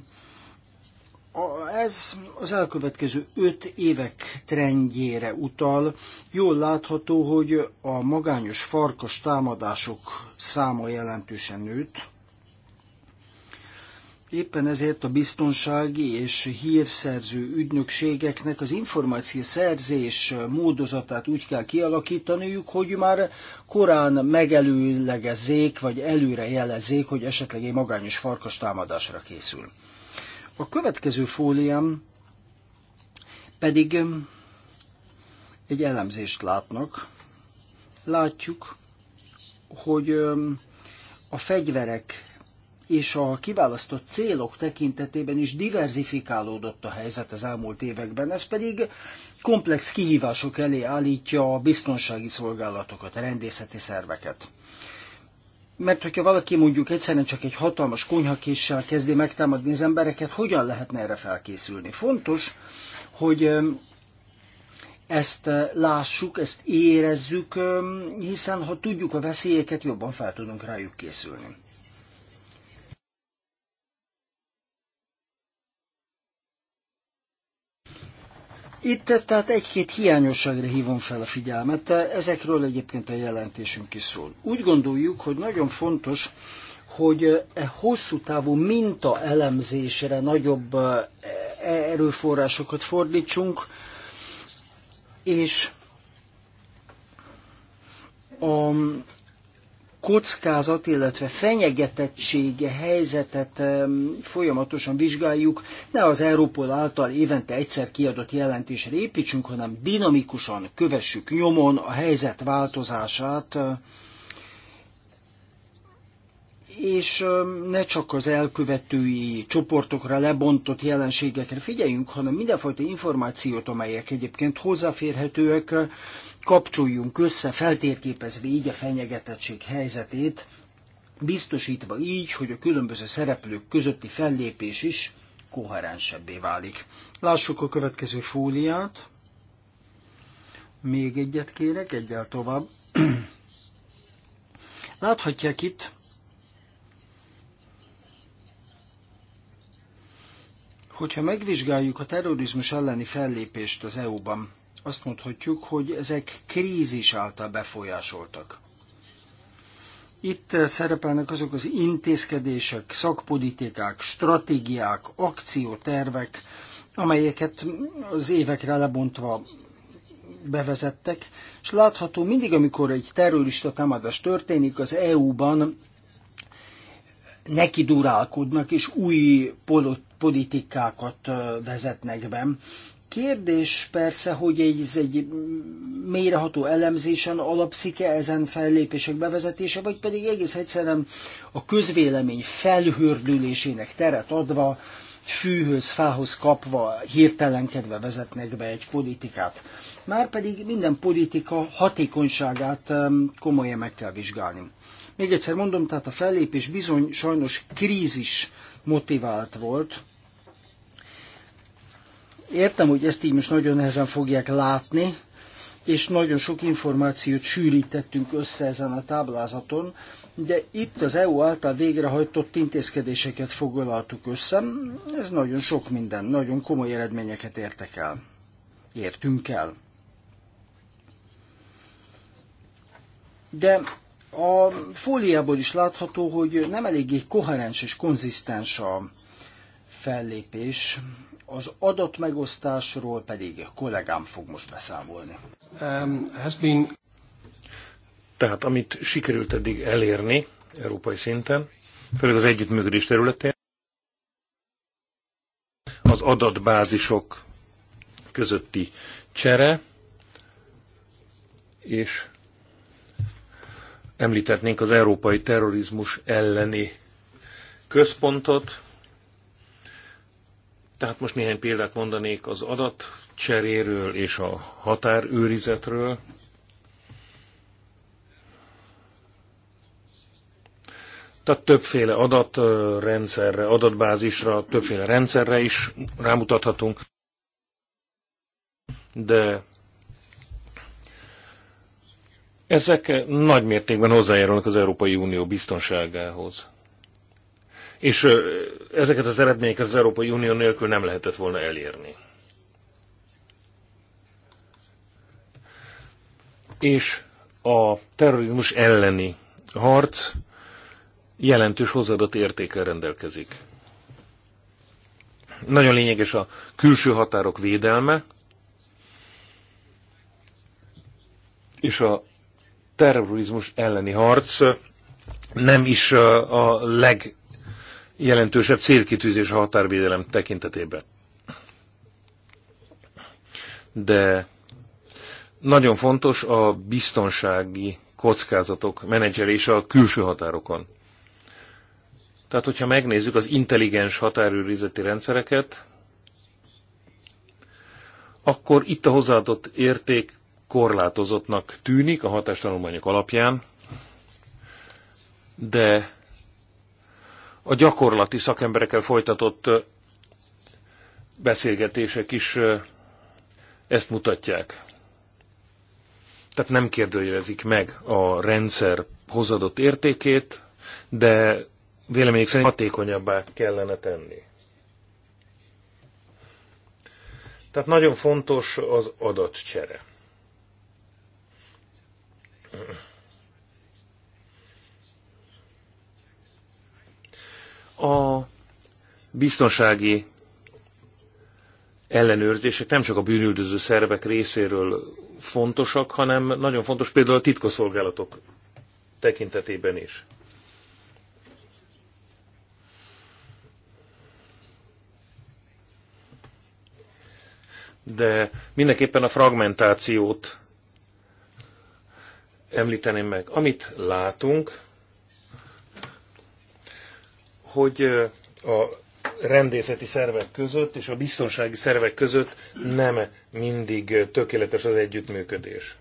ez az elkövetkező öt évek trendjére utal. Jól látható, hogy a magányos farkas támadások száma jelentősen nőtt. Éppen ezért a biztonsági és hírszerző ügynökségeknek az információ szerzés módozatát úgy kell kialakítaniuk, hogy már korán megelőlegezzék, vagy előre jelezzék, hogy esetleg egy magányos farkas támadásra készül. A következő fóliám pedig um, egy elemzést látnak. Látjuk, hogy um, a fegyverek és a kiválasztott célok tekintetében is diverzifikálódott a helyzet az elmúlt években, ez pedig komplex kihívások elé állítja a biztonsági szolgálatokat, a rendészeti szerveket. Mert hogyha valaki mondjuk egyszerűen csak egy hatalmas konyhakéssel kezdi megtámadni az embereket, hogyan lehetne erre felkészülni? Fontos, hogy ezt lássuk, ezt érezzük, hiszen ha tudjuk a veszélyeket, jobban fel tudunk rájuk készülni. Itt tehát egy-két hiányosságra hívom fel a figyelmet, ezekről egyébként a jelentésünk is szól. Úgy gondoljuk, hogy nagyon fontos, hogy e hosszú távú minta elemzésre nagyobb e, e, erőforrásokat fordítsunk, és a kockázat, illetve fenyegetettsége helyzetet folyamatosan vizsgáljuk, ne az Európol által évente egyszer kiadott jelentésre építsünk, hanem dinamikusan kövessük nyomon a helyzet változását, és ne csak az elkövetői csoportokra lebontott jelenségekre figyeljünk, hanem mindenfajta információt, amelyek egyébként hozzáférhetőek, kapcsoljunk össze, feltérképezve így a fenyegetettség helyzetét, biztosítva így, hogy a különböző szereplők közötti fellépés is koherensebbé válik. Lássuk a következő fóliát. Még egyet kérek, egyel tovább. Láthatják itt, Hogyha megvizsgáljuk a terrorizmus elleni fellépést az EU-ban, azt mondhatjuk, hogy ezek krízis által befolyásoltak. Itt szerepelnek azok az intézkedések, szakpolitikák, stratégiák, akciótervek, amelyeket az évekre lebontva bevezettek, és látható mindig, amikor egy terrorista támadás történik, az EU-ban neki durálkodnak, és új polot politikákat vezetnek be. Kérdés persze, hogy ez egy mélyreható elemzésen alapszik-e ezen fellépések bevezetése, vagy pedig egész egyszerűen a közvélemény felhördülésének teret adva, fűhöz, fához kapva, hirtelenkedve vezetnek be egy politikát. Márpedig minden politika hatékonyságát komolyan meg kell vizsgálni. Még egyszer mondom, tehát a fellépés bizony sajnos krízis motivált volt, Értem, hogy ezt így most nagyon nehezen fogják látni, és nagyon sok információt sűrítettünk össze ezen a táblázaton, de itt az EU által végrehajtott intézkedéseket foglaltuk össze. Ez nagyon sok minden, nagyon komoly eredményeket értek el. Értünk el. De a fóliából is látható, hogy nem eléggé koherens és konzisztens a fellépés. Az adatmegosztásról pedig a kollégám fog most beszámolni. Um, has been... Tehát amit sikerült eddig elérni európai szinten, főleg az együttműködés területén, az adatbázisok közötti csere, és említetnénk az Európai Terrorizmus elleni központot, tehát most néhány példát mondanék az adatcseréről és a határőrizetről. Tehát többféle adatrendszerre, adatbázisra, többféle rendszerre is rámutathatunk. De ezek nagy mértékben hozzájárulnak az Európai Unió biztonságához. És ezeket az eredményeket az Európai Unió nélkül nem lehetett volna elérni. És a terrorizmus elleni harc jelentős hozzáadott értékkel rendelkezik. Nagyon lényeges a külső határok védelme, és a terrorizmus elleni harc nem is a leg jelentősebb célkitűzés a határvédelem tekintetében. De nagyon fontos a biztonsági kockázatok menedzselése a külső határokon. Tehát, hogyha megnézzük az intelligens határőrizeti rendszereket, akkor itt a hozzáadott érték korlátozottnak tűnik a hatástanulmányok alapján, de a gyakorlati szakemberekkel folytatott beszélgetések is ezt mutatják. Tehát nem kérdőjelezik meg a rendszer hozadott értékét, de vélemények szerint hatékonyabbá kellene tenni. Tehát nagyon fontos az adatcsere. A biztonsági ellenőrzések nem csak a bűnüldöző szervek részéről fontosak, hanem nagyon fontos például a titkosszolgálatok tekintetében is. De mindenképpen a fragmentációt említeném meg. Amit látunk, hogy a rendészeti szervek között és a biztonsági szervek között nem mindig tökéletes az együttműködés.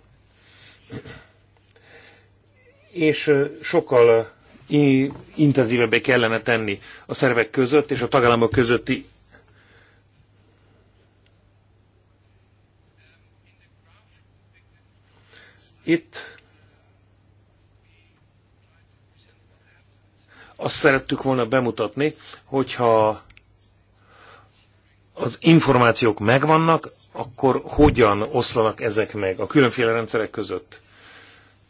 És sokkal intenzívebbé kellene tenni a szervek között és a tagállamok közötti itt azt szerettük volna bemutatni, hogyha az információk megvannak, akkor hogyan oszlanak ezek meg a különféle rendszerek között.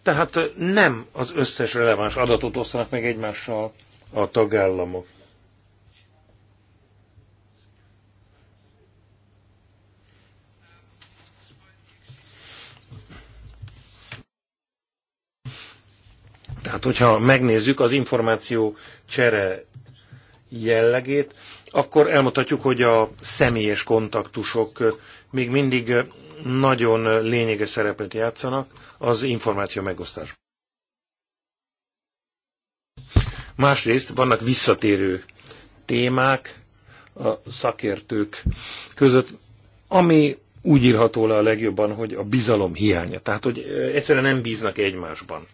Tehát nem az összes releváns adatot osztanak meg egymással a tagállamok. Tehát, hogyha megnézzük az információ csere jellegét, akkor elmutatjuk, hogy a személyes kontaktusok még mindig nagyon lényeges szerepet játszanak az információ megosztásban. Másrészt vannak visszatérő témák a szakértők között, ami úgy írható le a legjobban, hogy a bizalom hiánya. Tehát, hogy egyszerűen nem bíznak egymásban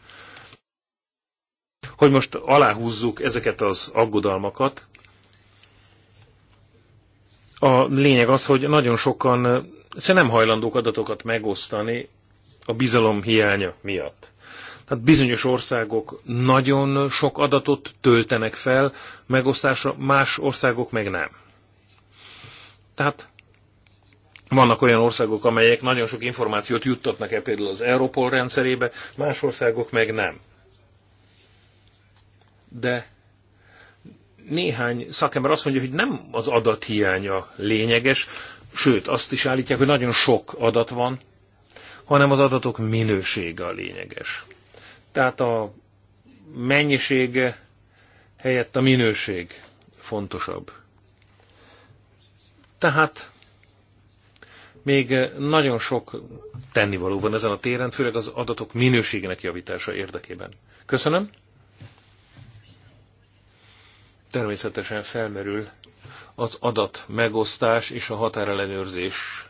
hogy most aláhúzzuk ezeket az aggodalmakat. A lényeg az, hogy nagyon sokan se nem hajlandók adatokat megosztani a bizalom hiánya miatt. Tehát bizonyos országok nagyon sok adatot töltenek fel megosztásra, más országok meg nem. Tehát vannak olyan országok, amelyek nagyon sok információt juttatnak el például az Europol rendszerébe, más országok meg nem de néhány szakember azt mondja, hogy nem az adat hiánya lényeges, sőt, azt is állítják, hogy nagyon sok adat van, hanem az adatok minősége a lényeges. Tehát a mennyiség helyett a minőség fontosabb. Tehát még nagyon sok tennivaló van ezen a téren, főleg az adatok minőségének javítása érdekében. Köszönöm természetesen felmerül az adat megosztás és a határellenőrzés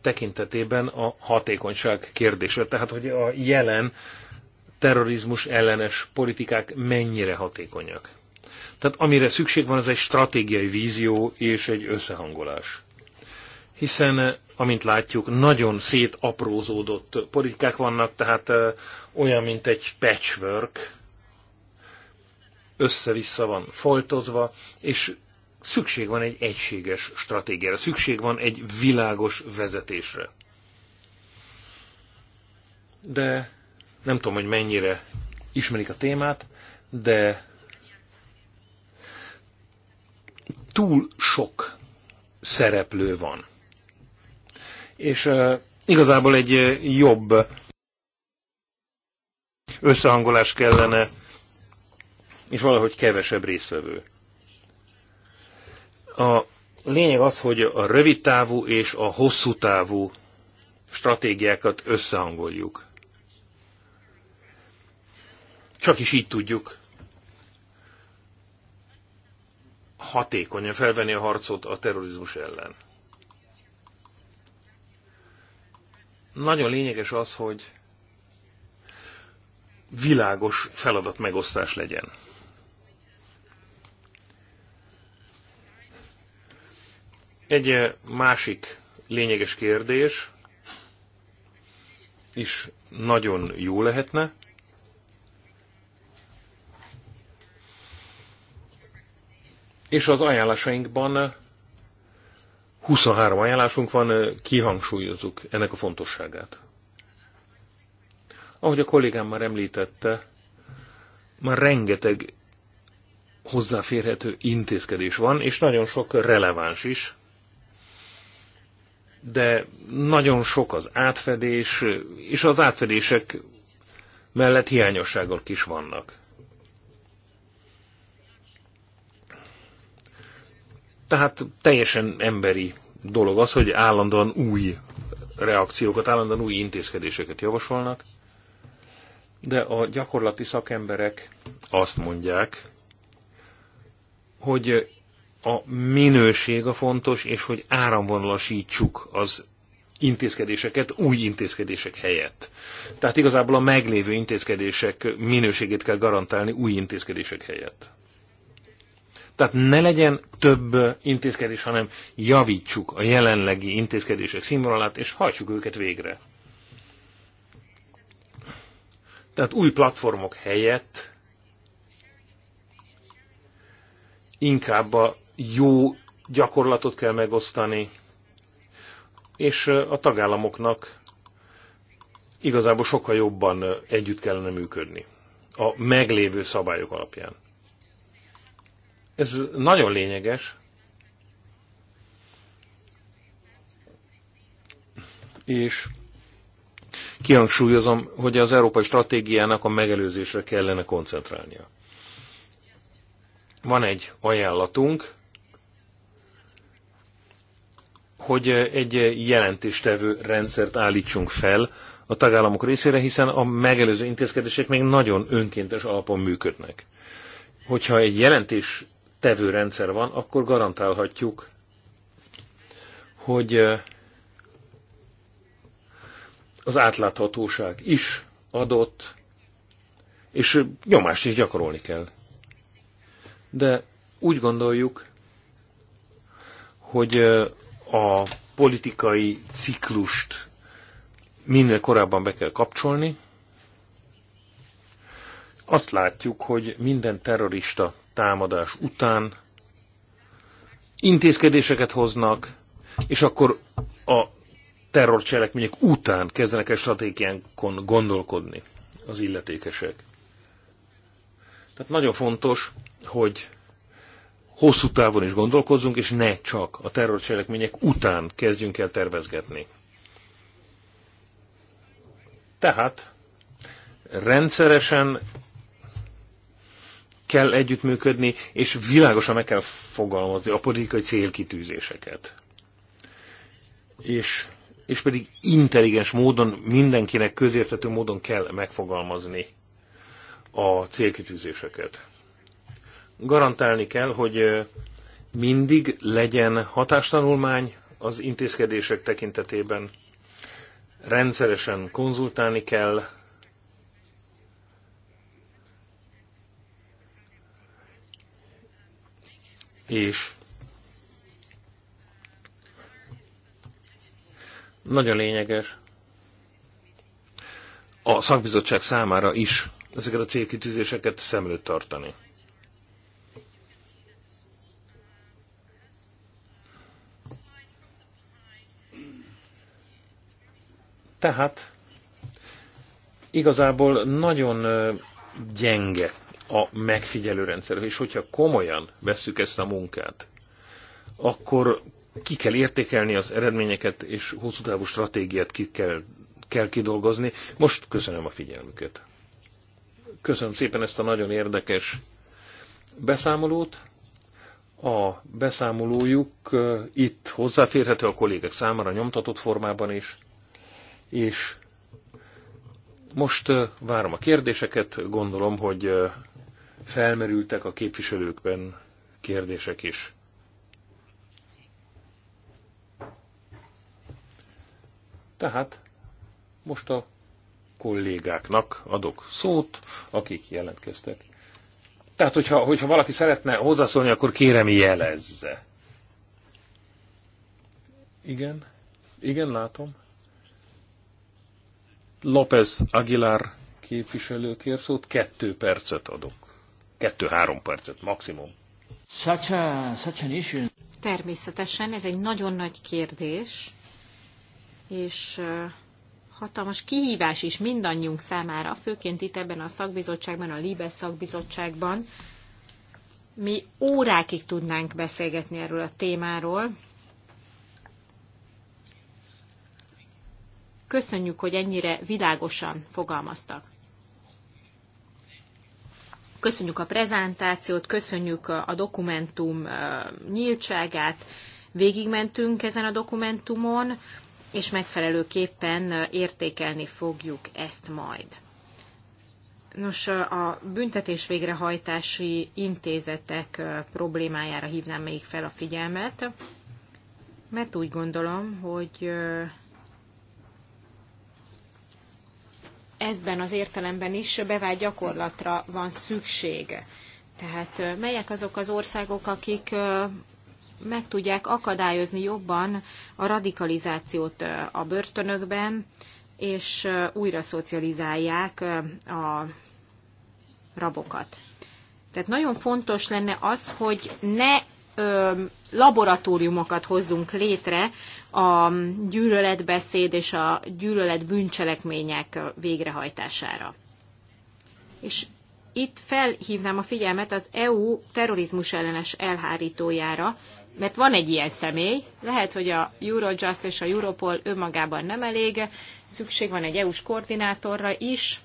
tekintetében a hatékonyság kérdése. Tehát, hogy a jelen terrorizmus ellenes politikák mennyire hatékonyak. Tehát amire szükség van, az egy stratégiai vízió és egy összehangolás. Hiszen, amint látjuk, nagyon szétaprózódott politikák vannak, tehát olyan, mint egy patchwork, össze-vissza van foltozva, és szükség van egy egységes stratégiára, szükség van egy világos vezetésre. De nem tudom, hogy mennyire ismerik a témát, de túl sok szereplő van. És uh, igazából egy jobb összehangolás kellene és valahogy kevesebb részvevő. A lényeg az, hogy a rövid távú és a hosszú távú stratégiákat összehangoljuk. Csak is így tudjuk hatékonyan felvenni a harcot a terrorizmus ellen. Nagyon lényeges az, hogy világos feladat megosztás legyen. Egy másik lényeges kérdés is nagyon jó lehetne. És az ajánlásainkban 23 ajánlásunk van, kihangsúlyozzuk ennek a fontosságát. Ahogy a kollégám már említette, már rengeteg hozzáférhető intézkedés van, és nagyon sok releváns is de nagyon sok az átfedés, és az átfedések mellett hiányosságok is vannak. Tehát teljesen emberi dolog az, hogy állandóan új reakciókat, állandóan új intézkedéseket javasolnak, de a gyakorlati szakemberek azt mondják, hogy a minőség a fontos, és hogy áramvonalasítsuk az intézkedéseket új intézkedések helyett. Tehát igazából a meglévő intézkedések minőségét kell garantálni új intézkedések helyett. Tehát ne legyen több intézkedés, hanem javítsuk a jelenlegi intézkedések színvonalát, és hajtsuk őket végre. Tehát új platformok helyett inkább a jó gyakorlatot kell megosztani, és a tagállamoknak igazából sokkal jobban együtt kellene működni a meglévő szabályok alapján. Ez nagyon lényeges, és kihangsúlyozom, hogy az európai stratégiának a megelőzésre kellene koncentrálnia. Van egy ajánlatunk, hogy egy jelentéstevő rendszert állítsunk fel a tagállamok részére, hiszen a megelőző intézkedések még nagyon önkéntes alapon működnek. Hogyha egy jelentéstevő rendszer van, akkor garantálhatjuk, hogy eh, az átláthatóság is adott, és nyomást is gyakorolni kell. De úgy gondoljuk, hogy eh, a politikai ciklust minél korábban be kell kapcsolni. Azt látjuk, hogy minden terrorista támadás után intézkedéseket hoznak, és akkor a terrorcselekmények után kezdenek el stratégiánkon gondolkodni az illetékesek. Tehát nagyon fontos, hogy hosszú távon is gondolkozzunk, és ne csak a terrorcselekmények után kezdjünk el tervezgetni. Tehát rendszeresen kell együttműködni, és világosan meg kell fogalmazni a politikai célkitűzéseket. És, és pedig intelligens módon, mindenkinek közérthető módon kell megfogalmazni a célkitűzéseket garantálni kell, hogy mindig legyen hatástanulmány az intézkedések tekintetében. Rendszeresen konzultálni kell, és nagyon lényeges a szakbizottság számára is ezeket a célkitűzéseket szem előtt tartani. Tehát igazából nagyon gyenge a megfigyelő rendszer, és hogyha komolyan vesszük ezt a munkát, akkor ki kell értékelni az eredményeket, és hosszú távú stratégiát ki kell, kell kidolgozni. Most köszönöm a figyelmüket. Köszönöm szépen ezt a nagyon érdekes beszámolót. A beszámolójuk itt hozzáférhető a kollégek számára nyomtatott formában is és most várom a kérdéseket, gondolom, hogy felmerültek a képviselőkben kérdések is. Tehát most a kollégáknak adok szót, akik jelentkeztek. Tehát, hogyha, hogyha valaki szeretne hozzászólni, akkor kérem jelezze. Igen, igen, látom. López Aguilar képviselő kér szót, kettő percet adok. Kettő-három percet maximum. Such a, such an issue. Természetesen ez egy nagyon nagy kérdés, és hatalmas kihívás is mindannyiunk számára, főként itt ebben a szakbizottságban, a LIBE szakbizottságban. Mi órákig tudnánk beszélgetni erről a témáról, Köszönjük, hogy ennyire világosan fogalmaztak. Köszönjük a prezentációt, köszönjük a dokumentum nyíltságát, végigmentünk ezen a dokumentumon, és megfelelőképpen értékelni fogjuk ezt majd. Nos, a büntetés végrehajtási intézetek problémájára hívnám még fel a figyelmet, mert úgy gondolom, hogy ezben az értelemben is bevált gyakorlatra van szükség. Tehát melyek azok az országok, akik meg tudják akadályozni jobban a radikalizációt a börtönökben, és újra szocializálják a rabokat. Tehát nagyon fontos lenne az, hogy ne ö, laboratóriumokat hozzunk létre a gyűlöletbeszéd és a gyűlölet bűncselekmények végrehajtására. És itt felhívnám a figyelmet az EU terrorizmus ellenes elhárítójára, mert van egy ilyen személy, lehet, hogy a Eurojust és a Europol önmagában nem elég, szükség van egy EU-s koordinátorra is,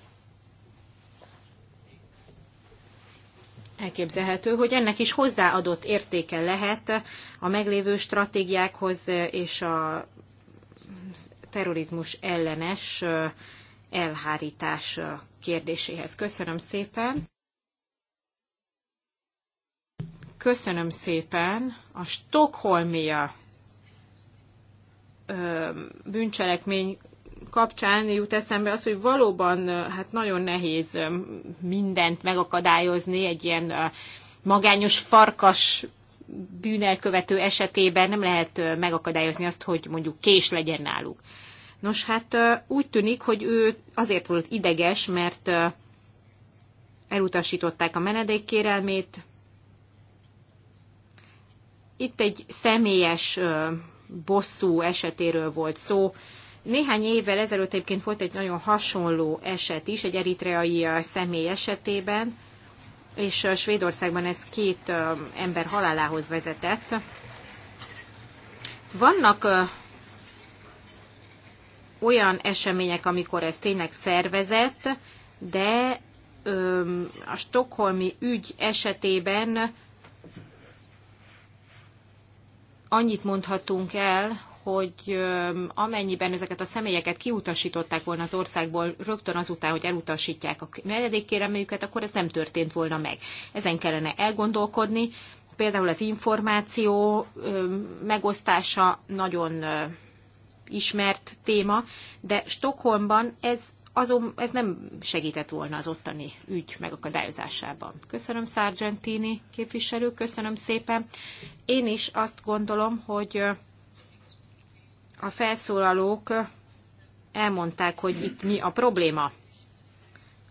elképzelhető, hogy ennek is hozzáadott értéke lehet a meglévő stratégiákhoz és a terrorizmus ellenes elhárítás kérdéséhez. Köszönöm szépen! Köszönöm szépen a Stockholmia bűncselekmény kapcsán jut eszembe az, hogy valóban hát nagyon nehéz mindent megakadályozni egy ilyen magányos farkas bűnelkövető esetében nem lehet megakadályozni azt, hogy mondjuk kés legyen náluk. Nos, hát úgy tűnik, hogy ő azért volt ideges, mert elutasították a menedékkérelmét. Itt egy személyes bosszú esetéről volt szó, néhány évvel ezelőtt egyébként volt egy nagyon hasonló eset is, egy eritreai személy esetében, és Svédországban ez két ember halálához vezetett. Vannak olyan események, amikor ez tényleg szervezett, de a stokholmi ügy esetében annyit mondhatunk el, hogy amennyiben ezeket a személyeket kiutasították volna az országból rögtön azután, hogy elutasítják a menedékkérelmüket, akkor ez nem történt volna meg. Ezen kellene elgondolkodni. Például az információ megosztása nagyon ismert téma, de Stockholmban ez azon, ez nem segített volna az ottani ügy megakadályozásában. Köszönöm Sargentini képviselő, köszönöm szépen. Én is azt gondolom, hogy a felszólalók elmondták, hogy itt mi a probléma.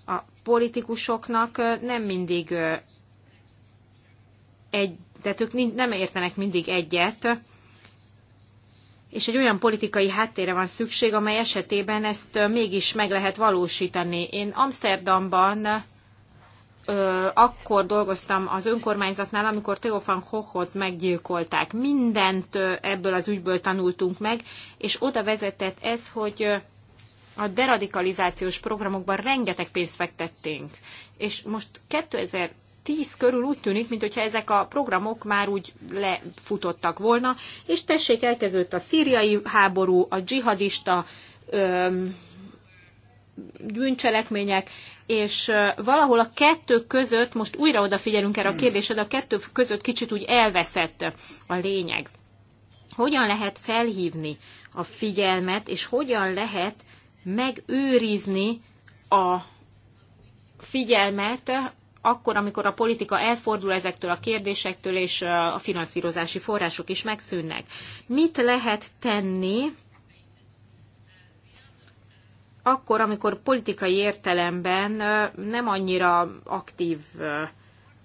A politikusoknak nem mindig egy, tehát ők nem értenek mindig egyet, és egy olyan politikai háttérre van szükség, amely esetében ezt mégis meg lehet valósítani. Én Amsterdamban ö, akkor dolgoztam az önkormányzatnál, amikor Teofan Hochot meggyilkolták. Mindent ö, ebből az ügyből tanultunk meg, és oda vezetett ez, hogy ö, a deradikalizációs programokban rengeteg pénzt fektettünk. És most 2000 tíz körül úgy tűnik, mintha ezek a programok már úgy lefutottak volna, és tessék, elkezdődött a szíriai háború, a dzsihadista öm, bűncselekmények, és valahol a kettő között, most újra odafigyelünk erre a kérdésre, de a kettő között kicsit úgy elveszett a lényeg. Hogyan lehet felhívni a figyelmet, és hogyan lehet megőrizni a figyelmet akkor, amikor a politika elfordul ezektől a kérdésektől, és a finanszírozási források is megszűnnek. Mit lehet tenni akkor, amikor politikai értelemben nem annyira aktív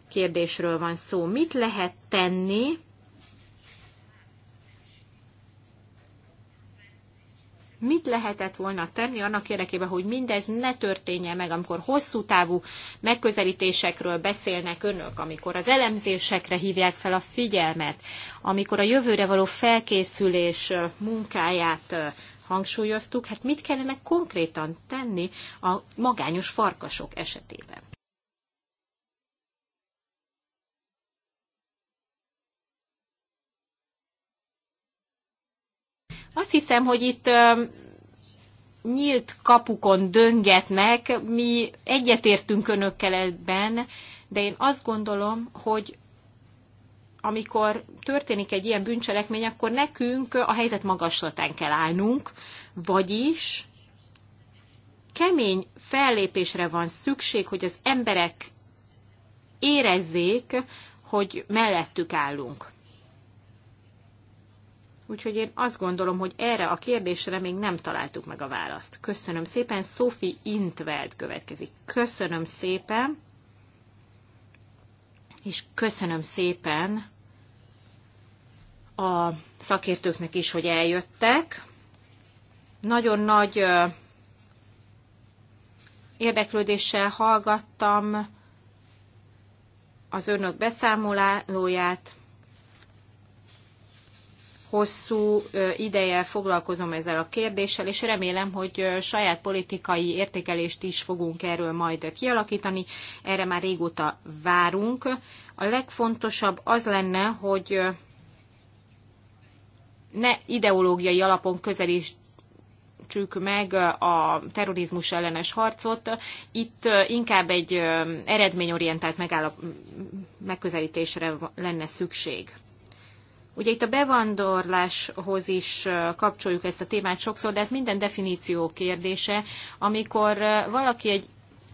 kérdésről van szó. Mit lehet tenni, mit lehetett volna tenni annak érdekében, hogy mindez ne történjen meg, amikor hosszú távú megközelítésekről beszélnek önök, amikor az elemzésekre hívják fel a figyelmet, amikor a jövőre való felkészülés munkáját hangsúlyoztuk, hát mit kellene konkrétan tenni a magányos farkasok esetében? Azt hiszem, hogy itt nyílt kapukon döngetnek, mi egyetértünk önökkel ebben, de én azt gondolom, hogy amikor történik egy ilyen bűncselekmény, akkor nekünk a helyzet magaslatán kell állnunk, vagyis kemény fellépésre van szükség, hogy az emberek érezzék, hogy mellettük állunk. Úgyhogy én azt gondolom, hogy erre a kérdésre még nem találtuk meg a választ. Köszönöm szépen, Sophie Intveld következik. Köszönöm szépen, és köszönöm szépen a szakértőknek is, hogy eljöttek. Nagyon nagy érdeklődéssel hallgattam az önök beszámolóját. Hosszú ideje foglalkozom ezzel a kérdéssel, és remélem, hogy saját politikai értékelést is fogunk erről majd kialakítani. Erre már régóta várunk. A legfontosabb az lenne, hogy ne ideológiai alapon közelítsük meg a terrorizmus ellenes harcot. Itt inkább egy eredményorientált megállap, megközelítésre lenne szükség. Ugye itt a bevándorláshoz is kapcsoljuk ezt a témát sokszor, de hát minden definíció kérdése, amikor valaki egy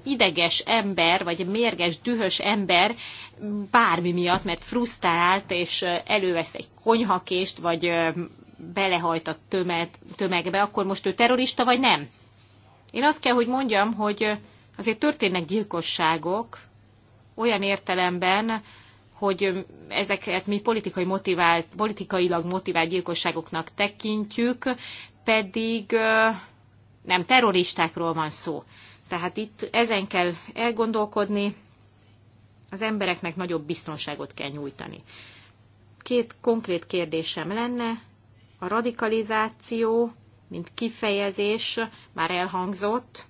ideges ember, vagy mérges, dühös ember bármi miatt, mert frusztrált, és elővesz egy konyhakést, vagy belehajt a tömeg, tömegbe, akkor most ő terrorista, vagy nem? Én azt kell, hogy mondjam, hogy azért történnek gyilkosságok, olyan értelemben, hogy ezeket mi politikai motivált, politikailag motivált gyilkosságoknak tekintjük, pedig nem terroristákról van szó. Tehát itt ezen kell elgondolkodni, az embereknek nagyobb biztonságot kell nyújtani. Két konkrét kérdésem lenne. A radikalizáció, mint kifejezés már elhangzott.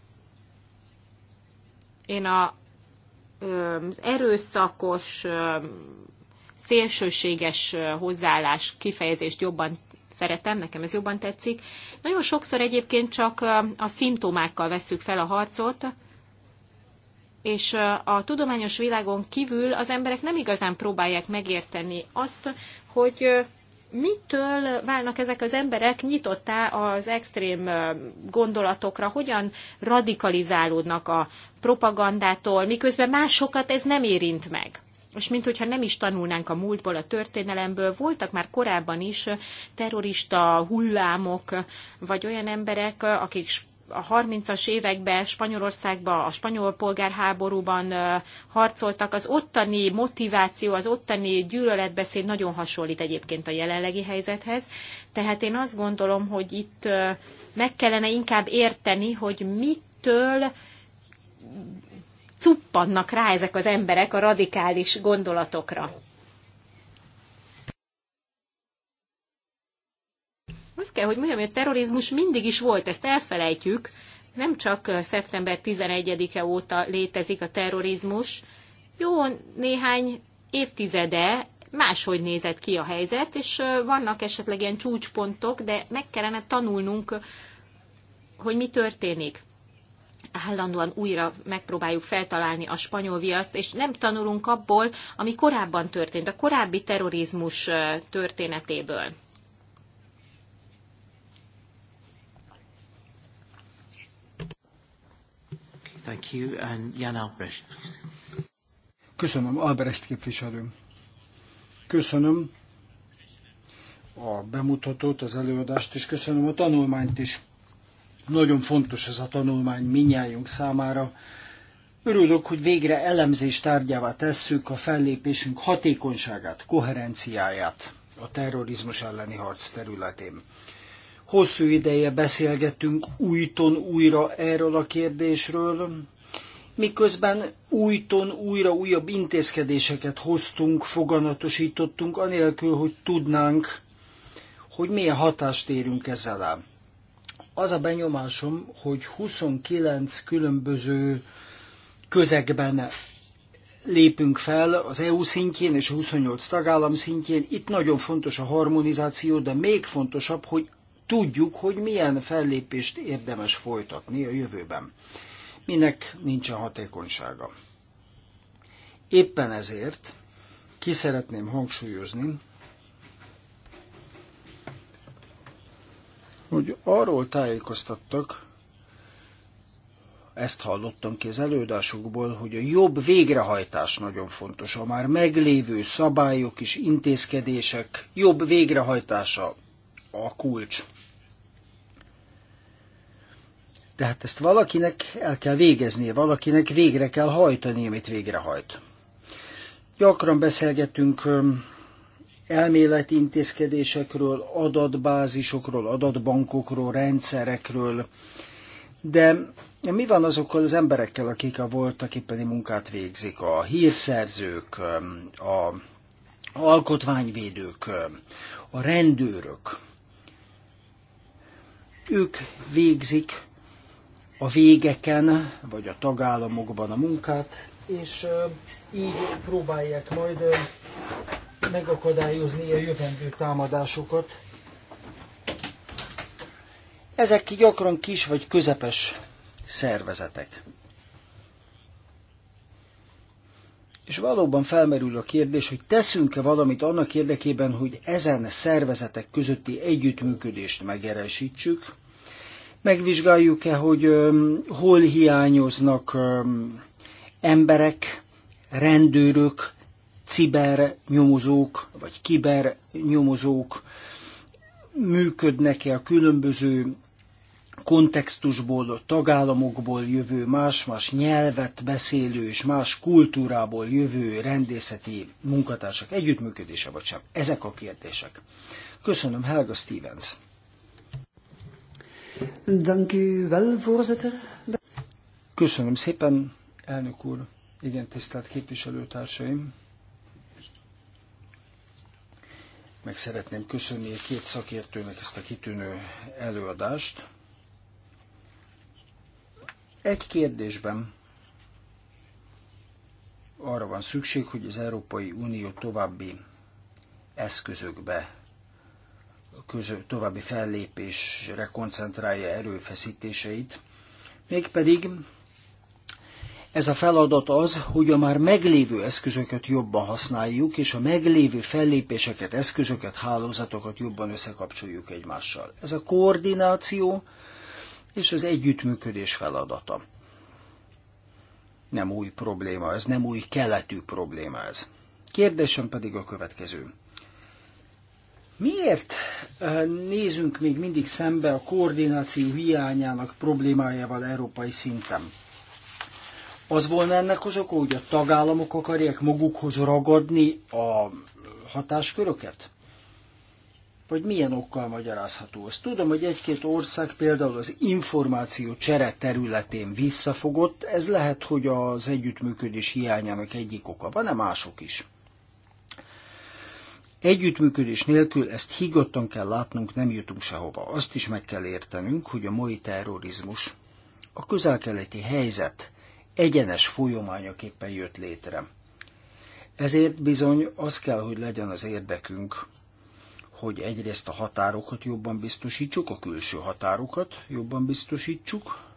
Én a, az erőszakos, szélsőséges hozzáállás kifejezést jobban szeretem, nekem ez jobban tetszik, nagyon sokszor egyébként csak a szimptomákkal vesszük fel a harcot, és a tudományos világon kívül az emberek nem igazán próbálják megérteni azt, hogy mitől válnak ezek az emberek nyitottá az extrém gondolatokra, hogyan radikalizálódnak a propagandától, miközben másokat ez nem érint meg és mint nem is tanulnánk a múltból, a történelemből, voltak már korábban is terrorista hullámok, vagy olyan emberek, akik a 30-as években Spanyolországban, a spanyol polgárháborúban harcoltak, az ottani motiváció, az ottani gyűlöletbeszéd nagyon hasonlít egyébként a jelenlegi helyzethez. Tehát én azt gondolom, hogy itt meg kellene inkább érteni, hogy mitől cuppannak rá ezek az emberek a radikális gondolatokra. Azt kell, hogy mondjam, hogy a terrorizmus mindig is volt, ezt elfelejtjük. Nem csak szeptember 11-e óta létezik a terrorizmus. Jó néhány évtizede máshogy nézett ki a helyzet, és vannak esetleg ilyen csúcspontok, de meg kellene tanulnunk, hogy mi történik állandóan újra megpróbáljuk feltalálni a spanyol viaszt, és nem tanulunk abból, ami korábban történt, a korábbi terrorizmus történetéből. Thank you. And Jan Albrecht, please. Köszönöm, Albrecht képviselő. Köszönöm a bemutatót, az előadást, és köszönöm a tanulmányt is. Nagyon fontos ez a tanulmány minnyájunk számára. Örülök, hogy végre elemzés tárgyává tesszük a fellépésünk hatékonyságát, koherenciáját a terrorizmus elleni harc területén. Hosszú ideje beszélgetünk újton újra erről a kérdésről, miközben újton újra újabb intézkedéseket hoztunk, foganatosítottunk, anélkül, hogy tudnánk, hogy milyen hatást érünk ezzel el az a benyomásom, hogy 29 különböző közegben lépünk fel az EU szintjén és a 28 tagállam szintjén. Itt nagyon fontos a harmonizáció, de még fontosabb, hogy tudjuk, hogy milyen fellépést érdemes folytatni a jövőben. Minek nincsen hatékonysága. Éppen ezért ki szeretném hangsúlyozni, hogy arról tájékoztattak, ezt hallottam ki az előadásokból, hogy a jobb végrehajtás nagyon fontos. A már meglévő szabályok és intézkedések jobb végrehajtása a kulcs. Tehát ezt valakinek el kell végeznie, valakinek végre kell hajtani, amit végrehajt. Gyakran beszélgetünk elméleti intézkedésekről, adatbázisokról, adatbankokról, rendszerekről. De mi van azokkal az emberekkel, akik a voltak éppeni munkát végzik? A hírszerzők, a alkotmányvédők, a rendőrök. Ők végzik a végeken, vagy a tagállamokban a munkát, és így próbálják majd megakadályozni a jövendő támadásokat. Ezek gyakran kis vagy közepes szervezetek. És valóban felmerül a kérdés, hogy teszünk-e valamit annak érdekében, hogy ezen szervezetek közötti együttműködést megerősítsük, megvizsgáljuk-e, hogy hol hiányoznak emberek, rendőrök, nyomozók vagy nyomozók működnek-e a különböző kontextusból, a tagállamokból jövő, más-más nyelvet beszélő és más kultúrából jövő rendészeti munkatársak együttműködése vagy sem. Ezek a kérdések. Köszönöm, Helga Stevens. Dank wel, voorzitter. Köszönöm szépen, elnök úr. Igen, tisztelt képviselőtársaim. Meg szeretném köszönni a két szakértőnek ezt a kitűnő előadást. Egy kérdésben arra van szükség, hogy az Európai Unió további eszközökbe, közö, további fellépésre koncentrálja erőfeszítéseit, mégpedig ez a feladat az, hogy a már meglévő eszközöket jobban használjuk, és a meglévő fellépéseket, eszközöket, hálózatokat jobban összekapcsoljuk egymással. Ez a koordináció és az együttműködés feladata. Nem új probléma ez, nem új keletű probléma ez. Kérdésem pedig a következő. Miért nézünk még mindig szembe a koordináció hiányának problémájával európai szinten? Az volna ennek az oka, hogy a tagállamok akarják magukhoz ragadni a hatásköröket? Vagy milyen okkal magyarázható ez? Tudom, hogy egy-két ország például az információ csere területén visszafogott, ez lehet, hogy az együttműködés hiányának egyik oka. Van-e mások is? Együttműködés nélkül ezt higgadtan kell látnunk, nem jutunk sehova. Azt is meg kell értenünk, hogy a mai terrorizmus, a közelkeleti helyzet egyenes folyományaképpen jött létre. Ezért bizony az kell, hogy legyen az érdekünk, hogy egyrészt a határokat jobban biztosítsuk, a külső határokat jobban biztosítsuk,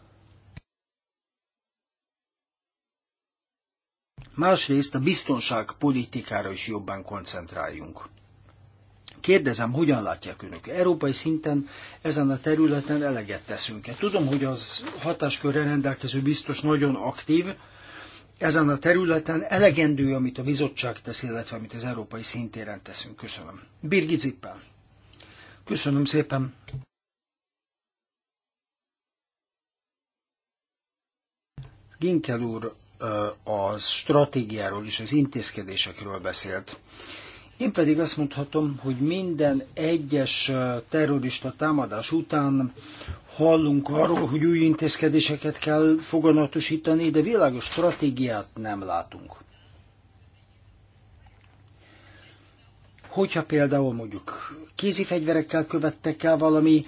másrészt a biztonságpolitikára is jobban koncentráljunk. Kérdezem, hogyan látják önök? Európai szinten ezen a területen eleget teszünk-e? Tudom, hogy az hatáskörre rendelkező biztos nagyon aktív, ezen a területen elegendő, amit a bizottság tesz, illetve amit az európai szintéren teszünk. Köszönöm. Birgit Zippel. Köszönöm szépen. Ginkel úr az stratégiáról és az intézkedésekről beszélt. Én pedig azt mondhatom, hogy minden egyes terrorista támadás után hallunk arról, hogy új intézkedéseket kell foganatosítani, de világos stratégiát nem látunk. Hogyha például mondjuk kézi fegyverekkel követtek el valami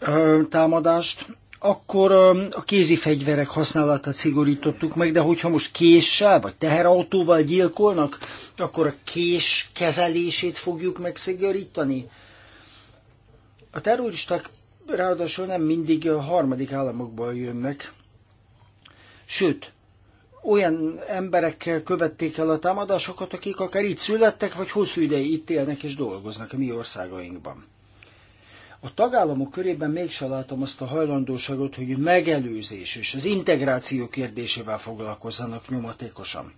ö, támadást, akkor a kézi fegyverek használatát szigorítottuk meg, de hogyha most késsel vagy teherautóval gyilkolnak, akkor a kés kezelését fogjuk megszigorítani. A terroristák ráadásul nem mindig a harmadik államokból jönnek. Sőt, olyan emberek követték el a támadásokat, akik akár itt születtek, vagy hosszú ideig itt élnek és dolgoznak a mi országainkban. A tagállamok körében mégsem látom azt a hajlandóságot, hogy megelőzés és az integráció kérdésével foglalkozzanak nyomatékosan.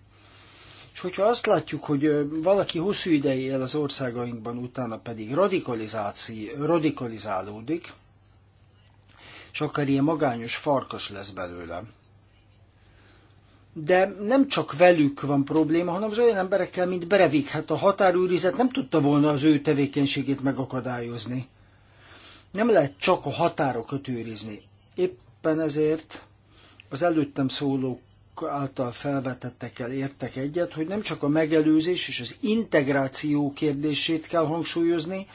És hogyha azt látjuk, hogy valaki hosszú ideig él az országainkban, utána pedig radikalizálódik, és akár ilyen magányos farkas lesz belőle. De nem csak velük van probléma, hanem az olyan emberekkel, mint Brevik. Hát a határőrizet nem tudta volna az ő tevékenységét megakadályozni. Nem lehet csak a határokat őrizni. Éppen ezért az előttem szólók által felvetettekkel értek egyet, hogy nem csak a megelőzés és az integráció kérdését kell hangsúlyozni,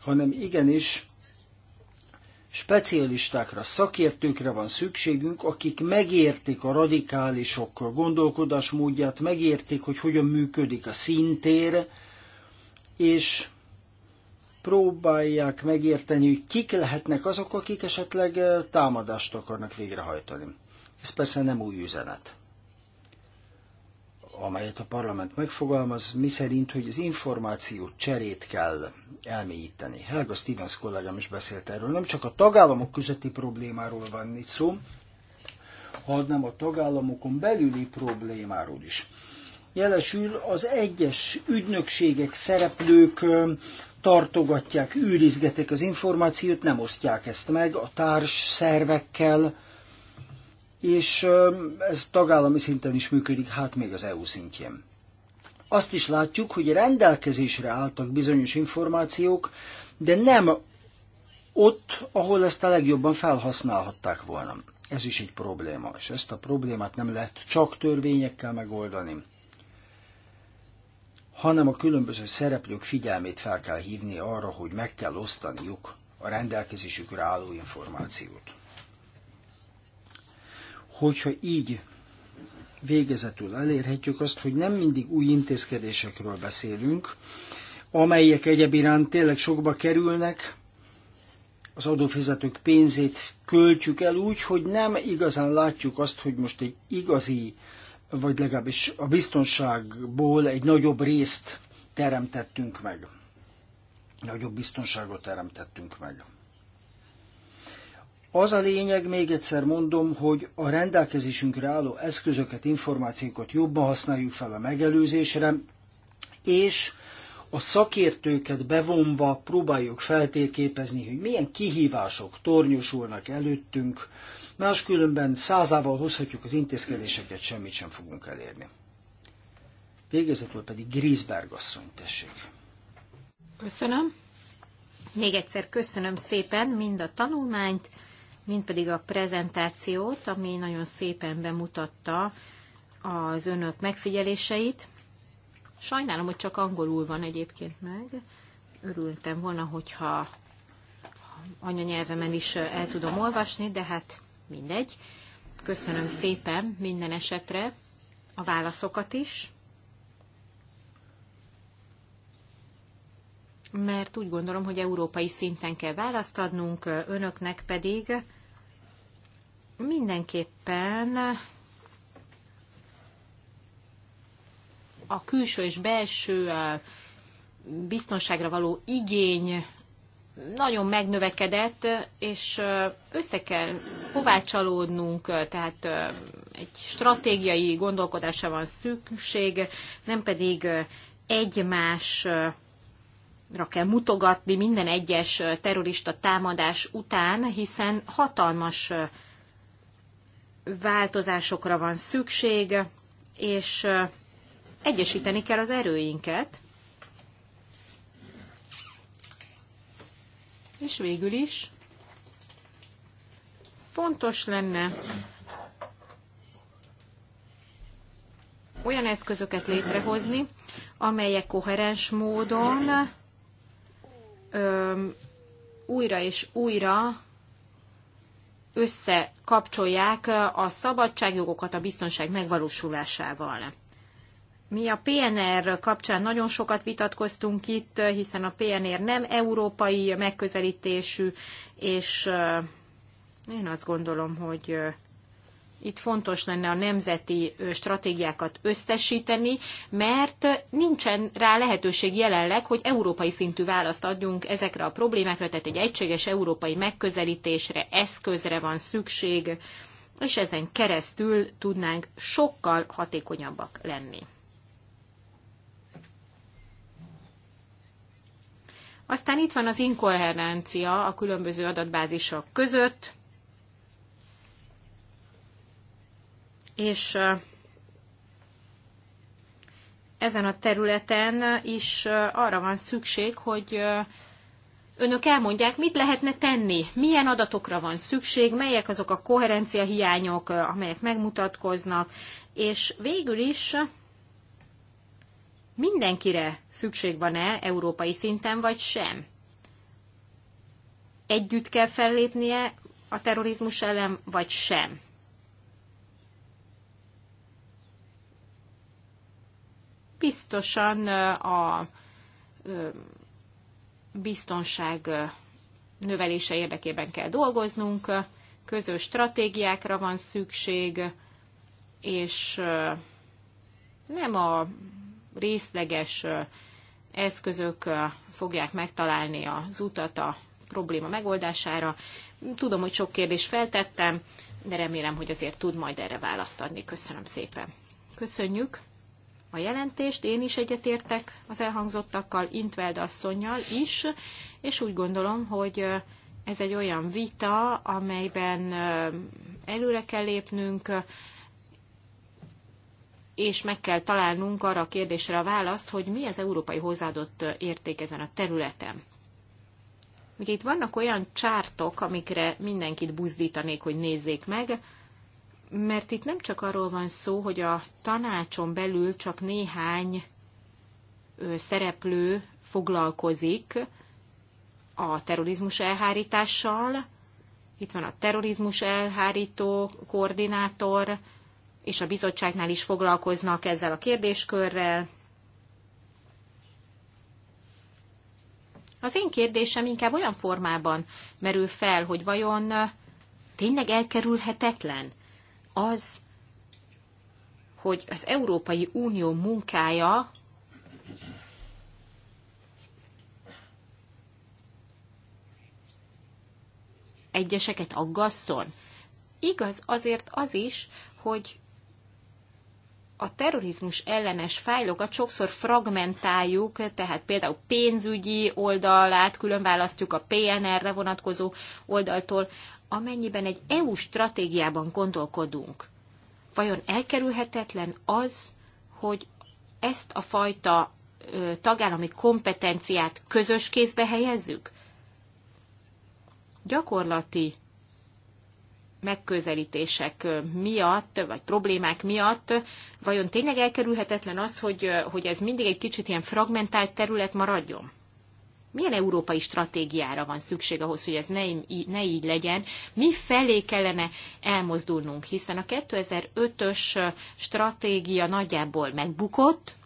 hanem igenis specialistákra, szakértőkre van szükségünk, akik megértik a radikálisok gondolkodásmódját, megértik, hogy hogyan működik a szintér, és próbálják megérteni, hogy kik lehetnek azok, akik esetleg támadást akarnak végrehajtani. Ez persze nem új üzenet amelyet a parlament megfogalmaz, mi szerint, hogy az információ cserét kell elmélyíteni. Helga Stevens kollégám is beszélt erről. Nem csak a tagállamok közötti problémáról van itt szó, hanem a tagállamokon belüli problémáról is. Jelesül az egyes ügynökségek, szereplők tartogatják, őrizgetik az információt, nem osztják ezt meg a társ szervekkel, és ez tagállami szinten is működik, hát még az EU szintjén. Azt is látjuk, hogy rendelkezésre álltak bizonyos információk, de nem ott, ahol ezt a legjobban felhasználhatták volna. Ez is egy probléma, és ezt a problémát nem lehet csak törvényekkel megoldani hanem a különböző szereplők figyelmét fel kell hívni arra, hogy meg kell osztaniuk a rendelkezésükre álló információt. Hogyha így végezetül elérhetjük azt, hogy nem mindig új intézkedésekről beszélünk, amelyek egyebirán tényleg sokba kerülnek, az adófizetők pénzét költjük el úgy, hogy nem igazán látjuk azt, hogy most egy igazi vagy legalábbis a biztonságból egy nagyobb részt teremtettünk meg. Nagyobb biztonságot teremtettünk meg. Az a lényeg, még egyszer mondom, hogy a rendelkezésünkre álló eszközöket, információkat jobban használjuk fel a megelőzésre, és a szakértőket bevonva próbáljuk feltérképezni, hogy milyen kihívások tornyosulnak előttünk, Máskülönben százával hozhatjuk az intézkedéseket, semmit sem fogunk elérni. Végezetül pedig Grisberg asszony, tessék. Köszönöm. Még egyszer köszönöm szépen mind a tanulmányt, mind pedig a prezentációt, ami nagyon szépen bemutatta az önök megfigyeléseit. Sajnálom, hogy csak angolul van egyébként meg. Örültem volna, hogyha anyanyelvemen is el tudom olvasni, de hát mindegy. Köszönöm szépen minden esetre a válaszokat is, mert úgy gondolom, hogy európai szinten kell választ adnunk, önöknek pedig mindenképpen a külső és belső eh, biztonságra való igény nagyon megnövekedett, és össze kell kovácsolódnunk, tehát egy stratégiai gondolkodásra van szükség, nem pedig egymásra kell mutogatni minden egyes terrorista támadás után, hiszen hatalmas változásokra van szükség, és egyesíteni kell az erőinket, És végül is fontos lenne olyan eszközöket létrehozni, amelyek koherens módon öm, újra és újra összekapcsolják a szabadságjogokat a biztonság megvalósulásával. Mi a PNR kapcsán nagyon sokat vitatkoztunk itt, hiszen a PNR nem európai megközelítésű, és eh, én azt gondolom, hogy eh, itt fontos lenne a nemzeti eh, stratégiákat összesíteni, mert nincsen rá lehetőség jelenleg, hogy európai szintű választ adjunk ezekre a problémákra, tehát egy egységes európai megközelítésre, eszközre van szükség, és ezen keresztül tudnánk sokkal hatékonyabbak lenni. Aztán itt van az inkoherencia a különböző adatbázisok között, és ezen a területen is arra van szükség, hogy önök elmondják, mit lehetne tenni, milyen adatokra van szükség, melyek azok a koherencia hiányok, amelyek megmutatkoznak, és végül is mindenkire szükség van-e európai szinten, vagy sem? Együtt kell fellépnie a terrorizmus ellen, vagy sem? Biztosan a biztonság növelése érdekében kell dolgoznunk, közös stratégiákra van szükség, és nem a részleges eszközök fogják megtalálni az utat a probléma megoldására. Tudom, hogy sok kérdést feltettem, de remélem, hogy azért tud majd erre választ adni. Köszönöm szépen. Köszönjük a jelentést, én is egyetértek az elhangzottakkal, Intveld asszonynal is, és úgy gondolom, hogy ez egy olyan vita, amelyben előre kell lépnünk, és meg kell találnunk arra a kérdésre a választ, hogy mi az európai hozzáadott érték ezen a területen. Ugye itt vannak olyan csártok, amikre mindenkit buzdítanék, hogy nézzék meg, mert itt nem csak arról van szó, hogy a tanácson belül csak néhány szereplő foglalkozik a terrorizmus elhárítással. Itt van a terrorizmus elhárító koordinátor, és a bizottságnál is foglalkoznak ezzel a kérdéskörrel. Az én kérdésem inkább olyan formában merül fel, hogy vajon tényleg elkerülhetetlen az, hogy az Európai Unió munkája egyeseket aggasszon. Igaz azért az is, hogy a terrorizmus ellenes fájlokat sokszor fragmentáljuk, tehát például pénzügyi oldalát különválasztjuk a PNR-re vonatkozó oldaltól, amennyiben egy EU stratégiában gondolkodunk. Vajon elkerülhetetlen az, hogy ezt a fajta tagállami kompetenciát közös kézbe helyezzük? Gyakorlati megközelítések miatt, vagy problémák miatt, vajon tényleg elkerülhetetlen az, hogy, hogy ez mindig egy kicsit ilyen fragmentált terület maradjon? Milyen európai stratégiára van szükség ahhoz, hogy ez ne, ne így legyen? Mi felé kellene elmozdulnunk? Hiszen a 2005-ös stratégia nagyjából megbukott,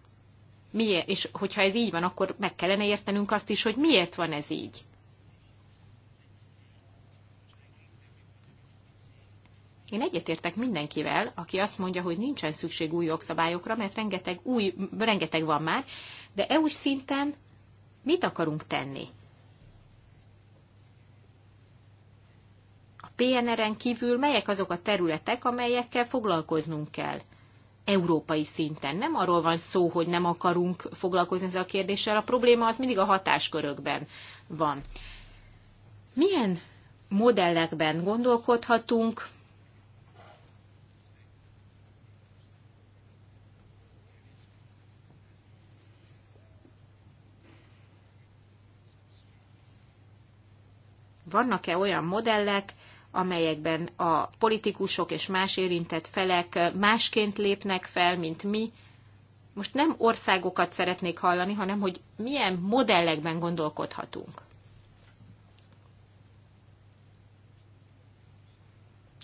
miért, és hogyha ez így van, akkor meg kellene értenünk azt is, hogy miért van ez így. Én egyetértek mindenkivel, aki azt mondja, hogy nincsen szükség új jogszabályokra, mert rengeteg, új, rengeteg van már, de EU-s szinten mit akarunk tenni? A PNR-en kívül melyek azok a területek, amelyekkel foglalkoznunk kell? európai szinten. Nem arról van szó, hogy nem akarunk foglalkozni ezzel a kérdéssel, a probléma az mindig a hatáskörökben van. Milyen modellekben gondolkodhatunk, vannak-e olyan modellek, amelyekben a politikusok és más érintett felek másként lépnek fel, mint mi. Most nem országokat szeretnék hallani, hanem hogy milyen modellekben gondolkodhatunk.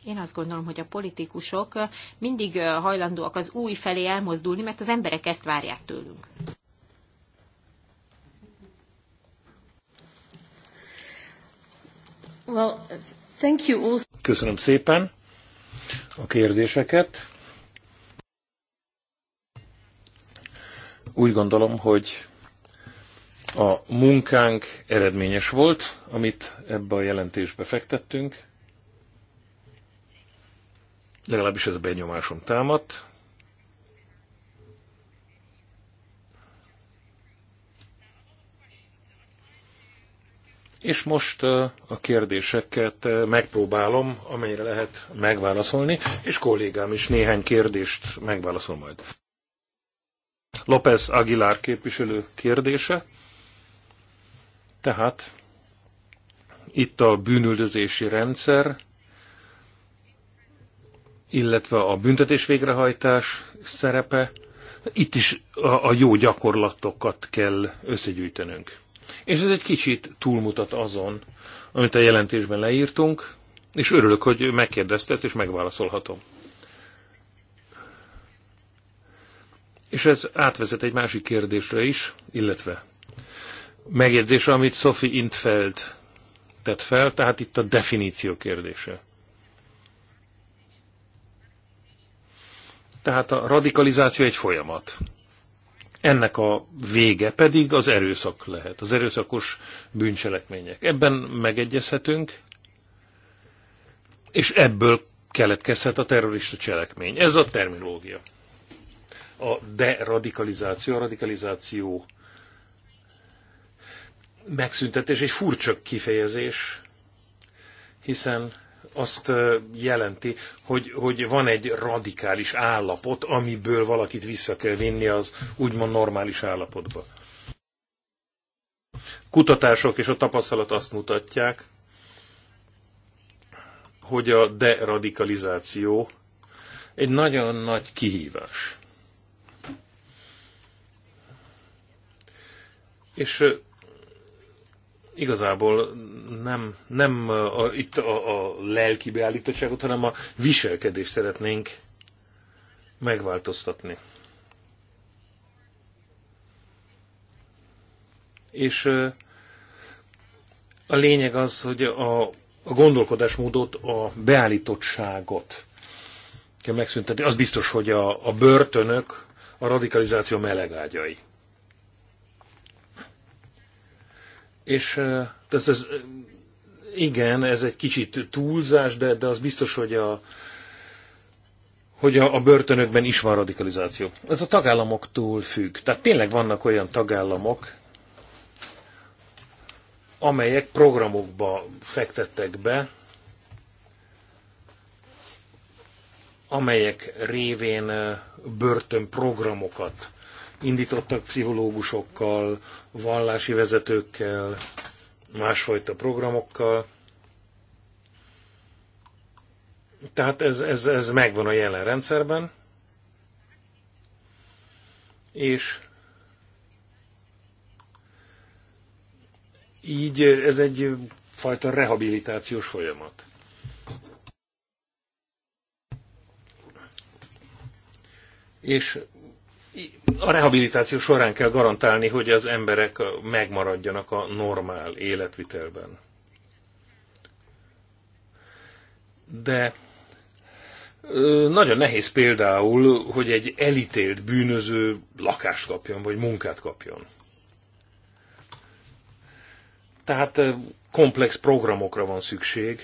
Én azt gondolom, hogy a politikusok mindig hajlandóak az új felé elmozdulni, mert az emberek ezt várják tőlünk. Well, thank you also. Köszönöm szépen a kérdéseket. Úgy gondolom, hogy a munkánk eredményes volt, amit ebbe a jelentésbe fektettünk. Legalábbis ez a benyomásom támadt. És most a kérdéseket megpróbálom, amennyire lehet megválaszolni, és kollégám is néhány kérdést megválaszol majd. López Aguilar képviselő kérdése. Tehát itt a bűnüldözési rendszer, illetve a büntetés végrehajtás szerepe. Itt is a, a jó gyakorlatokat kell összegyűjtenünk. És ez egy kicsit túlmutat azon, amit a jelentésben leírtunk, és örülök, hogy megkérdezted, és megválaszolhatom. És ez átvezet egy másik kérdésre is, illetve megjegyzésre, amit Sophie Intfeld tett fel, tehát itt a definíció kérdése. Tehát a radikalizáció egy folyamat. Ennek a vége pedig az erőszak lehet, az erőszakos bűncselekmények. Ebben megegyezhetünk, és ebből keletkezhet a terrorista cselekmény. Ez a terminológia. A deradikalizáció, a radikalizáció megszüntetés egy furcsa kifejezés, hiszen azt jelenti, hogy, hogy van egy radikális állapot, amiből valakit vissza kell vinni az úgymond normális állapotba. Kutatások és a tapasztalat azt mutatják, hogy a deradikalizáció egy nagyon nagy kihívás. És igazából nem, nem a, itt a, a lelki beállítottságot, hanem a viselkedést szeretnénk megváltoztatni. És a lényeg az, hogy a, a gondolkodásmódot, a beállítottságot kell megszüntetni. Az biztos, hogy a, a börtönök a radikalizáció melegágyai. És ez, ez, igen, ez egy kicsit túlzás, de, de az biztos, hogy a, hogy a, a börtönökben is van radikalizáció. Ez a tagállamoktól függ. Tehát tényleg vannak olyan tagállamok, amelyek programokba fektettek be, amelyek révén börtönprogramokat indítottak pszichológusokkal, vallási vezetőkkel, másfajta programokkal. Tehát ez, ez, ez megvan a jelen rendszerben, és így ez egy fajta rehabilitációs folyamat. És a rehabilitáció során kell garantálni, hogy az emberek megmaradjanak a normál életvitelben. De nagyon nehéz például, hogy egy elítélt bűnöző lakást kapjon, vagy munkát kapjon. Tehát komplex programokra van szükség,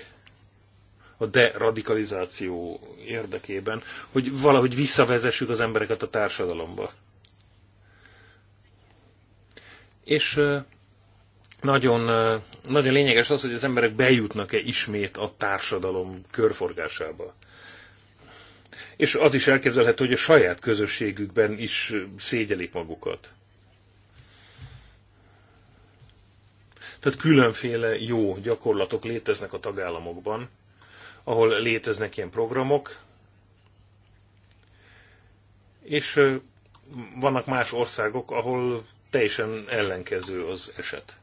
a deradikalizáció érdekében, hogy valahogy visszavezessük az embereket a társadalomba. És nagyon, nagyon lényeges az, hogy az emberek bejutnak-e ismét a társadalom körforgásába. És az is elképzelhető, hogy a saját közösségükben is szégyelik magukat. Tehát különféle jó gyakorlatok léteznek a tagállamokban, ahol léteznek ilyen programok, és vannak más országok, ahol teljesen ellenkező az eset.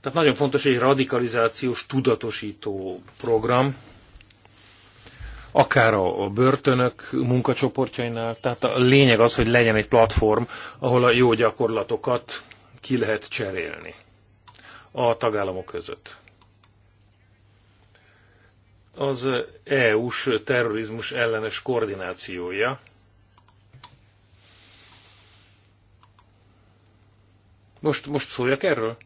Tehát nagyon fontos egy radikalizációs tudatosító program, akár a börtönök munkacsoportjainál. Tehát a lényeg az, hogy legyen egy platform, ahol a jó gyakorlatokat ki lehet cserélni a tagállamok között az EU-s terrorizmus ellenes koordinációja. Most, most szóljak erről?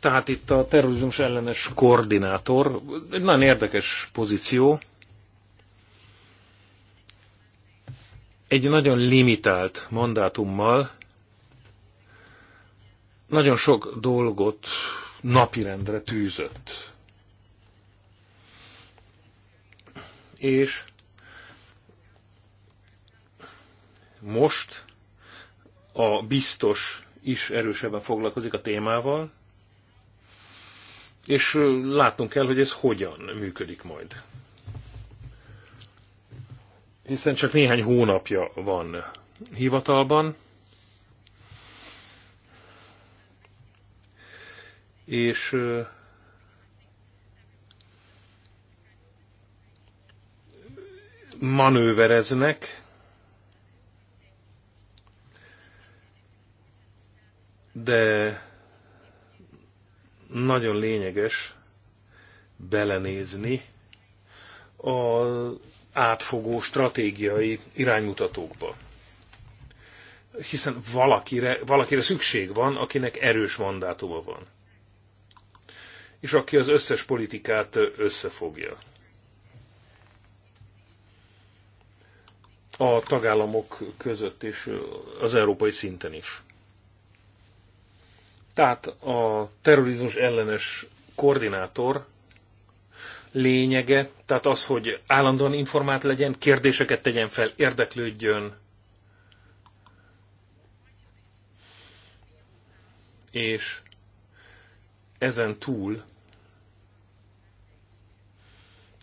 Tehát itt a terrorizmus ellenes koordinátor, egy nagyon érdekes pozíció, egy nagyon limitált mandátummal, nagyon sok dolgot napirendre tűzött. És most a biztos is erősebben foglalkozik a témával, és látnunk kell, hogy ez hogyan működik majd. Hiszen csak néhány hónapja van hivatalban, és manővereznek, de nagyon lényeges belenézni az átfogó stratégiai iránymutatókba. Hiszen valakire, valakire szükség van, akinek erős mandátuma van és aki az összes politikát összefogja. A tagállamok között és az európai szinten is. Tehát a terrorizmus ellenes koordinátor lényege, tehát az, hogy állandóan informált legyen, kérdéseket tegyen fel, érdeklődjön, és ezen túl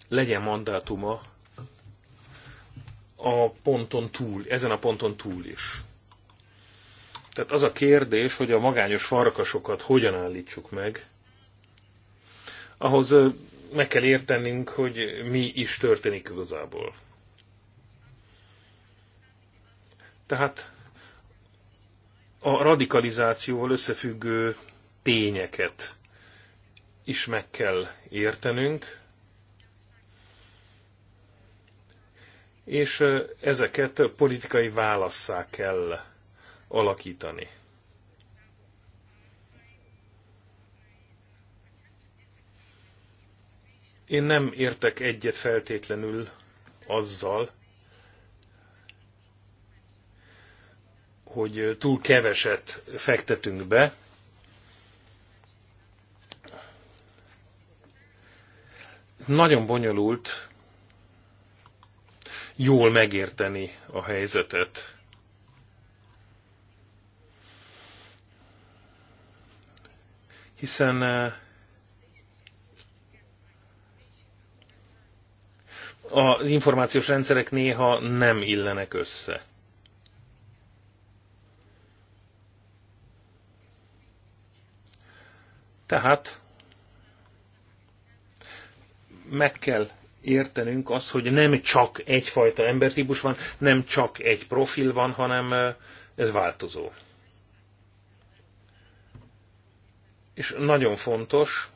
legyen mandátuma a ponton túl, ezen a ponton túl is. Tehát az a kérdés, hogy a magányos farkasokat hogyan állítsuk meg, ahhoz meg kell értenünk, hogy mi is történik igazából. Tehát a radikalizációval összefüggő tényeket is meg kell értenünk, és ezeket politikai válasszá kell alakítani. Én nem értek egyet feltétlenül azzal, hogy túl keveset fektetünk be, nagyon bonyolult jól megérteni a helyzetet. Hiszen eh, az információs rendszerek néha nem illenek össze. Tehát meg kell értenünk azt, hogy nem csak egyfajta embertípus van, nem csak egy profil van, hanem ez változó. És nagyon fontos,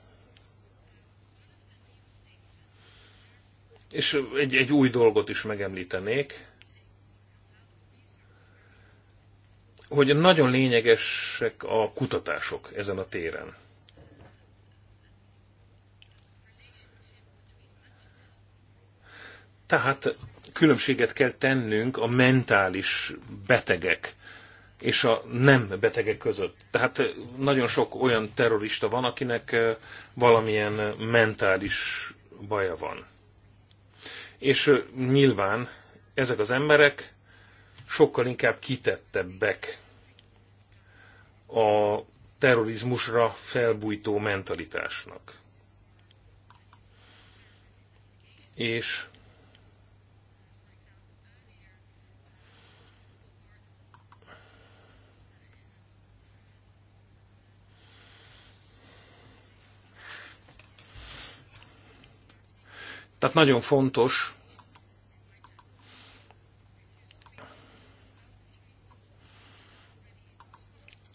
és egy, egy új dolgot is megemlítenék, hogy nagyon lényegesek a kutatások ezen a téren. Tehát különbséget kell tennünk a mentális betegek és a nem betegek között. Tehát nagyon sok olyan terrorista van, akinek valamilyen mentális baja van. És nyilván ezek az emberek sokkal inkább kitettebbek a terrorizmusra felbújtó mentalitásnak. És Tehát nagyon fontos,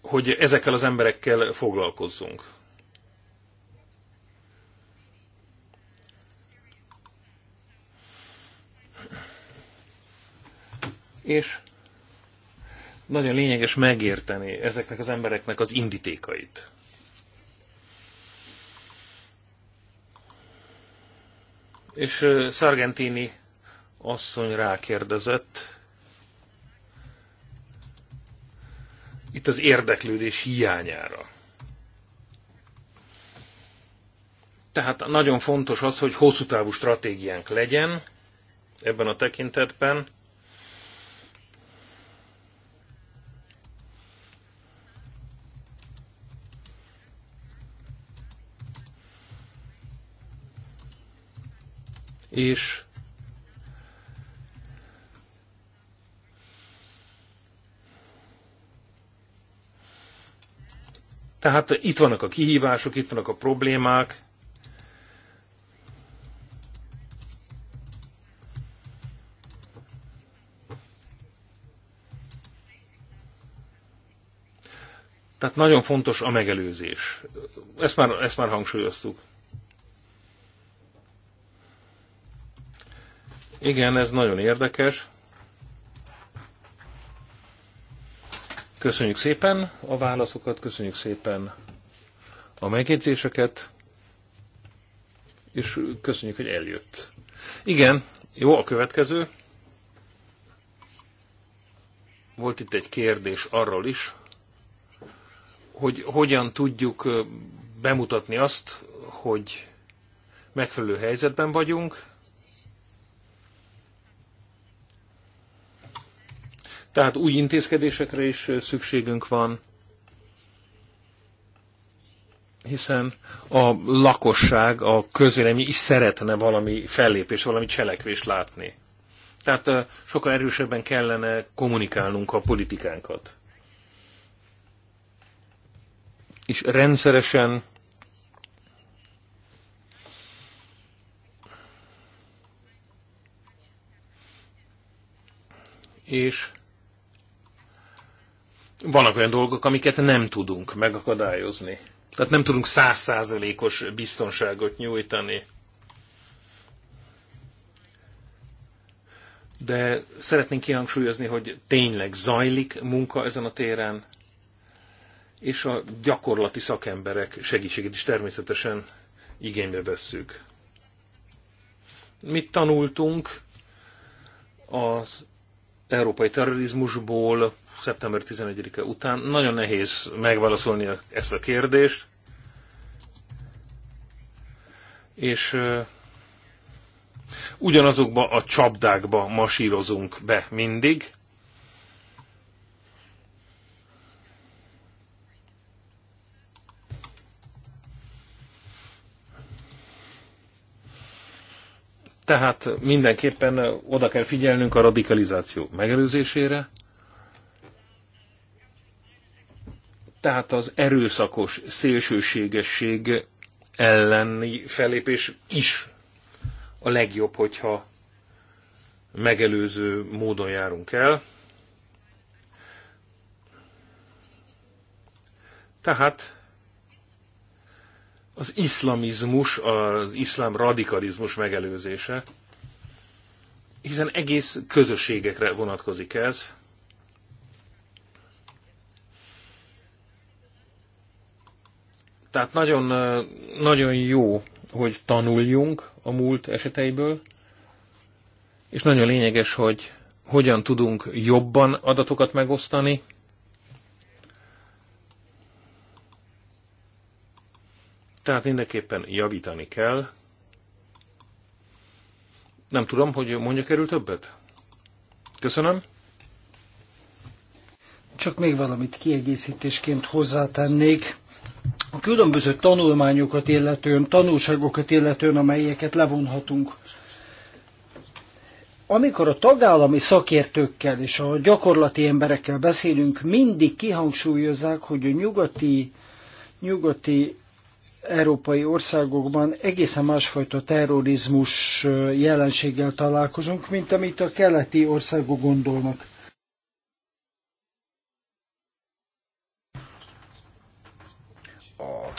hogy ezekkel az emberekkel foglalkozzunk. És nagyon lényeges megérteni ezeknek az embereknek az indítékait. És Sargentini asszony rákérdezett. Itt az érdeklődés hiányára. Tehát nagyon fontos az, hogy hosszú távú stratégiánk legyen ebben a tekintetben, és Tehát itt vannak a kihívások, itt vannak a problémák. Tehát nagyon fontos a megelőzés. Ezt már, ezt már hangsúlyoztuk. Igen, ez nagyon érdekes. Köszönjük szépen a válaszokat, köszönjük szépen a megjegyzéseket, és köszönjük, hogy eljött. Igen, jó, a következő. Volt itt egy kérdés arról is, hogy hogyan tudjuk bemutatni azt, hogy megfelelő helyzetben vagyunk, Tehát új intézkedésekre is szükségünk van, hiszen a lakosság, a közélemi is szeretne valami fellépés, valami cselekvést látni. Tehát sokkal erősebben kellene kommunikálnunk a politikánkat. És rendszeresen és vannak olyan dolgok, amiket nem tudunk megakadályozni. Tehát nem tudunk százszázalékos biztonságot nyújtani. De szeretnénk kihangsúlyozni, hogy tényleg zajlik munka ezen a téren, és a gyakorlati szakemberek segítségét is természetesen igénybe vesszük. Mit tanultunk az európai terrorizmusból, szeptember 11-e után. Nagyon nehéz megválaszolni ezt a kérdést. És ugyanazokba a csapdákba masírozunk be mindig. Tehát mindenképpen oda kell figyelnünk a radikalizáció megelőzésére, Tehát az erőszakos szélsőségesség elleni fellépés is a legjobb, hogyha megelőző módon járunk el. Tehát az iszlamizmus, az iszlám radikalizmus megelőzése, hiszen egész közösségekre vonatkozik ez, Tehát nagyon, nagyon jó, hogy tanuljunk a múlt eseteiből, és nagyon lényeges, hogy hogyan tudunk jobban adatokat megosztani, Tehát mindenképpen javítani kell. Nem tudom, hogy mondja kerül többet? Köszönöm. Csak még valamit kiegészítésként hozzátennék a különböző tanulmányokat illetően, tanulságokat illetően, amelyeket levonhatunk. Amikor a tagállami szakértőkkel és a gyakorlati emberekkel beszélünk, mindig kihangsúlyozzák, hogy a nyugati, nyugati európai országokban egészen másfajta terrorizmus jelenséggel találkozunk, mint amit a keleti országok gondolnak.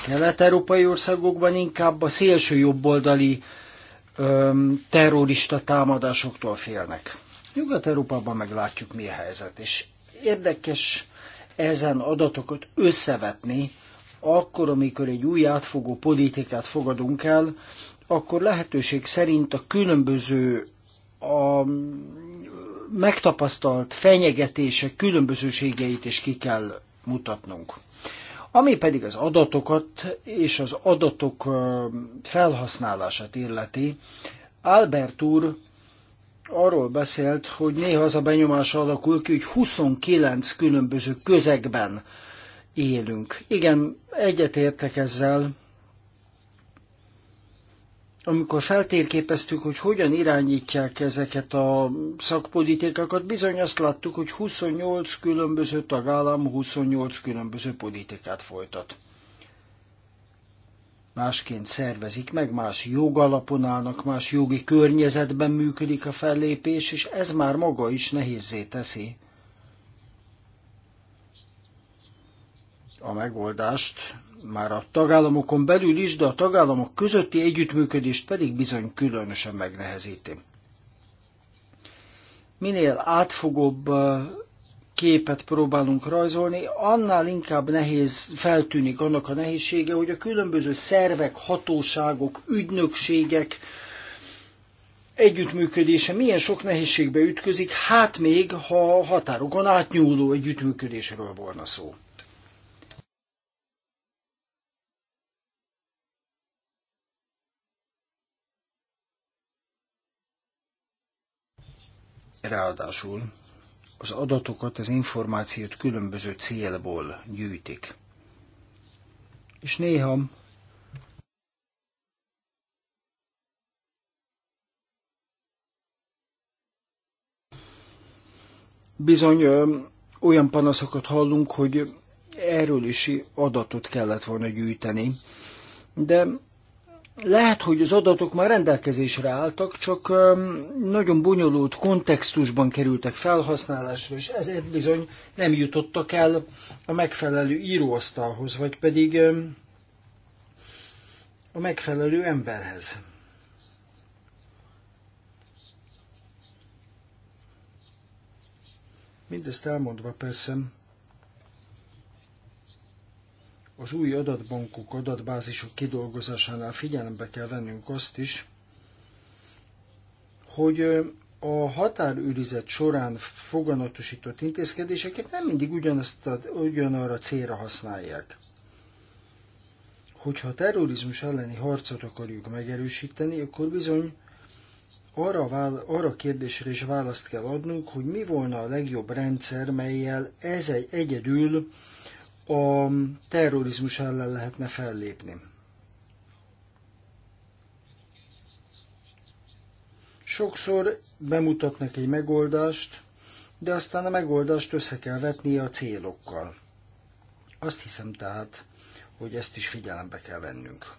kelet-európai országokban inkább a szélső jobboldali öm, terrorista támadásoktól félnek. Nyugat-Európában meglátjuk mi a helyzet, és érdekes ezen adatokat összevetni, akkor, amikor egy új átfogó politikát fogadunk el, akkor lehetőség szerint a különböző a megtapasztalt fenyegetések különbözőségeit is ki kell mutatnunk. Ami pedig az adatokat és az adatok felhasználását illeti, Albert úr arról beszélt, hogy néha az a benyomás alakul ki, hogy 29 különböző közegben élünk. Igen, egyetértek ezzel, amikor feltérképeztük, hogy hogyan irányítják ezeket a szakpolitikákat, bizony azt láttuk, hogy 28 különböző tagállam 28 különböző politikát folytat. Másként szervezik meg, más jogalapon állnak, más jogi környezetben működik a fellépés, és ez már maga is nehézé teszi a megoldást, már a tagállamokon belül is, de a tagállamok közötti együttműködést pedig bizony különösen megnehezíti. Minél átfogóbb képet próbálunk rajzolni, annál inkább nehéz feltűnik annak a nehézsége, hogy a különböző szervek, hatóságok, ügynökségek együttműködése milyen sok nehézségbe ütközik, hát még ha határokon átnyúló együttműködésről volna szó. Ráadásul az adatokat, az információt különböző célból gyűjtik. És néha bizony ö, olyan panaszokat hallunk, hogy erről is adatot kellett volna gyűjteni, de lehet, hogy az adatok már rendelkezésre álltak, csak nagyon bonyolult kontextusban kerültek felhasználásra, és ezért bizony nem jutottak el a megfelelő íróasztalhoz, vagy pedig a megfelelő emberhez. Mindezt elmondva persze az új adatbankok, adatbázisok kidolgozásánál figyelembe kell vennünk azt is, hogy a határőrizet során foganatosított intézkedéseket nem mindig ugyanazt a, ugyanarra célra használják. Hogyha a terrorizmus elleni harcot akarjuk megerősíteni, akkor bizony arra, vála, arra a kérdésre is választ kell adnunk, hogy mi volna a legjobb rendszer, melyel ez egy egyedül a terrorizmus ellen lehetne fellépni. Sokszor bemutatnak egy megoldást, de aztán a megoldást össze kell vetnie a célokkal. Azt hiszem tehát, hogy ezt is figyelembe kell vennünk.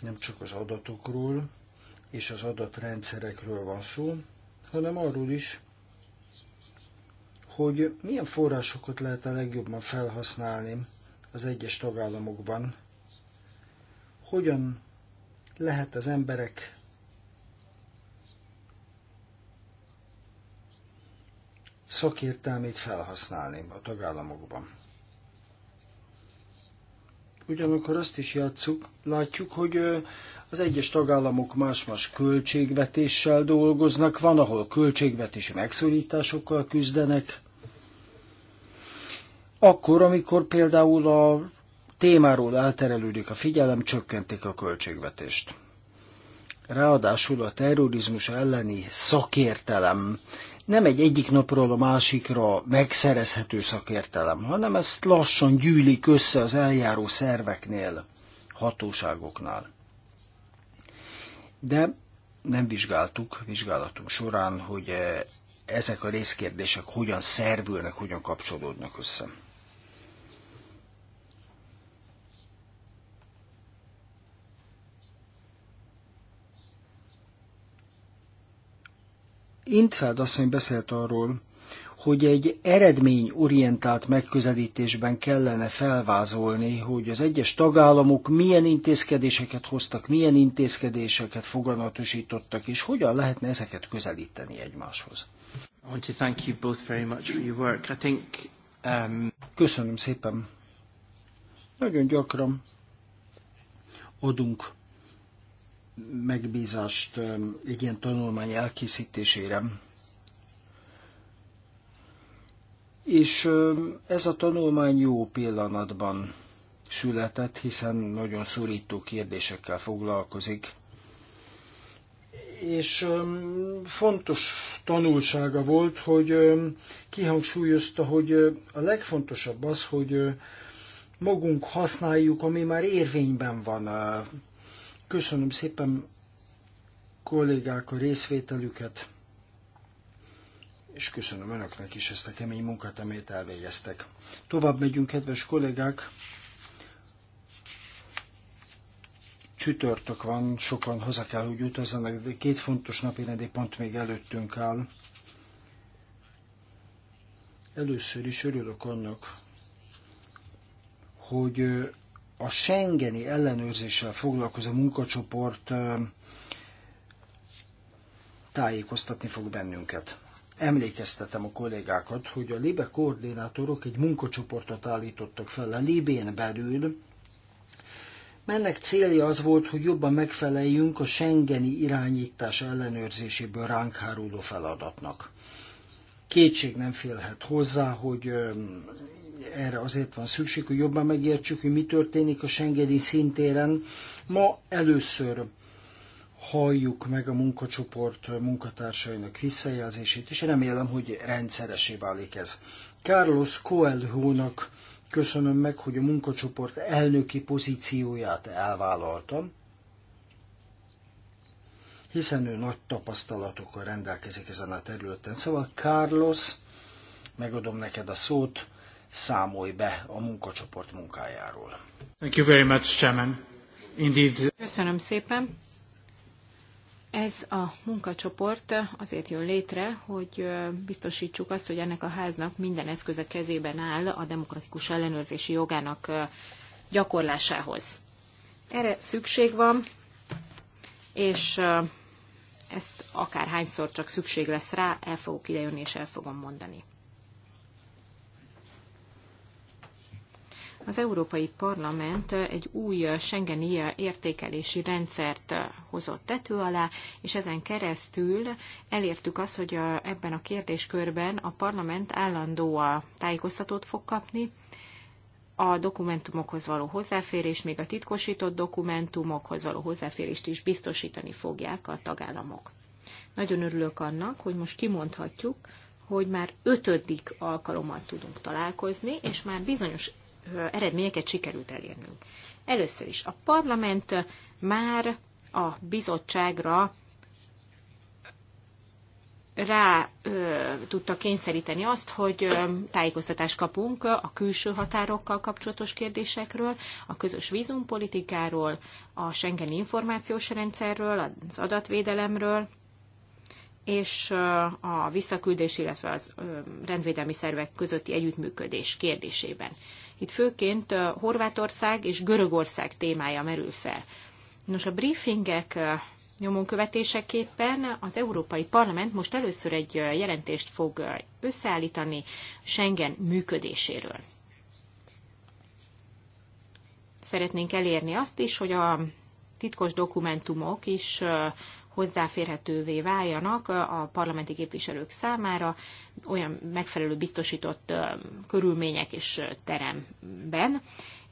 Nem csak az adatokról és az adatrendszerekről van szó, hanem arról is, hogy milyen forrásokat lehet a legjobban felhasználni az egyes tagállamokban, hogyan lehet az emberek szakértelmét felhasználni a tagállamokban. Ugyanakkor azt is játszuk, látjuk, hogy az egyes tagállamok más-más költségvetéssel dolgoznak, van, ahol költségvetési megszorításokkal küzdenek, akkor, amikor például a témáról elterelődik a figyelem, csökkentik a költségvetést. Ráadásul a terrorizmus elleni szakértelem nem egy egyik napról a másikra megszerezhető szakértelem, hanem ezt lassan gyűlik össze az eljáró szerveknél, hatóságoknál. De nem vizsgáltuk vizsgálatunk során, hogy eh, ezek a részkérdések hogyan szervülnek, hogyan kapcsolódnak össze. Intfeld asszony beszélt arról, hogy egy eredményorientált megközelítésben kellene felvázolni, hogy az egyes tagállamok milyen intézkedéseket hoztak, milyen intézkedéseket foganatosítottak, és hogyan lehetne ezeket közelíteni egymáshoz. Um, Köszönöm szépen. Nagyon gyakran adunk megbízást egy ilyen tanulmány elkészítésére. És ez a tanulmány jó pillanatban született, hiszen nagyon szorító kérdésekkel foglalkozik. És fontos tanulsága volt, hogy kihangsúlyozta, hogy a legfontosabb az, hogy magunk használjuk, ami már érvényben van Köszönöm szépen kollégák a részvételüket, és köszönöm önöknek is ezt a kemény munkát, amit elvégeztek. Tovább megyünk, kedves kollégák. Csütörtök van, sokan haza kell, hogy utazzanak, de két fontos napi pont még előttünk áll. Először is örülök annak, hogy a Schengeni ellenőrzéssel foglalkozó munkacsoport tájékoztatni fog bennünket. Emlékeztetem a kollégákat, hogy a LIBE koordinátorok egy munkacsoportot állítottak fel a Libén belül, Mennek célja az volt, hogy jobban megfeleljünk a Schengeni irányítás ellenőrzéséből ránk háruló feladatnak. Kétség nem félhet hozzá, hogy erre azért van szükség, hogy jobban megértsük, hogy mi történik a Schengeni szintéren. Ma először halljuk meg a munkacsoport munkatársainak visszajelzését, és remélem, hogy rendszeresé válik ez. Carlos Coelho-nak köszönöm meg, hogy a munkacsoport elnöki pozícióját elvállaltam, hiszen ő nagy tapasztalatokkal rendelkezik ezen a területen. Szóval Carlos, megadom neked a szót, számolj be a munkacsoport munkájáról. Thank you very much, Chairman. Indeed. Köszönöm szépen. Ez a munkacsoport azért jön létre, hogy biztosítsuk azt, hogy ennek a háznak minden eszköze kezében áll a demokratikus ellenőrzési jogának gyakorlásához. Erre szükség van, és ezt akárhányszor csak szükség lesz rá, el fogok idejönni és el fogom mondani. Az Európai Parlament egy új Schengeni értékelési rendszert hozott tető alá, és ezen keresztül elértük azt, hogy ebben a kérdéskörben a parlament állandó a tájékoztatót fog kapni, a dokumentumokhoz való hozzáférés, még a titkosított dokumentumokhoz való hozzáférést is biztosítani fogják a tagállamok. Nagyon örülök annak, hogy most kimondhatjuk, hogy már ötödik alkalommal tudunk találkozni, és már bizonyos eredményeket sikerült elérnünk. Először is a parlament már a bizottságra rá ö, tudta kényszeríteni azt, hogy ö, tájékoztatást kapunk a külső határokkal kapcsolatos kérdésekről, a közös vízumpolitikáról, a Schengeni információs rendszerről, az adatvédelemről, és ö, a visszaküldés, illetve az ö, rendvédelmi szervek közötti együttműködés kérdésében. Itt főként Horvátország és Görögország témája merül fel. Nos, a briefingek nyomon követéseképpen az Európai Parlament most először egy jelentést fog összeállítani Schengen működéséről. Szeretnénk elérni azt is, hogy a titkos dokumentumok is hozzáférhetővé váljanak a parlamenti képviselők számára olyan megfelelő biztosított körülmények és teremben,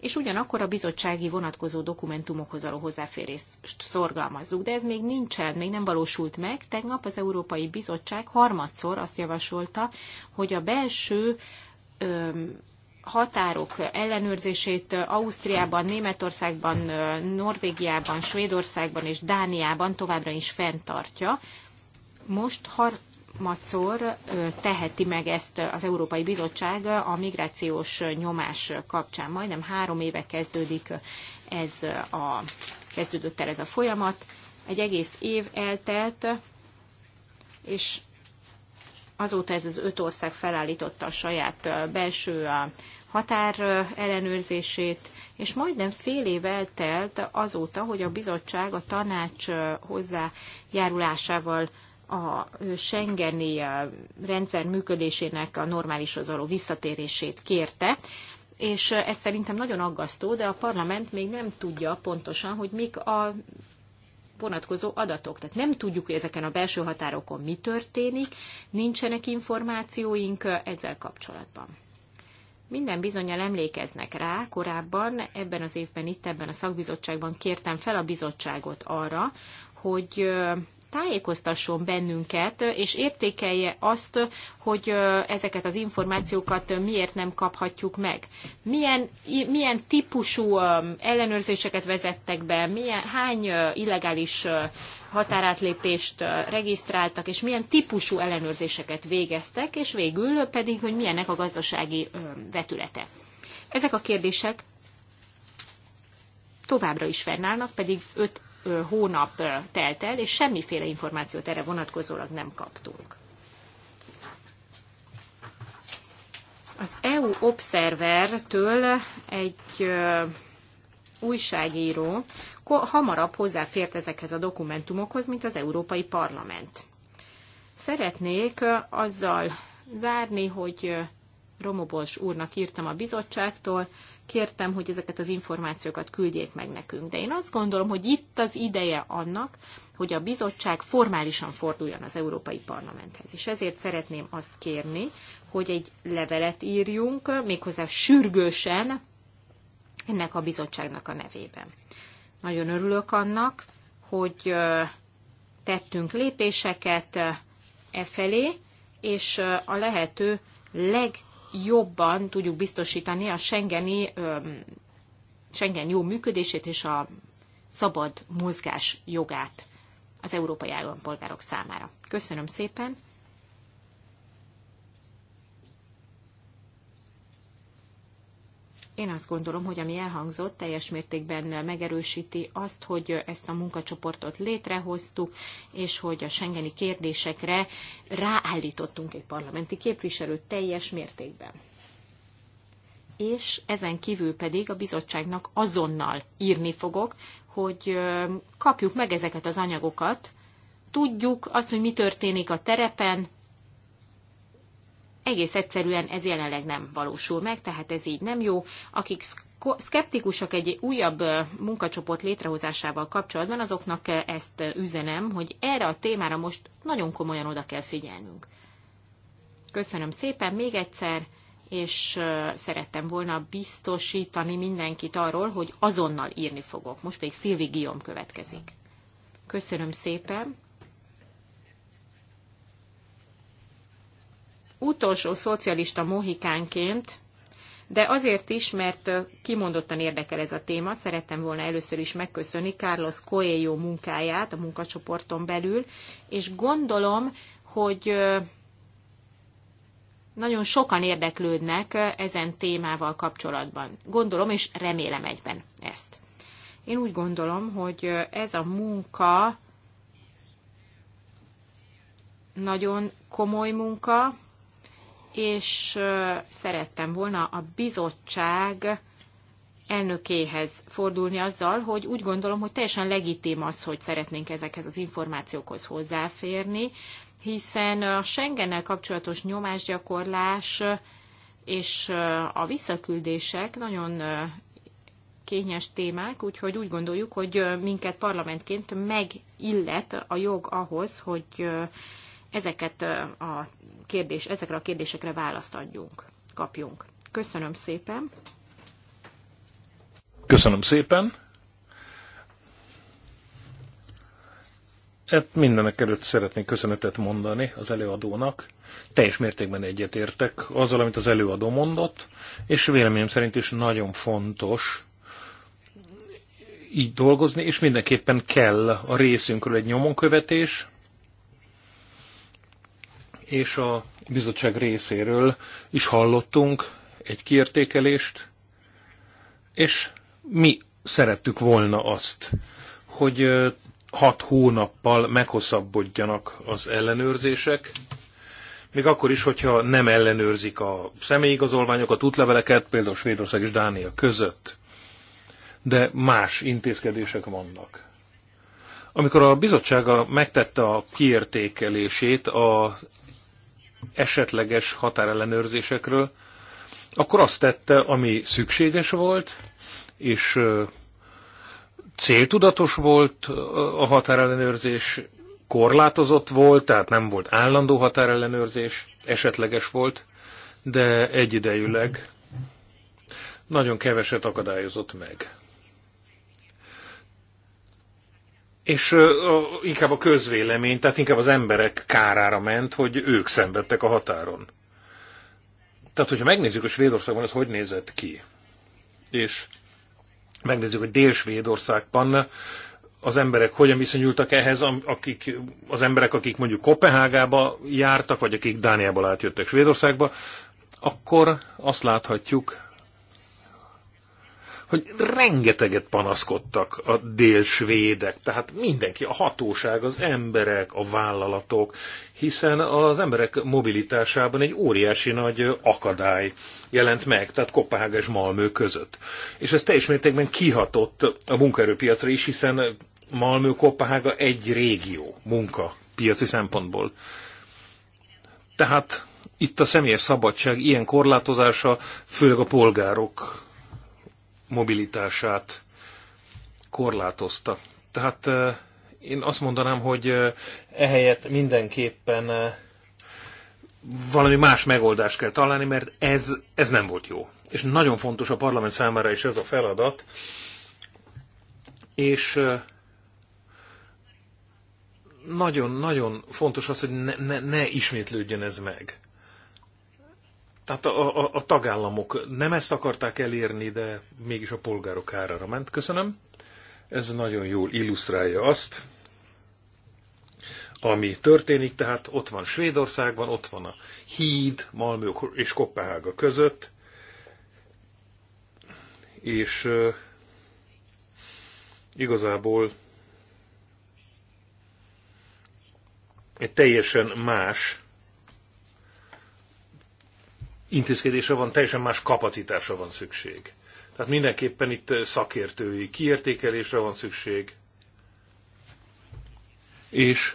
és ugyanakkor a bizottsági vonatkozó dokumentumokhoz való hozzáférést szorgalmazzuk, de ez még nincsen, még nem valósult meg. Tegnap az Európai Bizottság harmadszor azt javasolta, hogy a belső öm, határok ellenőrzését Ausztriában, Németországban, Norvégiában, Svédországban és Dániában továbbra is fenntartja. Most harmadszor teheti meg ezt az Európai Bizottság a migrációs nyomás kapcsán. Majdnem három éve kezdődik ez a, kezdődött el ez a folyamat. Egy egész év eltelt, és azóta ez az öt ország felállította a saját belső határ ellenőrzését, és majdnem fél év eltelt azóta, hogy a bizottság a tanács hozzájárulásával a Schengeni rendszer működésének a normálishoz való visszatérését kérte, és ez szerintem nagyon aggasztó, de a parlament még nem tudja pontosan, hogy mik a vonatkozó adatok. Tehát nem tudjuk, hogy ezeken a belső határokon mi történik, nincsenek információink ezzel kapcsolatban. Minden bizonyal emlékeznek rá, korábban ebben az évben itt, ebben a szakbizottságban kértem fel a bizottságot arra, hogy tájékoztasson bennünket, és értékelje azt, hogy ezeket az információkat miért nem kaphatjuk meg. Milyen, milyen típusú ellenőrzéseket vezettek be, milyen, hány illegális határátlépést regisztráltak, és milyen típusú ellenőrzéseket végeztek, és végül pedig, hogy milyennek a gazdasági vetülete. Ezek a kérdések továbbra is fennállnak, pedig 5 hónap telt el, és semmiféle információt erre vonatkozólag nem kaptunk. Az EU Observer-től egy újságíró hamarabb hozzáfért ezekhez a dokumentumokhoz, mint az Európai Parlament. Szeretnék azzal zárni, hogy Romobos úrnak írtam a bizottságtól, kértem, hogy ezeket az információkat küldjék meg nekünk. De én azt gondolom, hogy itt az ideje annak, hogy a bizottság formálisan forduljon az Európai Parlamenthez. És ezért szeretném azt kérni, hogy egy levelet írjunk, méghozzá sürgősen ennek a bizottságnak a nevében. Nagyon örülök annak, hogy tettünk lépéseket e felé, és a lehető legjobban tudjuk biztosítani a Schengeni, Schengen jó működését és a szabad mozgás jogát az európai állampolgárok számára. Köszönöm szépen! Én azt gondolom, hogy ami elhangzott, teljes mértékben megerősíti azt, hogy ezt a munkacsoportot létrehoztuk, és hogy a Schengeni kérdésekre ráállítottunk egy parlamenti képviselőt teljes mértékben. És ezen kívül pedig a bizottságnak azonnal írni fogok, hogy kapjuk meg ezeket az anyagokat, tudjuk azt, hogy mi történik a terepen, egész egyszerűen ez jelenleg nem valósul meg, tehát ez így nem jó. Akik szkeptikusak egy újabb munkacsoport létrehozásával kapcsolatban, azoknak ezt üzenem, hogy erre a témára most nagyon komolyan oda kell figyelnünk. Köszönöm szépen még egyszer, és szerettem volna biztosítani mindenkit arról, hogy azonnal írni fogok. Most pedig Szilvi Guillaume következik. Köszönöm szépen. utolsó szocialista mohikánként, de azért is, mert kimondottan érdekel ez a téma, szerettem volna először is megköszönni Carlos Coelho munkáját a munkacsoporton belül, és gondolom, hogy nagyon sokan érdeklődnek ezen témával kapcsolatban. Gondolom és remélem egyben ezt. Én úgy gondolom, hogy ez a munka nagyon komoly munka, és szerettem volna a bizottság elnökéhez fordulni azzal, hogy úgy gondolom, hogy teljesen legitim az, hogy szeretnénk ezekhez az információkhoz hozzáférni, hiszen a Schengennel kapcsolatos nyomásgyakorlás és a visszaküldések nagyon kényes témák, úgyhogy úgy gondoljuk, hogy minket parlamentként megillet a jog ahhoz, hogy ezeket a kérdés, ezekre a kérdésekre választ adjunk, kapjunk. Köszönöm szépen! Köszönöm szépen! Hát mindenek előtt szeretnék köszönetet mondani az előadónak. Teljes mértékben egyetértek azzal, amit az előadó mondott, és véleményem szerint is nagyon fontos így dolgozni, és mindenképpen kell a részünkről egy nyomonkövetés, és a bizottság részéről is hallottunk egy kiértékelést, és mi szerettük volna azt, hogy hat hónappal meghosszabbodjanak az ellenőrzések, még akkor is, hogyha nem ellenőrzik a személyigazolványokat, útleveleket, például Svédország és Dánia között. De más intézkedések vannak. Amikor a bizottsága megtette a kiértékelését az esetleges határellenőrzésekről, akkor azt tette, ami szükséges volt, és céltudatos volt a határellenőrzés, korlátozott volt, tehát nem volt állandó határellenőrzés, esetleges volt, de egyidejűleg nagyon keveset akadályozott meg. és inkább a közvélemény, tehát inkább az emberek kárára ment, hogy ők szenvedtek a határon. Tehát, hogyha megnézzük, hogy Svédországban ez hogy nézett ki, és megnézzük, hogy Dél-Svédországban az emberek hogyan viszonyultak ehhez, akik, az emberek, akik mondjuk Kopenhágába jártak, vagy akik Dániából átjöttek Svédországba, akkor azt láthatjuk, hogy rengeteget panaszkodtak a délsvédek, tehát mindenki, a hatóság, az emberek, a vállalatok, hiszen az emberek mobilitásában egy óriási nagy akadály jelent meg, tehát Kopenhága és Malmö között. És ez teljes mértékben kihatott a munkaerőpiacra is, hiszen Malmö-Kopenhága egy régió munka piaci szempontból. Tehát itt a személyes szabadság ilyen korlátozása főleg a polgárok mobilitását korlátozta. Tehát én azt mondanám, hogy ehelyett mindenképpen valami más megoldást kell találni, mert ez, ez nem volt jó. És nagyon fontos a parlament számára is ez a feladat. És nagyon-nagyon fontos az, hogy ne, ne, ne ismétlődjön ez meg. Tehát a, a, a tagállamok nem ezt akarták elérni, de mégis a polgárok árára ment. Köszönöm. Ez nagyon jól illusztrálja azt, ami történik, tehát ott van Svédországban, ott van a híd Malmö és Kopenhága között, és uh, igazából egy teljesen más intézkedésre van, teljesen más kapacitásra van szükség. Tehát mindenképpen itt eh, szakértői kiértékelésre van szükség. És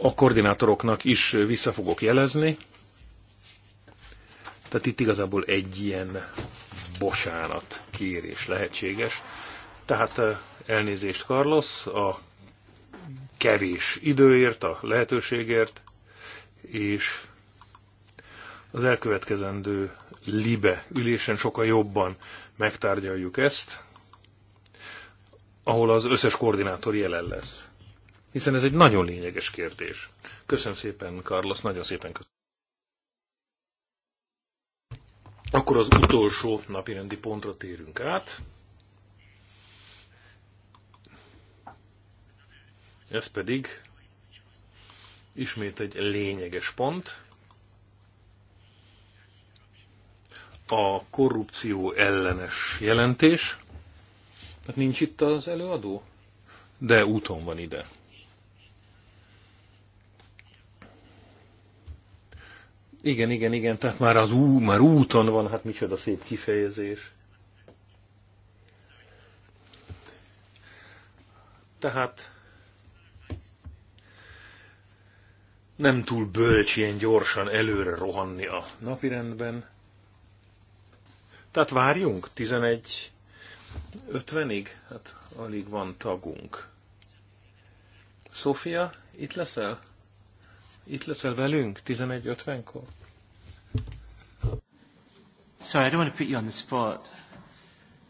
a koordinátoroknak is vissza fogok jelezni. Tehát itt igazából egy ilyen bocsánat kérés lehetséges. Tehát eh, elnézést Carlos a kevés időért, a lehetőségért, és az elkövetkezendő libe ülésen sokkal jobban megtárgyaljuk ezt, ahol az összes koordinátor jelen lesz. Hiszen ez egy nagyon lényeges kérdés. Köszönöm szépen, Carlos, nagyon szépen köszönöm. Akkor az utolsó napirendi pontra térünk át. Ez pedig ismét egy lényeges pont. a korrupció ellenes jelentés. Tehát nincs itt az előadó? De úton van ide. Igen, igen, igen, tehát már az ú, már úton van, hát micsoda szép kifejezés. Tehát nem túl bölcs ilyen gyorsan előre rohanni a napirendben. Tehát várjunk 11.50-ig? Hát alig van tagunk. Szófia, itt leszel? Itt leszel velünk 11.50-kor? Sorry, I don't want to put you on the spot.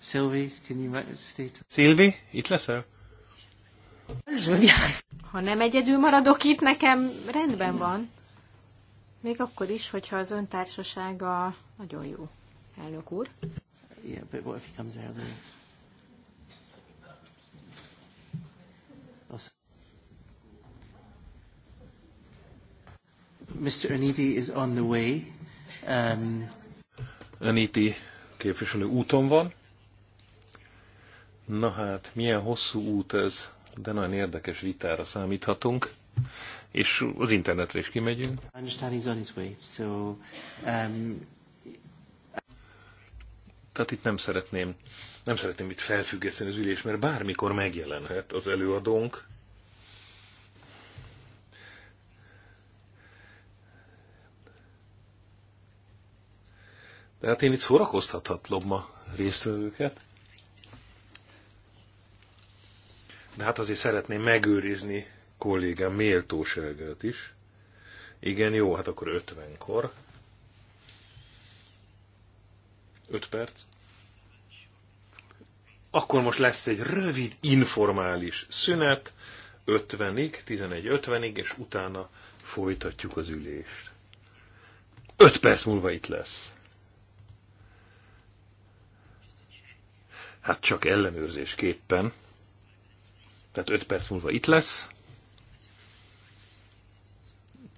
Sylvie, can you write stay to... Sylvie, itt leszel? Ha nem egyedül maradok itt, nekem rendben van. Még akkor is, hogyha az öntársasága nagyon jó elnök úr. Yeah, but what if he comes out Mr. Aniti is on the way. Um... Aniti képviselő úton van. Na hát, milyen hosszú út ez, de nagyon érdekes vitára számíthatunk, és az internetre is kimegyünk. I understand he's on his way, so um, tehát itt nem szeretném, nem szeretném itt felfüggeszteni az ülés, mert bármikor megjelenhet az előadónk. De hát én itt szórakoztathatlom ma résztvevőket. De hát azért szeretném megőrizni kollégám méltóságát is. Igen, jó, hát akkor 50-kor. 5 perc. Akkor most lesz egy rövid informális szünet, 50-ig, 11.50-ig, és utána folytatjuk az ülést. 5 perc múlva itt lesz. Hát csak ellenőrzésképpen. Tehát 5 perc múlva itt lesz.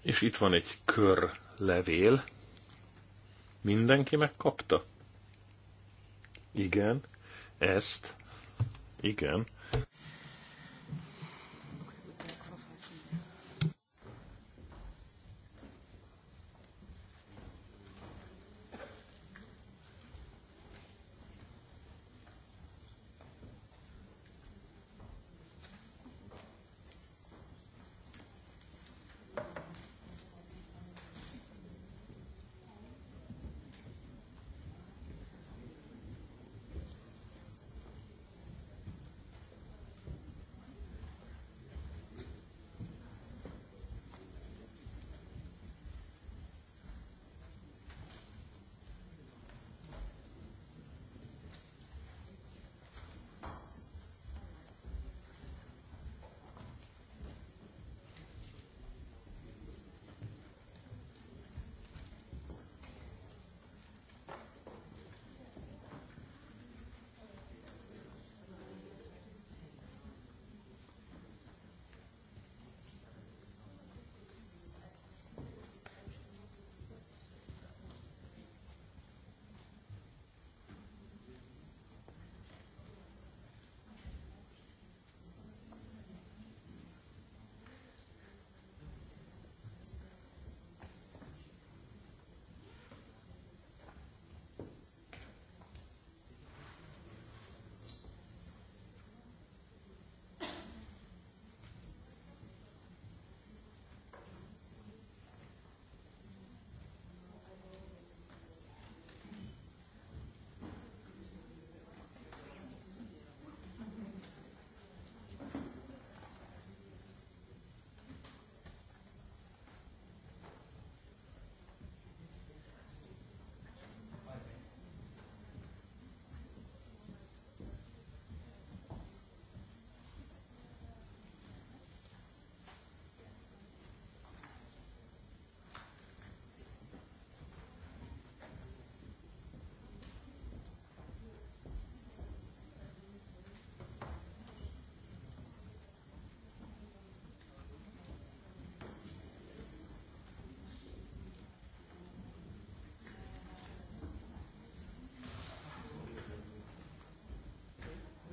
És itt van egy kör levél. Mindenki megkapta? Igen. Ezt. Igen.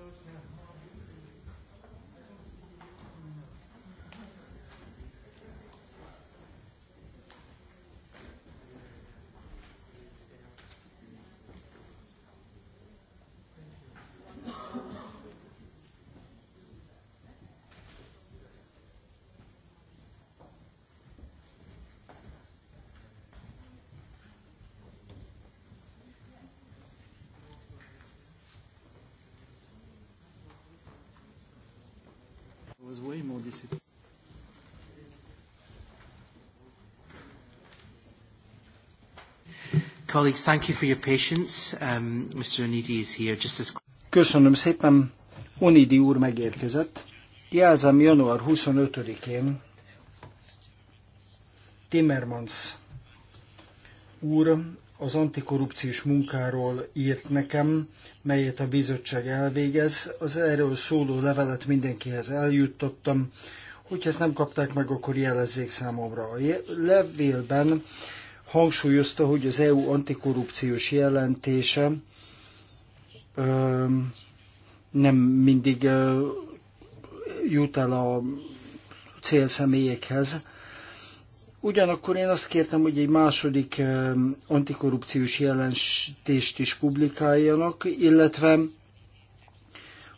those sounds Colleagues, thank you for your patience. Um, Mr. Onidi is here just as... Köszönöm szépen. Onidi úr megérkezett. Jelzem január 25-én Timmermans úr az antikorrupciós munkáról írt nekem, melyet a bizottság elvégez. Az erről szóló levelet mindenkihez eljuttattam. Hogyha ezt nem kapták meg, akkor jelezzék számomra. A levélben hangsúlyozta, hogy az EU antikorrupciós jelentése ö, nem mindig ö, jut el a célszemélyekhez, Ugyanakkor én azt kértem, hogy egy második antikorrupciós jelentést is publikáljanak, illetve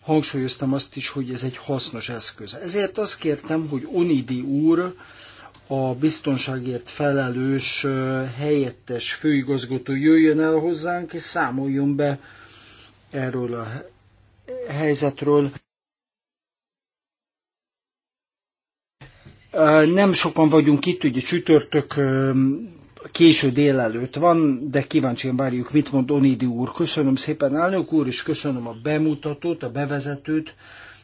hangsúlyoztam azt is, hogy ez egy hasznos eszköz. Ezért azt kértem, hogy Onidi úr, a biztonságért felelős helyettes főigazgató jöjjön el hozzánk, és számoljon be erről a helyzetről. Nem sokan vagyunk itt, ugye csütörtök késő délelőtt van, de kíváncsian várjuk, mit mond Onidi úr. Köszönöm szépen, elnök úr, és köszönöm a bemutatót, a bevezetőt.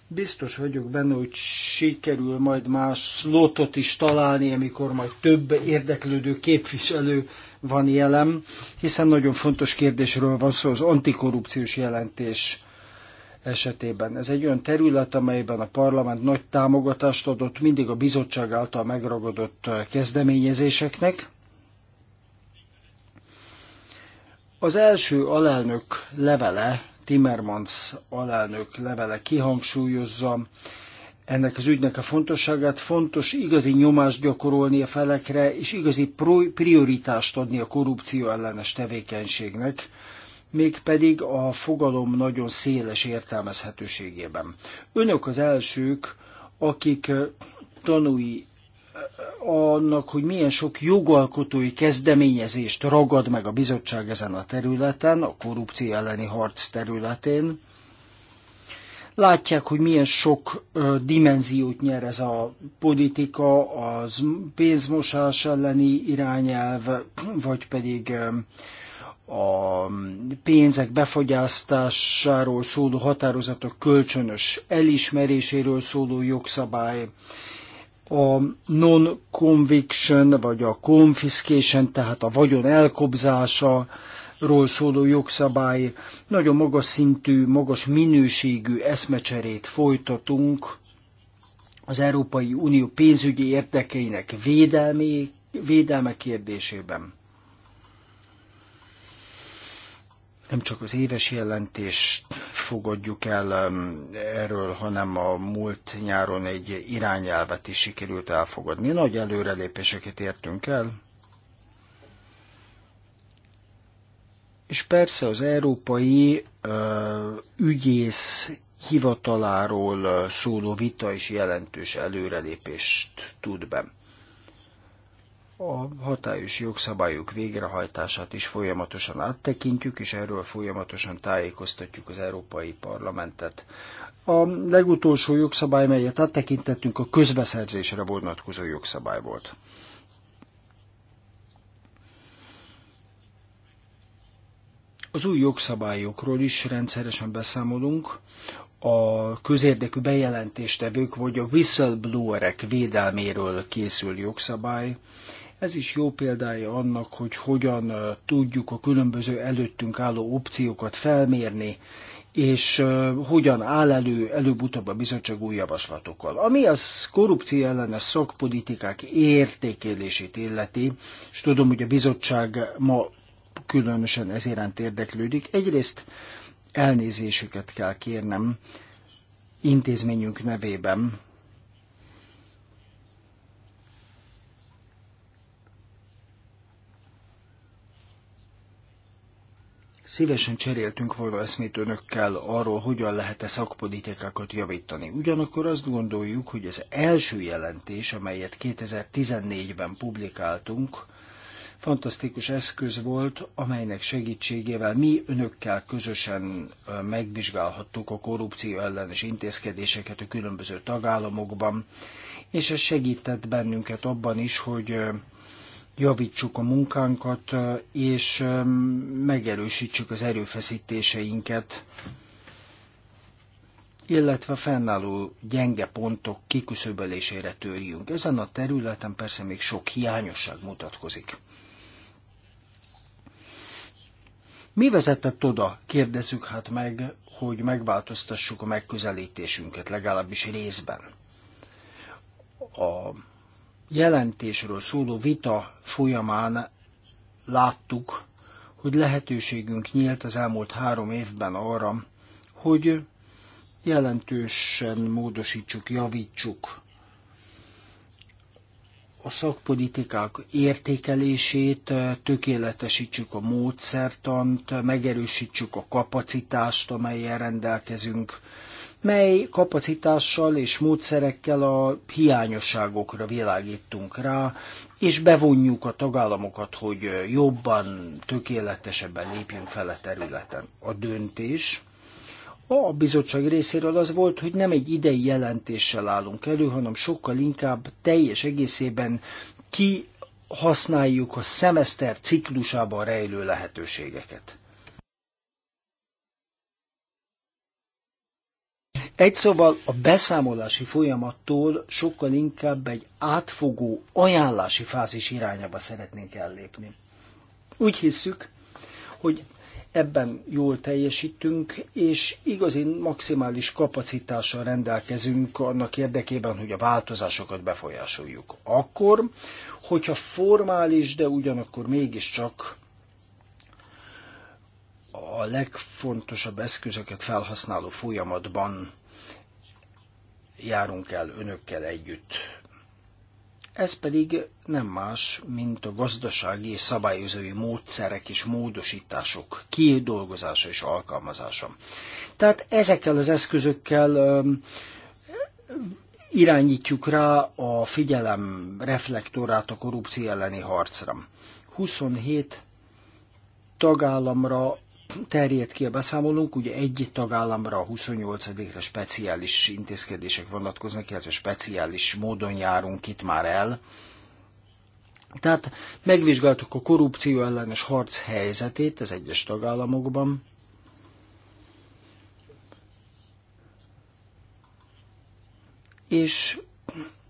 Biztos vagyok benne, hogy sikerül majd más slotot is találni, amikor majd több érdeklődő képviselő van jelen, hiszen nagyon fontos kérdésről van szó, az antikorrupciós jelentés esetében. Ez egy olyan terület, amelyben a parlament nagy támogatást adott mindig a bizottság által megragadott kezdeményezéseknek. Az első alelnök levele, Timmermans alelnök levele kihangsúlyozza, ennek az ügynek a fontosságát, fontos igazi nyomást gyakorolni a felekre, és igazi prioritást adni a korrupció ellenes tevékenységnek, mégpedig a fogalom nagyon széles értelmezhetőségében. Önök az elsők, akik tanúi annak, hogy milyen sok jogalkotói kezdeményezést ragad meg a bizottság ezen a területen, a korrupció elleni harc területén. Látják, hogy milyen sok dimenziót nyer ez a politika, az pénzmosás elleni irányelv, vagy pedig a pénzek befogyasztásáról szóló határozatok kölcsönös elismeréséről szóló jogszabály, a non-conviction vagy a confiscation, tehát a vagyon elkobzása, ról szóló jogszabály, nagyon magas szintű, magas minőségű eszmecserét folytatunk az Európai Unió pénzügyi érdekeinek védelmi, védelme kérdésében. nem csak az éves jelentést fogadjuk el erről, hanem a múlt nyáron egy irányelvet is sikerült elfogadni. Nagy előrelépéseket értünk el. És persze az európai ügyész hivataláról szóló vita is jelentős előrelépést tud be a hatályos jogszabályok végrehajtását is folyamatosan áttekintjük, és erről folyamatosan tájékoztatjuk az Európai Parlamentet. A legutolsó jogszabály, melyet áttekintettünk, a közbeszerzésre vonatkozó jogszabály volt. Az új jogszabályokról is rendszeresen beszámolunk, a közérdekű bejelentéstevők vagy a whistleblowerek védelméről készül jogszabály, ez is jó példája annak, hogy hogyan tudjuk a különböző előttünk álló opciókat felmérni, és hogyan áll elő előbb-utóbb a bizottság új javaslatokkal. Ami az korrupció ellenes szakpolitikák értékelését illeti, és tudom, hogy a bizottság ma különösen ez iránt érdeklődik. Egyrészt elnézésüket kell kérnem intézményünk nevében, Szívesen cseréltünk volna eszmét önökkel arról, hogyan lehet-e szakpolitikákat javítani. Ugyanakkor azt gondoljuk, hogy az első jelentés, amelyet 2014-ben publikáltunk, fantasztikus eszköz volt, amelynek segítségével mi önökkel közösen megvizsgálhattuk a korrupció ellenes intézkedéseket a különböző tagállamokban, és ez segített bennünket abban is, hogy javítsuk a munkánkat, és megerősítsük az erőfeszítéseinket, illetve fennálló gyenge pontok kiküszöbölésére törjünk. Ezen a területen persze még sok hiányosság mutatkozik. Mi vezetett oda, kérdezzük hát meg, hogy megváltoztassuk a megközelítésünket, legalábbis részben. A jelentésről szóló vita folyamán láttuk, hogy lehetőségünk nyílt az elmúlt három évben arra, hogy jelentősen módosítsuk, javítsuk a szakpolitikák értékelését, tökéletesítsük a módszertant, megerősítsük a kapacitást, amelyen rendelkezünk, mely kapacitással és módszerekkel a hiányosságokra világítunk rá, és bevonjuk a tagállamokat, hogy jobban, tökéletesebben lépjünk fel a területen. A döntés a bizottság részéről az volt, hogy nem egy idei jelentéssel állunk elő, hanem sokkal inkább teljes egészében ki használjuk a szemeszter ciklusában rejlő lehetőségeket. Egy szóval a beszámolási folyamattól sokkal inkább egy átfogó ajánlási fázis irányába szeretnénk ellépni. Úgy hiszük, hogy ebben jól teljesítünk, és igazi maximális kapacitással rendelkezünk annak érdekében, hogy a változásokat befolyásoljuk. Akkor, hogyha formális, de ugyanakkor mégiscsak a legfontosabb eszközöket felhasználó folyamatban járunk el önökkel együtt. Ez pedig nem más, mint a gazdasági és szabályozói módszerek és módosítások kidolgozása és alkalmazása. Tehát ezekkel az eszközökkel irányítjuk rá a figyelem reflektorát a korrupció elleni harcra. 27 tagállamra terjed ki a beszámolónk, ugye egy tagállamra a 28-ra speciális intézkedések vonatkoznak, illetve speciális módon járunk itt már el. Tehát megvizsgáltuk a korrupció ellenes harc helyzetét az egyes tagállamokban, és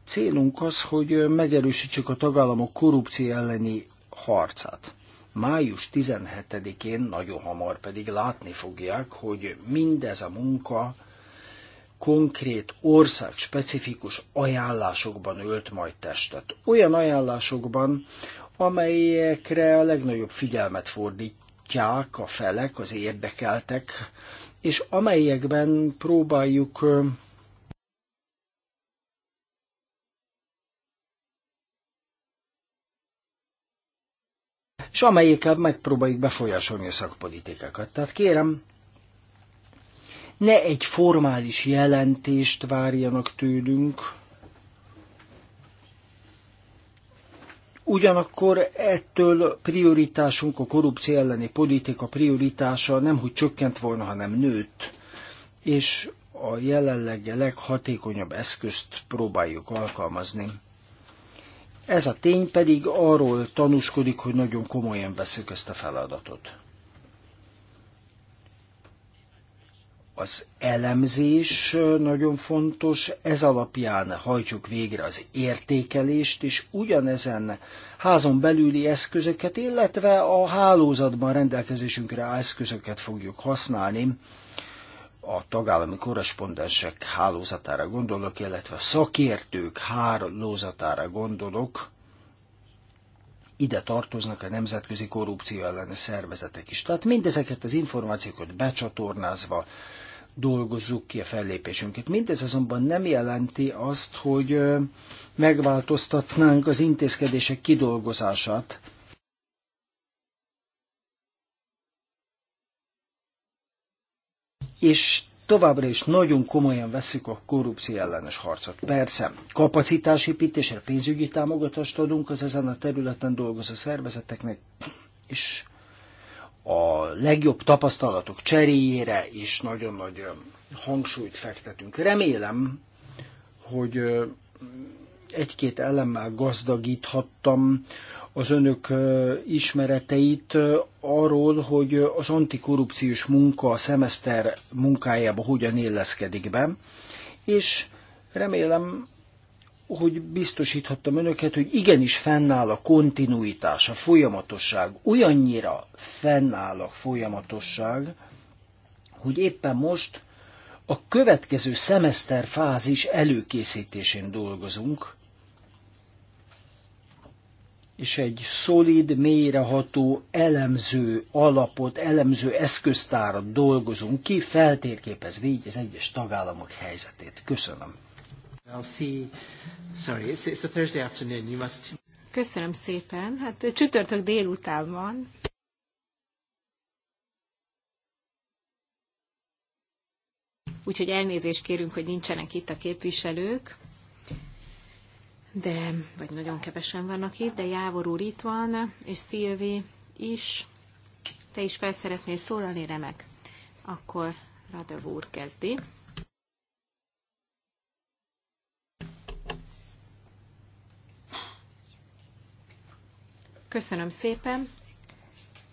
célunk az, hogy megerősítsük a tagállamok korrupció elleni harcát. Május 17-én nagyon hamar pedig látni fogják, hogy mindez a munka konkrét ország specifikus ajánlásokban ölt majd testet. Olyan ajánlásokban, amelyekre a legnagyobb figyelmet fordítják a felek, az érdekeltek, és amelyekben próbáljuk és amelyikkel megpróbáljuk befolyásolni a szakpolitikákat. Tehát kérem, ne egy formális jelentést várjanak tőlünk, Ugyanakkor ettől prioritásunk, a korrupció elleni politika prioritása nem hogy csökkent volna, hanem nőtt. És a jelenleg leghatékonyabb eszközt próbáljuk alkalmazni ez a tény pedig arról tanúskodik, hogy nagyon komolyan veszük ezt a feladatot. Az elemzés nagyon fontos, ez alapján hajtjuk végre az értékelést, és ugyanezen házon belüli eszközöket, illetve a hálózatban rendelkezésünkre eszközöket fogjuk használni a tagállami korrespondensek hálózatára gondolok, illetve a szakértők hálózatára gondolok, ide tartoznak a nemzetközi korrupció elleni szervezetek is. Tehát mindezeket az információkat becsatornázva dolgozzuk ki a fellépésünket. Mindez azonban nem jelenti azt, hogy megváltoztatnánk az intézkedések kidolgozását, és továbbra is nagyon komolyan veszük a korrupció ellenes harcot. Persze, kapacitásépítésre pénzügyi támogatást adunk az ezen a területen dolgozó szervezeteknek, és a legjobb tapasztalatok cseréjére is nagyon nagy hangsúlyt fektetünk. Remélem, hogy egy-két elemmel gazdagíthattam az önök ismereteit arról, hogy az antikorrupciós munka a szemeszter munkájába hogyan illeszkedik be, és remélem, hogy biztosíthattam önöket, hogy igenis fennáll a kontinuitás, a folyamatosság, olyannyira fennáll a folyamatosság, hogy éppen most a következő szemeszter fázis előkészítésén dolgozunk, és egy szolid, mélyreható elemző alapot, elemző eszköztárat dolgozunk ki, feltérképez így az egyes tagállamok helyzetét. Köszönöm. Köszönöm szépen. Hát csütörtök délután van. Úgyhogy elnézést kérünk, hogy nincsenek itt a képviselők de, vagy nagyon kevesen vannak itt, de Jávor úr itt van, és Szilvi is. Te is fel szeretnél szólalni, remek. Akkor Radev úr kezdi. Köszönöm szépen.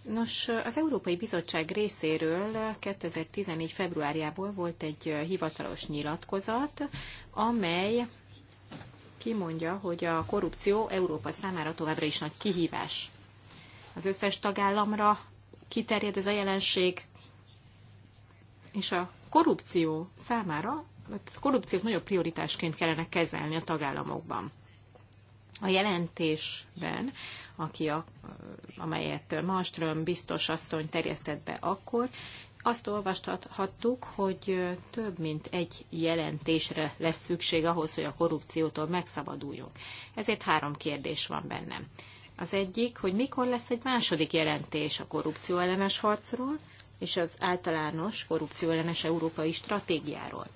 Nos, az Európai Bizottság részéről 2014. februárjából volt egy hivatalos nyilatkozat, amely kimondja, hogy a korrupció Európa számára továbbra is nagy kihívás. Az összes tagállamra kiterjed ez a jelenség, és a korrupció számára, hát a korrupciót nagyobb prioritásként kellene kezelni a tagállamokban. A jelentésben, aki a, amelyet Malmström biztos asszony terjesztett be akkor, azt olvashattuk, hogy több mint egy jelentésre lesz szükség ahhoz, hogy a korrupciótól megszabaduljunk. Ezért három kérdés van bennem. Az egyik, hogy mikor lesz egy második jelentés a korrupció ellenes harcról, és az általános korrupció ellenes európai stratégiáról.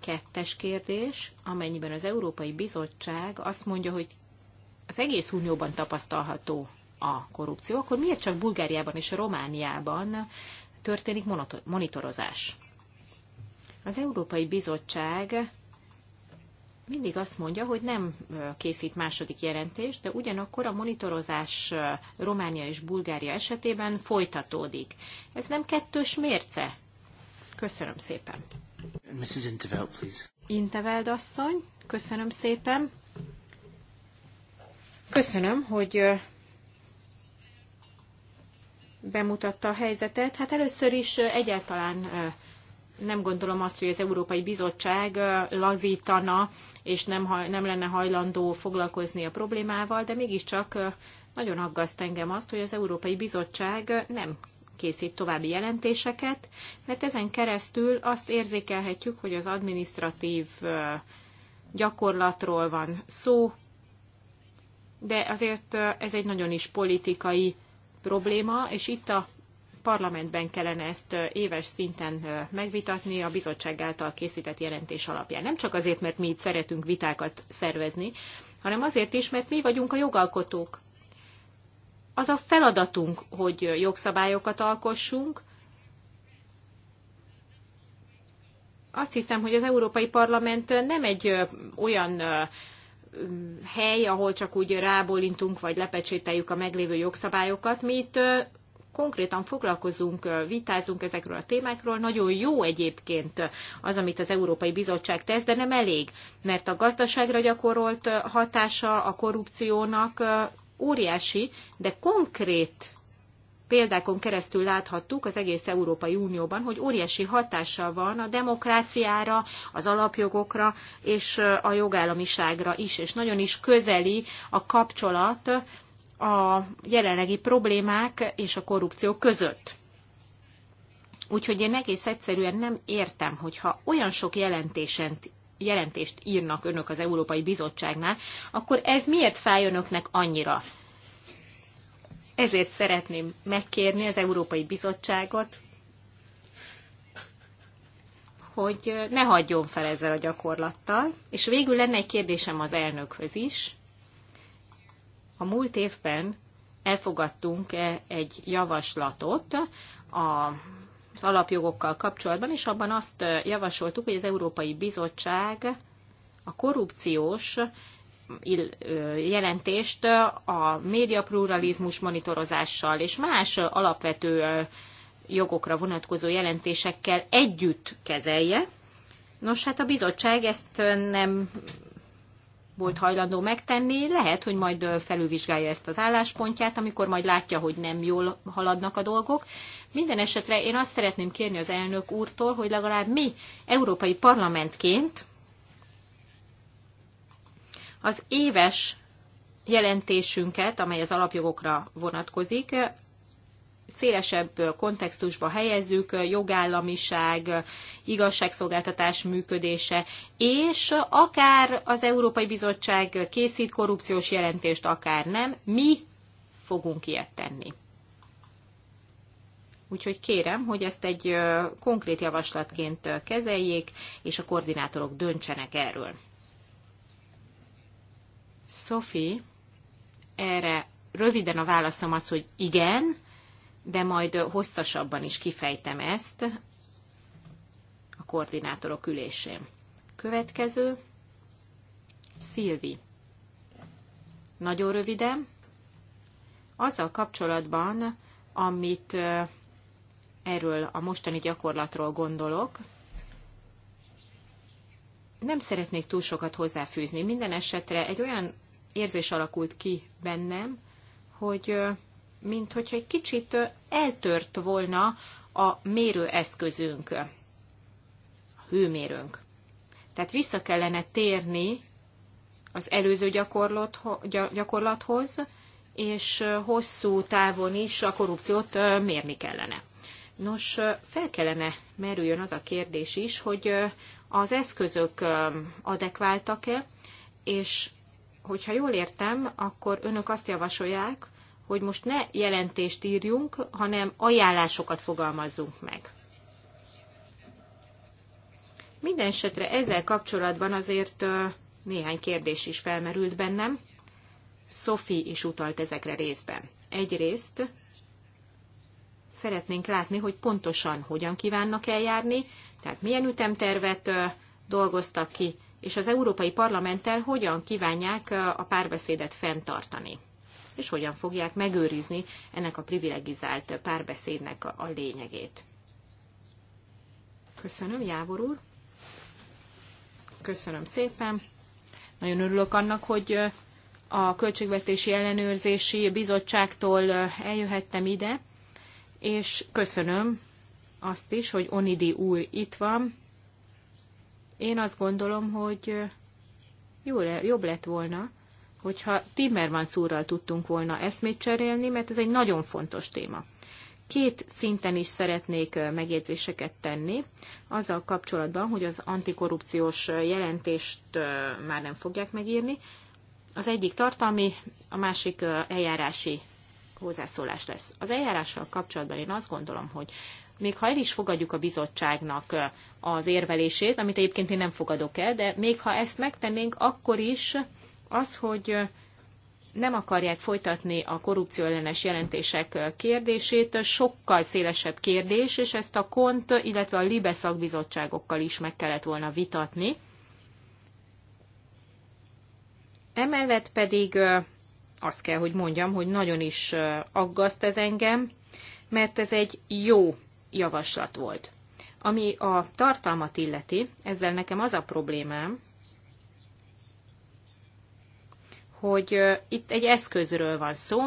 Kettes kérdés, amennyiben az Európai Bizottság azt mondja, hogy az egész unióban tapasztalható a korrupció, akkor miért csak Bulgáriában és Romániában történik monitorozás. Az Európai Bizottság mindig azt mondja, hogy nem készít második jelentést, de ugyanakkor a monitorozás Románia és Bulgária esetében folytatódik. Ez nem kettős mérce? Köszönöm szépen. Mrs. Interveld, please. Interveld asszony, köszönöm szépen. Köszönöm, hogy bemutatta a helyzetet. Hát először is egyáltalán nem gondolom azt, hogy az Európai Bizottság lazítana, és nem, nem lenne hajlandó foglalkozni a problémával, de mégiscsak nagyon aggaszt engem azt, hogy az Európai Bizottság nem készít további jelentéseket, mert ezen keresztül azt érzékelhetjük, hogy az administratív gyakorlatról van szó, de azért ez egy nagyon is politikai probléma, és itt a parlamentben kellene ezt éves szinten megvitatni a bizottság által készített jelentés alapján. Nem csak azért, mert mi itt szeretünk vitákat szervezni, hanem azért is, mert mi vagyunk a jogalkotók. Az a feladatunk, hogy jogszabályokat alkossunk. Azt hiszem, hogy az Európai Parlament nem egy olyan hely, ahol csak úgy rábólintunk, vagy lepecsételjük a meglévő jogszabályokat. Mi itt konkrétan foglalkozunk, vitázunk ezekről a témákról. Nagyon jó egyébként az, amit az Európai Bizottság tesz, de nem elég, mert a gazdaságra gyakorolt hatása a korrupciónak óriási, de konkrét példákon keresztül láthattuk az egész Európai Unióban, hogy óriási hatással van a demokráciára, az alapjogokra és a jogállamiságra is, és nagyon is közeli a kapcsolat a jelenlegi problémák és a korrupció között. Úgyhogy én egész egyszerűen nem értem, hogyha olyan sok jelentésent jelentést írnak önök az Európai Bizottságnál, akkor ez miért fáj önöknek annyira? Ezért szeretném megkérni az Európai Bizottságot, hogy ne hagyjon fel ezzel a gyakorlattal. És végül lenne egy kérdésem az elnökhöz is. A múlt évben elfogadtunk egy javaslatot a az alapjogokkal kapcsolatban, és abban azt javasoltuk, hogy az Európai Bizottság a korrupciós jelentést a médiapluralizmus monitorozással és más alapvető jogokra vonatkozó jelentésekkel együtt kezelje. Nos, hát a bizottság ezt nem volt hajlandó megtenni, lehet, hogy majd felülvizsgálja ezt az álláspontját, amikor majd látja, hogy nem jól haladnak a dolgok. Minden esetre én azt szeretném kérni az elnök úrtól, hogy legalább mi, európai parlamentként, az éves jelentésünket, amely az alapjogokra vonatkozik, szélesebb kontextusba helyezzük, jogállamiság, igazságszolgáltatás működése, és akár az Európai Bizottság készít korrupciós jelentést, akár nem, mi fogunk ilyet tenni. Úgyhogy kérem, hogy ezt egy konkrét javaslatként kezeljék, és a koordinátorok döntsenek erről. Szofi, erre röviden a válaszom az, hogy igen, de majd hosszasabban is kifejtem ezt a koordinátorok ülésén. Következő, Szilvi. Nagyon röviden, azzal kapcsolatban, amit erről a mostani gyakorlatról gondolok, nem szeretnék túl sokat hozzáfűzni. Minden esetre egy olyan érzés alakult ki bennem, hogy minthogyha egy kicsit eltört volna a mérőeszközünk, a hőmérőnk. Tehát vissza kellene térni az előző gyakorlathoz, és hosszú távon is a korrupciót mérni kellene. Nos, fel kellene merüljön az a kérdés is, hogy az eszközök adekváltak-e, és hogyha jól értem, akkor önök azt javasolják, hogy most ne jelentést írjunk, hanem ajánlásokat fogalmazzunk meg. Minden esetre ezzel kapcsolatban azért néhány kérdés is felmerült bennem. Sophie is utalt ezekre részben. Egyrészt szeretnénk látni, hogy pontosan hogyan kívánnak eljárni, tehát milyen ütemtervet dolgoztak ki, és az Európai Parlamenttel hogyan kívánják a párbeszédet fenntartani, és hogyan fogják megőrizni ennek a privilegizált párbeszédnek a lényegét. Köszönöm, Jávor úr. Köszönöm szépen. Nagyon örülök annak, hogy a Költségvetési Ellenőrzési Bizottságtól eljöhettem ide, és köszönöm azt is, hogy Onidi úr itt van, én azt gondolom, hogy jó, jobb lett volna, hogyha Timmermans úrral tudtunk volna eszmét cserélni, mert ez egy nagyon fontos téma. Két szinten is szeretnék megjegyzéseket tenni, azzal kapcsolatban, hogy az antikorrupciós jelentést már nem fogják megírni. Az egyik tartalmi, a másik eljárási hozzászólás lesz. Az eljárással kapcsolatban én azt gondolom, hogy még ha el is fogadjuk a bizottságnak az érvelését, amit egyébként én nem fogadok el, de még ha ezt megtennénk, akkor is az, hogy nem akarják folytatni a korrupció ellenes jelentések kérdését, sokkal szélesebb kérdés, és ezt a KONT, illetve a LIBE szakbizottságokkal is meg kellett volna vitatni. Emellett pedig azt kell, hogy mondjam, hogy nagyon is aggaszt ez engem, mert ez egy jó javaslat volt. Ami a tartalmat illeti, ezzel nekem az a problémám, hogy itt egy eszközről van szó,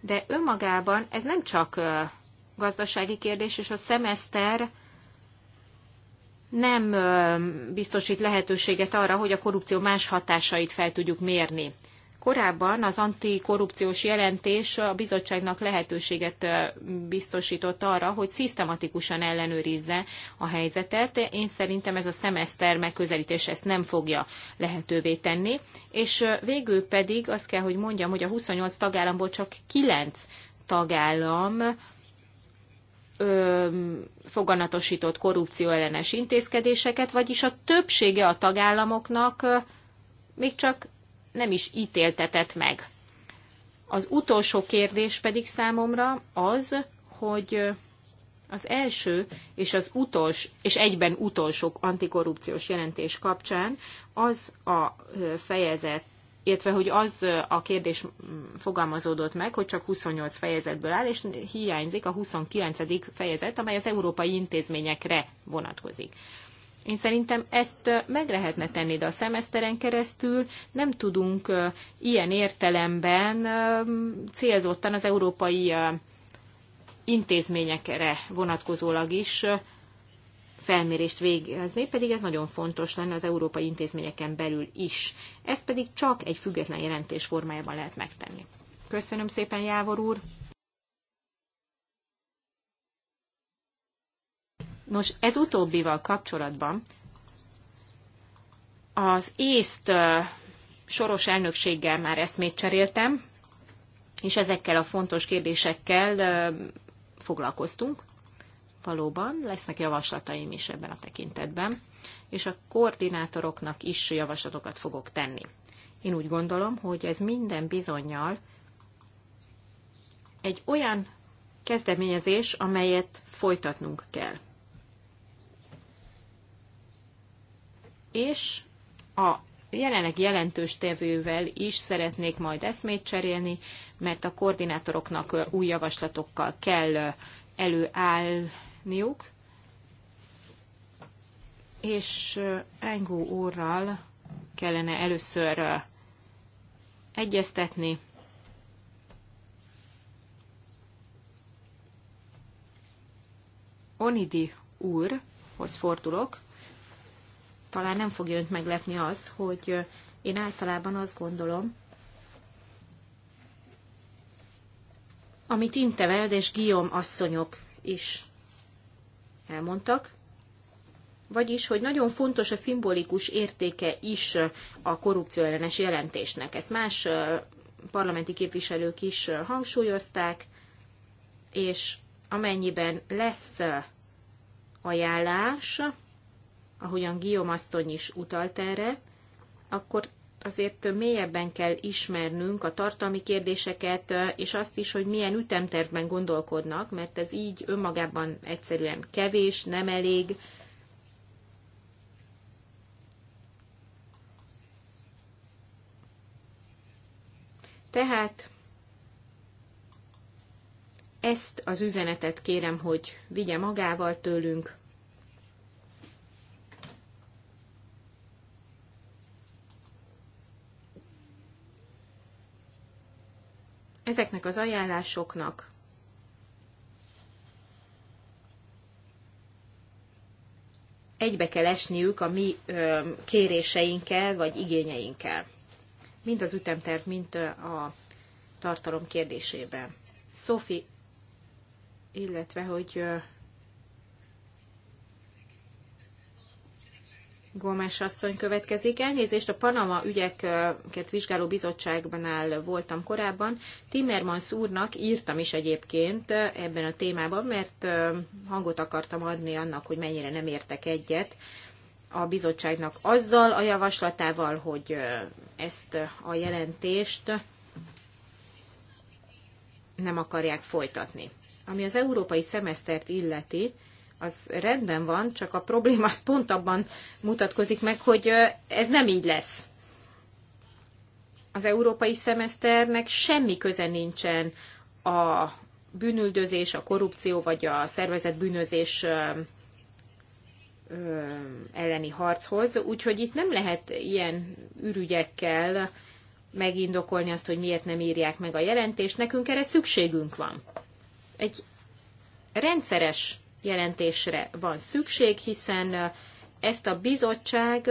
de önmagában ez nem csak gazdasági kérdés, és a szemeszter nem biztosít lehetőséget arra, hogy a korrupció más hatásait fel tudjuk mérni. Korábban az antikorrupciós jelentés a bizottságnak lehetőséget biztosított arra, hogy szisztematikusan ellenőrizze a helyzetet. Én szerintem ez a szemeszter megközelítés ezt nem fogja lehetővé tenni. És végül pedig azt kell, hogy mondjam, hogy a 28 tagállamból csak 9 tagállam foganatosított korrupcióellenes intézkedéseket, vagyis a többsége a tagállamoknak még csak nem is ítéltetett meg. Az utolsó kérdés pedig számomra az, hogy az első és az utolsó, és egyben utolsó antikorrupciós jelentés kapcsán az a fejezet, illetve hogy az a kérdés fogalmazódott meg, hogy csak 28 fejezetből áll, és hiányzik a 29. fejezet, amely az európai intézményekre vonatkozik. Én szerintem ezt meg lehetne tenni, de a szemeszteren keresztül nem tudunk ilyen értelemben célzottan az európai intézményekre vonatkozólag is felmérést végezni, pedig ez nagyon fontos lenne az európai intézményeken belül is. Ezt pedig csak egy független jelentés formájában lehet megtenni. Köszönöm szépen, Jávor úr! Nos, ez utóbbival kapcsolatban az észt soros elnökséggel már eszmét cseréltem, és ezekkel a fontos kérdésekkel foglalkoztunk. Valóban lesznek javaslataim is ebben a tekintetben, és a koordinátoroknak is javaslatokat fogok tenni. Én úgy gondolom, hogy ez minden bizonyal egy olyan kezdeményezés, amelyet folytatnunk kell. és a jelenleg jelentős tevővel is szeretnék majd eszmét cserélni, mert a koordinátoroknak új javaslatokkal kell előállniuk, és Engó úrral kellene először egyeztetni. Onidi úrhoz fordulok, talán nem fogja önt meglepni az, hogy én általában azt gondolom, amit Inteveld és Guillaume asszonyok is elmondtak, vagyis, hogy nagyon fontos a szimbolikus értéke is a korrupcióellenes jelentésnek. Ezt más parlamenti képviselők is hangsúlyozták, és amennyiben lesz ajánlás ahogyan Guillaume asszony is utalt erre, akkor azért mélyebben kell ismernünk a tartalmi kérdéseket, és azt is, hogy milyen ütemtervben gondolkodnak, mert ez így önmagában egyszerűen kevés, nem elég. Tehát ezt az üzenetet kérem, hogy vigye magával tőlünk, ezeknek az ajánlásoknak egybe kell esniük a mi kéréseinkkel vagy igényeinkkel. Mind az ütemterv, mind a tartalom kérdésében. Sophie, illetve hogy Gomes asszony következik. Elnézést, a Panama ügyeket vizsgáló bizottságban áll voltam korábban. Timmermans úrnak írtam is egyébként ebben a témában, mert hangot akartam adni annak, hogy mennyire nem értek egyet a bizottságnak azzal a javaslatával, hogy ezt a jelentést nem akarják folytatni. Ami az európai szemesztert illeti, az rendben van, csak a probléma az pont abban mutatkozik meg, hogy ez nem így lesz. Az európai szemeszternek semmi köze nincsen a bűnüldözés, a korrupció vagy a szervezett bűnözés elleni harchoz, úgyhogy itt nem lehet ilyen ürügyekkel megindokolni azt, hogy miért nem írják meg a jelentést. Nekünk erre szükségünk van. Egy rendszeres jelentésre van szükség, hiszen ezt a bizottság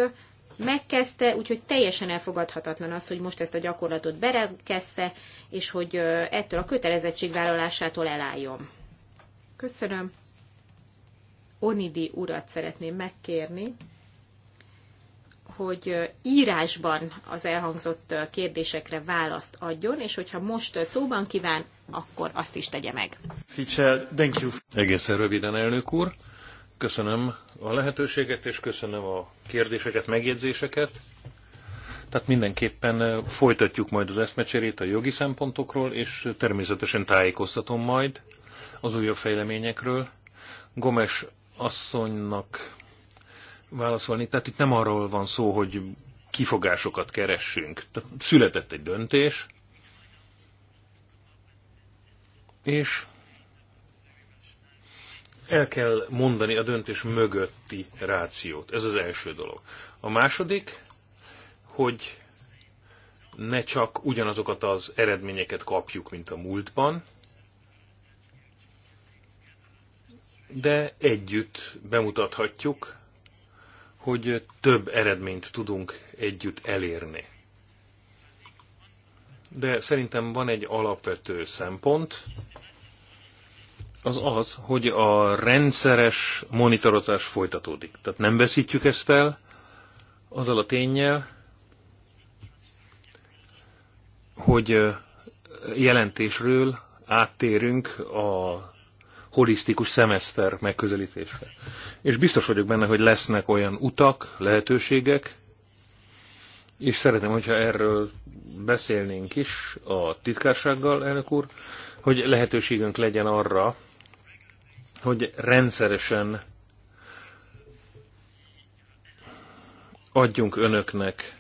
megkezdte, úgyhogy teljesen elfogadhatatlan az, hogy most ezt a gyakorlatot berekezze, és hogy ettől a kötelezettségvállalásától elálljon. Köszönöm. Onidi urat szeretném megkérni, hogy írásban az elhangzott kérdésekre választ adjon, és hogyha most szóban kíván, akkor azt is tegye meg. Fitcher, thank you. Egészen röviden, elnök úr. Köszönöm a lehetőséget, és köszönöm a kérdéseket, megjegyzéseket. Tehát mindenképpen folytatjuk majd az eszmecserét a jogi szempontokról, és természetesen tájékoztatom majd az újabb fejleményekről. Gomes asszonynak válaszolni. Tehát itt nem arról van szó, hogy kifogásokat keressünk. Tehát született egy döntés, és el kell mondani a döntés mögötti rációt. Ez az első dolog. A második, hogy ne csak ugyanazokat az eredményeket kapjuk, mint a múltban, de együtt bemutathatjuk, hogy több eredményt tudunk együtt elérni. De szerintem van egy alapvető szempont, az az, hogy a rendszeres monitorozás folytatódik. Tehát nem veszítjük ezt el azzal a tényel, hogy jelentésről áttérünk a holisztikus szemeszter megközelítésre és biztos vagyok benne, hogy lesznek olyan utak, lehetőségek, és szeretném, hogyha erről beszélnénk is a titkársággal, elnök úr, hogy lehetőségünk legyen arra, hogy rendszeresen adjunk önöknek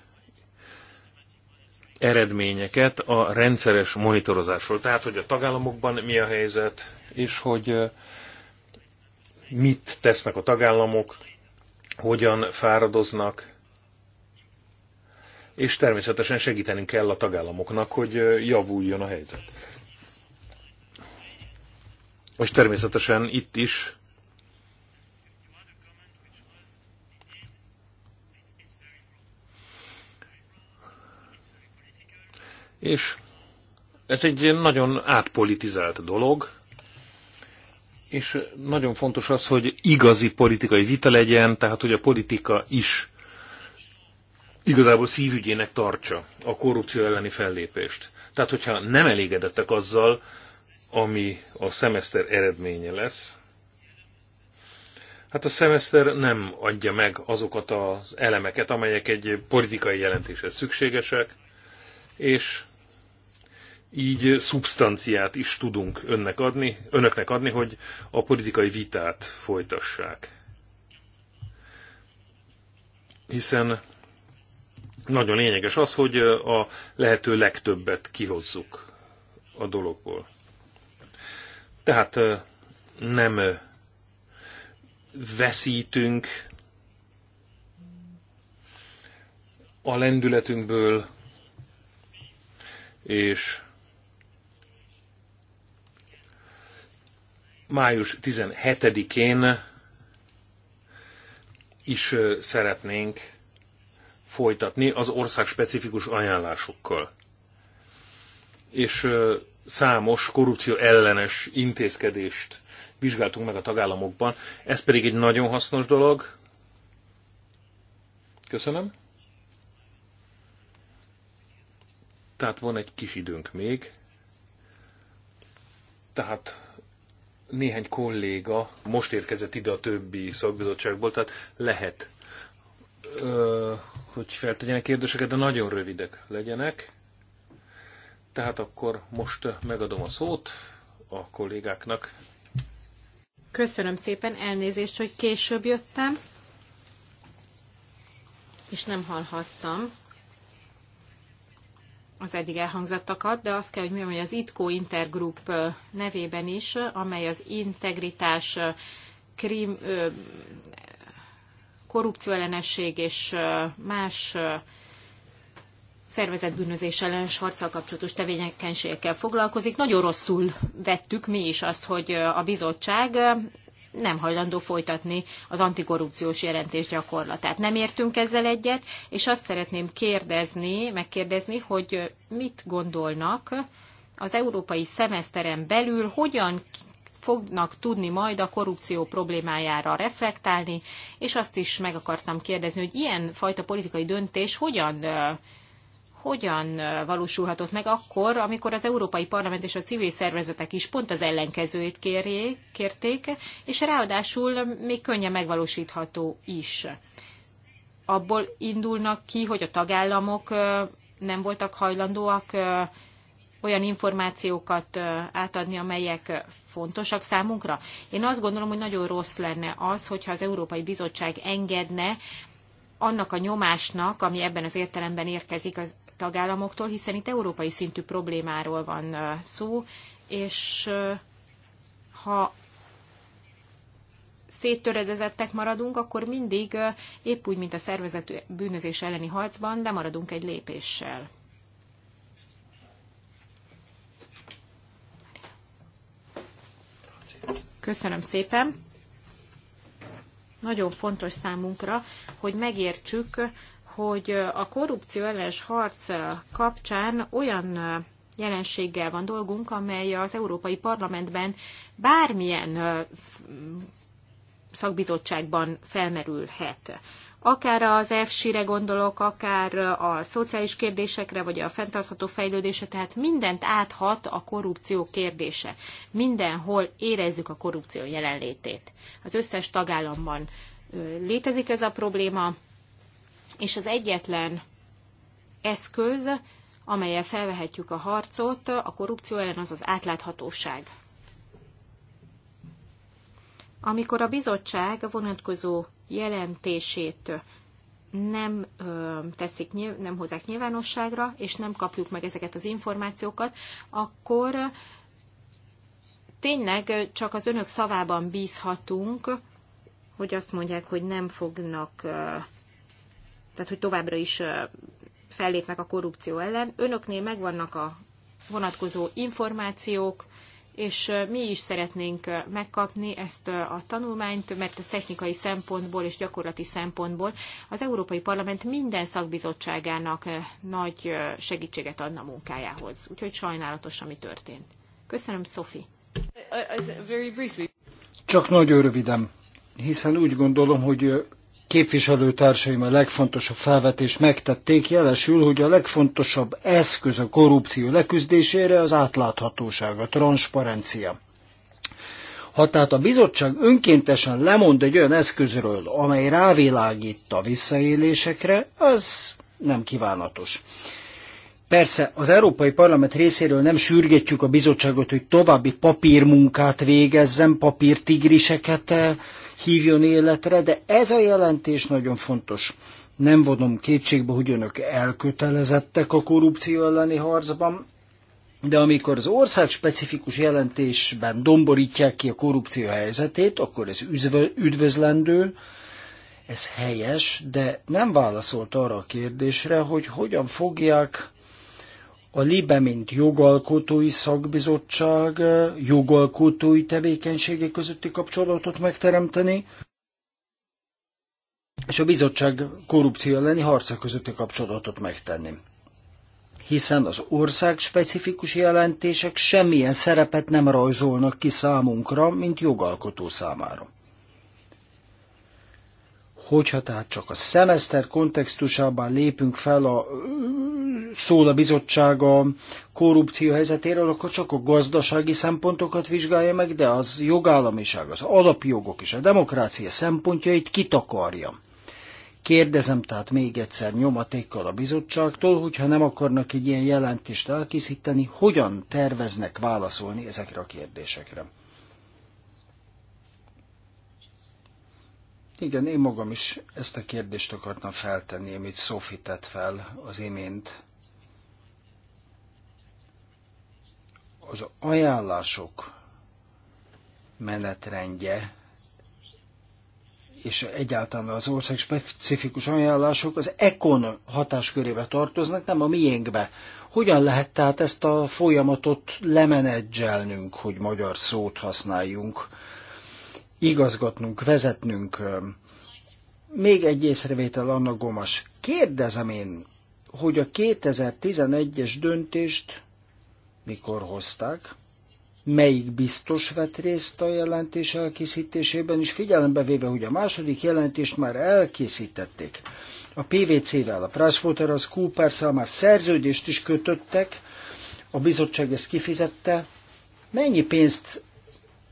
eredményeket a rendszeres monitorozásról. Tehát, hogy a tagállamokban mi a helyzet, és hogy mit tesznek a tagállamok, hogyan fáradoznak, és természetesen segítenünk kell a tagállamoknak, hogy javuljon a helyzet. És természetesen itt is És ez egy nagyon átpolitizált dolog, és nagyon fontos az, hogy igazi politikai vita legyen, tehát hogy a politika is igazából szívügyének tartsa a korrupció elleni fellépést. Tehát, hogyha nem elégedettek azzal, ami a szemeszter eredménye lesz, hát a szemeszter nem adja meg azokat az elemeket, amelyek egy politikai jelentéshez szükségesek, és így szubstanciát is tudunk önnek adni, önöknek adni, hogy a politikai vitát folytassák. Hiszen nagyon lényeges az, hogy a lehető legtöbbet kihozzuk a dologból. Tehát nem veszítünk a lendületünkből, és május 17-én is szeretnénk folytatni az ország specifikus ajánlásokkal. És számos korrupció ellenes intézkedést vizsgáltunk meg a tagállamokban. Ez pedig egy nagyon hasznos dolog. Köszönöm. Tehát van egy kis időnk még. Tehát néhány kolléga most érkezett ide a többi szakbizottságból, tehát lehet, hogy feltegyenek kérdéseket, de nagyon rövidek legyenek. Tehát akkor most megadom a szót a kollégáknak. Köszönöm szépen, elnézést, hogy később jöttem, és nem hallhattam az eddig elhangzottakat, de azt kell, hogy mondjam, hogy az ITCO Intergroup nevében is, amely az integritás, krim, korrupcióellenesség és más szervezetbűnözés ellen harccal kapcsolatos tevékenységekkel foglalkozik. Nagyon rosszul vettük mi is azt, hogy a bizottság nem hajlandó folytatni az antikorrupciós jelentés gyakorlatát. Nem értünk ezzel egyet, és azt szeretném kérdezni, megkérdezni, hogy mit gondolnak az európai szemeszteren belül, hogyan fognak tudni majd a korrupció problémájára reflektálni, és azt is meg akartam kérdezni, hogy ilyen fajta politikai döntés hogyan hogyan valósulhatott meg akkor, amikor az Európai Parlament és a civil szervezetek is pont az ellenkezőjét kérjék, kérték, és ráadásul még könnyen megvalósítható is. Abból indulnak ki, hogy a tagállamok nem voltak hajlandóak olyan információkat átadni, amelyek fontosak számunkra. Én azt gondolom, hogy nagyon rossz lenne az, hogyha az Európai Bizottság engedne annak a nyomásnak, ami ebben az értelemben érkezik az tagállamoktól, hiszen itt európai szintű problémáról van szó, és ha széttöredezettek maradunk, akkor mindig épp úgy, mint a szervezet bűnözés elleni harcban, de maradunk egy lépéssel. Köszönöm szépen! Nagyon fontos számunkra, hogy megértsük hogy a korrupció ellenes harc kapcsán olyan jelenséggel van dolgunk, amely az Európai Parlamentben bármilyen szakbizottságban felmerülhet. Akár az EFSI-re gondolok, akár a szociális kérdésekre, vagy a fenntartható fejlődése, tehát mindent áthat a korrupció kérdése. Mindenhol érezzük a korrupció jelenlétét. Az összes tagállamban létezik ez a probléma, és az egyetlen eszköz, amelyel felvehetjük a harcot a korrupció ellen, az az átláthatóság. Amikor a bizottság vonatkozó jelentését nem ö, teszik, nem hozzák nyilvánosságra, és nem kapjuk meg ezeket az információkat, akkor tényleg csak az önök szavában bízhatunk, hogy azt mondják, hogy nem fognak tehát hogy továbbra is fellépnek a korrupció ellen. Önöknél megvannak a vonatkozó információk, és mi is szeretnénk megkapni ezt a tanulmányt, mert a technikai szempontból és gyakorlati szempontból az Európai Parlament minden szakbizottságának nagy segítséget adna munkájához. Úgyhogy sajnálatos, ami történt. Köszönöm, Szofi. Csak nagyon röviden, hiszen úgy gondolom, hogy képviselőtársaim a legfontosabb felvetést megtették, jelesül, hogy a legfontosabb eszköz a korrupció leküzdésére az átláthatóság, a transzparencia. Ha tehát a bizottság önkéntesen lemond egy olyan eszközről, amely rávilágít a visszaélésekre, az nem kívánatos. Persze az Európai Parlament részéről nem sürgetjük a bizottságot, hogy további papírmunkát végezzen, papírtigriseket hívjon életre, de ez a jelentés nagyon fontos. Nem vonom kétségbe, hogy önök elkötelezettek a korrupció elleni harcban, de amikor az ország specifikus jelentésben domborítják ki a korrupció helyzetét, akkor ez üdvözlendő, ez helyes, de nem válaszolt arra a kérdésre, hogy hogyan fogják a LIBE, mint jogalkotói szakbizottság eh, jogalkotói tevékenysége közötti kapcsolatot megteremteni, és a bizottság korrupció elleni harca közötti kapcsolatot megtenni. Hiszen az ország specifikus jelentések semmilyen szerepet nem rajzolnak ki számunkra, mint jogalkotó számára. Hogyha tehát csak a szemeszter kontextusában lépünk fel a szól a bizottsága korrupció helyzetéről, akkor csak a gazdasági szempontokat vizsgálja meg, de az jogállamiság, az alapjogok és a demokrácia szempontjait kitakarja. Kérdezem tehát még egyszer nyomatékkal a bizottságtól, hogyha nem akarnak egy ilyen jelentést elkészíteni, hogyan terveznek válaszolni ezekre a kérdésekre. Igen, én magam is ezt a kérdést akartam feltenni, amit Sophie tett fel az imént. Az ajánlások menetrendje és egyáltalán az ország specifikus ajánlások az ECON hatáskörébe tartoznak, nem a miénkbe. Hogyan lehet tehát ezt a folyamatot lemenedzselnünk, hogy magyar szót használjunk? igazgatnunk, vezetnünk. Még egy észrevétel, Anna Gomas. Kérdezem én, hogy a 2011-es döntést mikor hozták, melyik biztos vett részt a jelentés elkészítésében, és figyelembe véve, hogy a második jelentést már elkészítették. A PVC-vel, a pricewaterhousecoopers az már szerződést is kötöttek, a bizottság ezt kifizette. Mennyi pénzt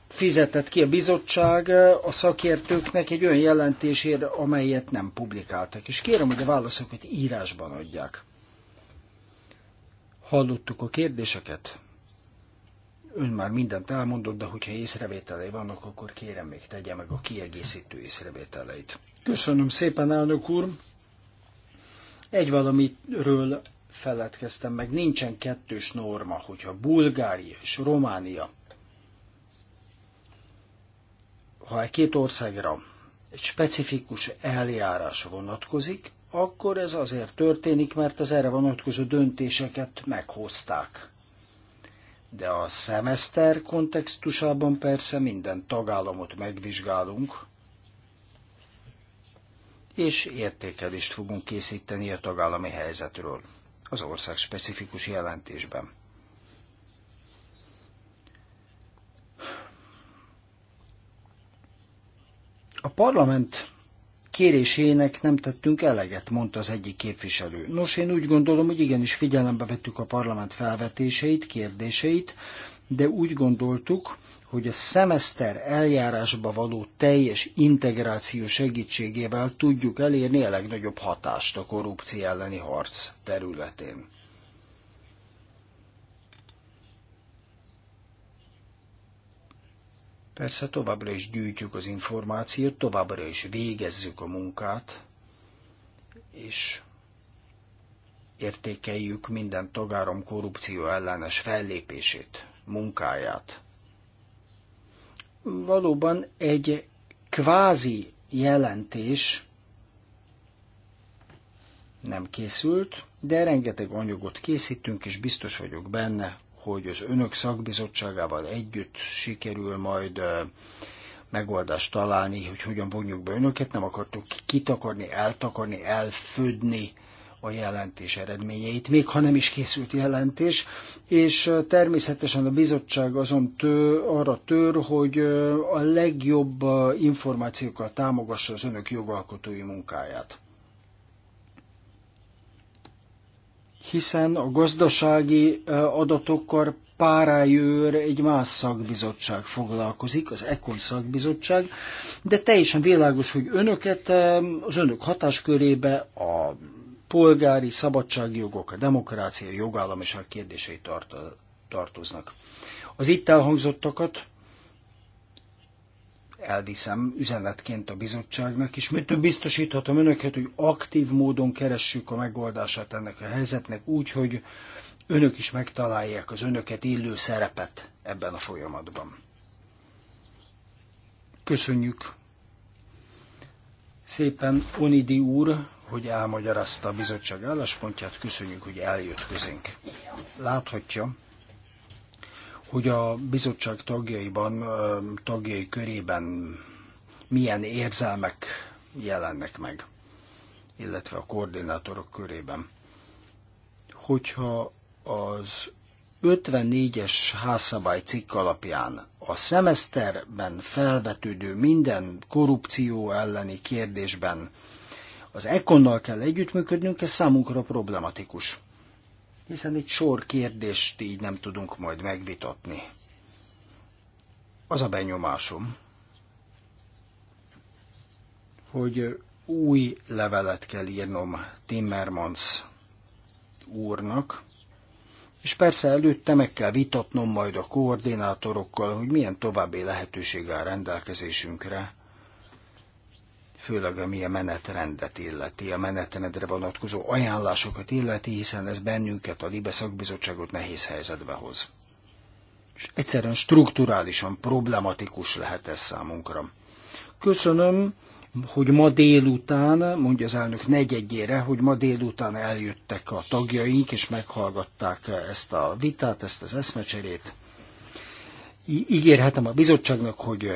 fizetett ki a bizottság a szakértőknek egy olyan jelentésért, amelyet nem publikáltak. És kérem, hogy a válaszokat írásban adják. Hallottuk a kérdéseket? Ön már mindent elmondott, de hogyha észrevételei vannak, akkor kérem még tegye meg a kiegészítő észrevételeit. Köszönöm szépen, elnök úr! Egy valamiről feledkeztem meg, nincsen kettős norma, hogyha Bulgária és Románia ha egy két országra egy specifikus eljárás vonatkozik, akkor ez azért történik, mert az erre vonatkozó döntéseket meghozták. De a szemeszter kontextusában persze minden tagállamot megvizsgálunk, és értékelést fogunk készíteni a tagállami helyzetről az ország specifikus jelentésben. A parlament kérésének nem tettünk eleget, mondta az egyik képviselő. Nos, én úgy gondolom, hogy igenis figyelembe vettük a parlament felvetéseit, kérdéseit, de úgy gondoltuk, hogy a szemeszter eljárásba való teljes integráció segítségével tudjuk elérni a legnagyobb hatást a korrupció elleni harc területén. Persze továbbra is gyűjtjük az információt, továbbra is végezzük a munkát, és értékeljük minden tagáram korrupció ellenes fellépését, munkáját. Valóban egy kvázi jelentés nem készült, de rengeteg anyagot készítünk, és biztos vagyok benne, hogy az önök szakbizottságával együtt sikerül majd megoldást találni, hogy hogyan vonjuk be önöket. Nem akartuk kitakarni, eltakarni, elfödni a jelentés eredményeit, még ha nem is készült jelentés, és természetesen a bizottság azon tő, arra tör, hogy a legjobb információkkal támogassa az önök jogalkotói munkáját. hiszen a gazdasági adatokkal párájőr egy más szakbizottság foglalkozik, az Ekon szakbizottság, de teljesen világos, hogy önöket az önök hatáskörébe a polgári szabadságjogok, a demokrácia, a jogállamiság kérdései tartoznak. Az itt elhangzottakat elviszem üzenetként a bizottságnak, és mitől biztosíthatom önöket, hogy aktív módon keressük a megoldását ennek a helyzetnek úgy, hogy önök is megtalálják az önöket illő szerepet ebben a folyamatban. Köszönjük szépen Onidi úr, hogy elmagyarázta a bizottság álláspontját, köszönjük, hogy eljött közénk. Láthatja, hogy a bizottság tagjaiban, tagjai körében milyen érzelmek jelennek meg, illetve a koordinátorok körében. Hogyha az 54-es házszabály cikk alapján a szemeszterben felvetődő minden korrupció elleni kérdésben az ekonnal kell együttműködnünk, ez számunkra problematikus hiszen egy sor kérdést így nem tudunk majd megvitatni. Az a benyomásom, hogy új levelet kell írnom Timmermans úrnak, és persze előtte meg kell vitatnom majd a koordinátorokkal, hogy milyen további lehetőség áll rendelkezésünkre, főleg ami a menetrendet illeti, a menetrendre vonatkozó ajánlásokat illeti, hiszen ez bennünket, a Libe szakbizottságot nehéz helyzetbe hoz. És egyszerűen strukturálisan problematikus lehet ez számunkra. Köszönöm, hogy ma délután, mondja az elnök negyedjére, hogy ma délután eljöttek a tagjaink, és meghallgatták ezt a vitát, ezt az eszmecserét ígérhetem a bizottságnak, hogy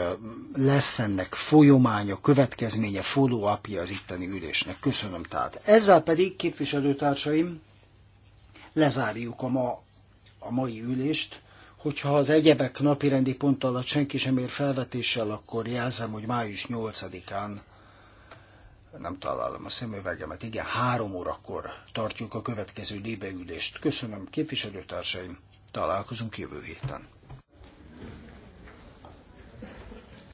lesz ennek folyománya, következménye, follow upja az itteni ülésnek. Köszönöm tehát. Ezzel pedig, képviselőtársaim, lezárjuk a, ma, a mai ülést. Hogyha az egyebek napirendi pont alatt senki sem ér felvetéssel, akkor jelzem, hogy május 8-án nem találom a szemüvegemet. Igen, három órakor tartjuk a következő lébeülést. Köszönöm képviselőtársaim, találkozunk jövő héten.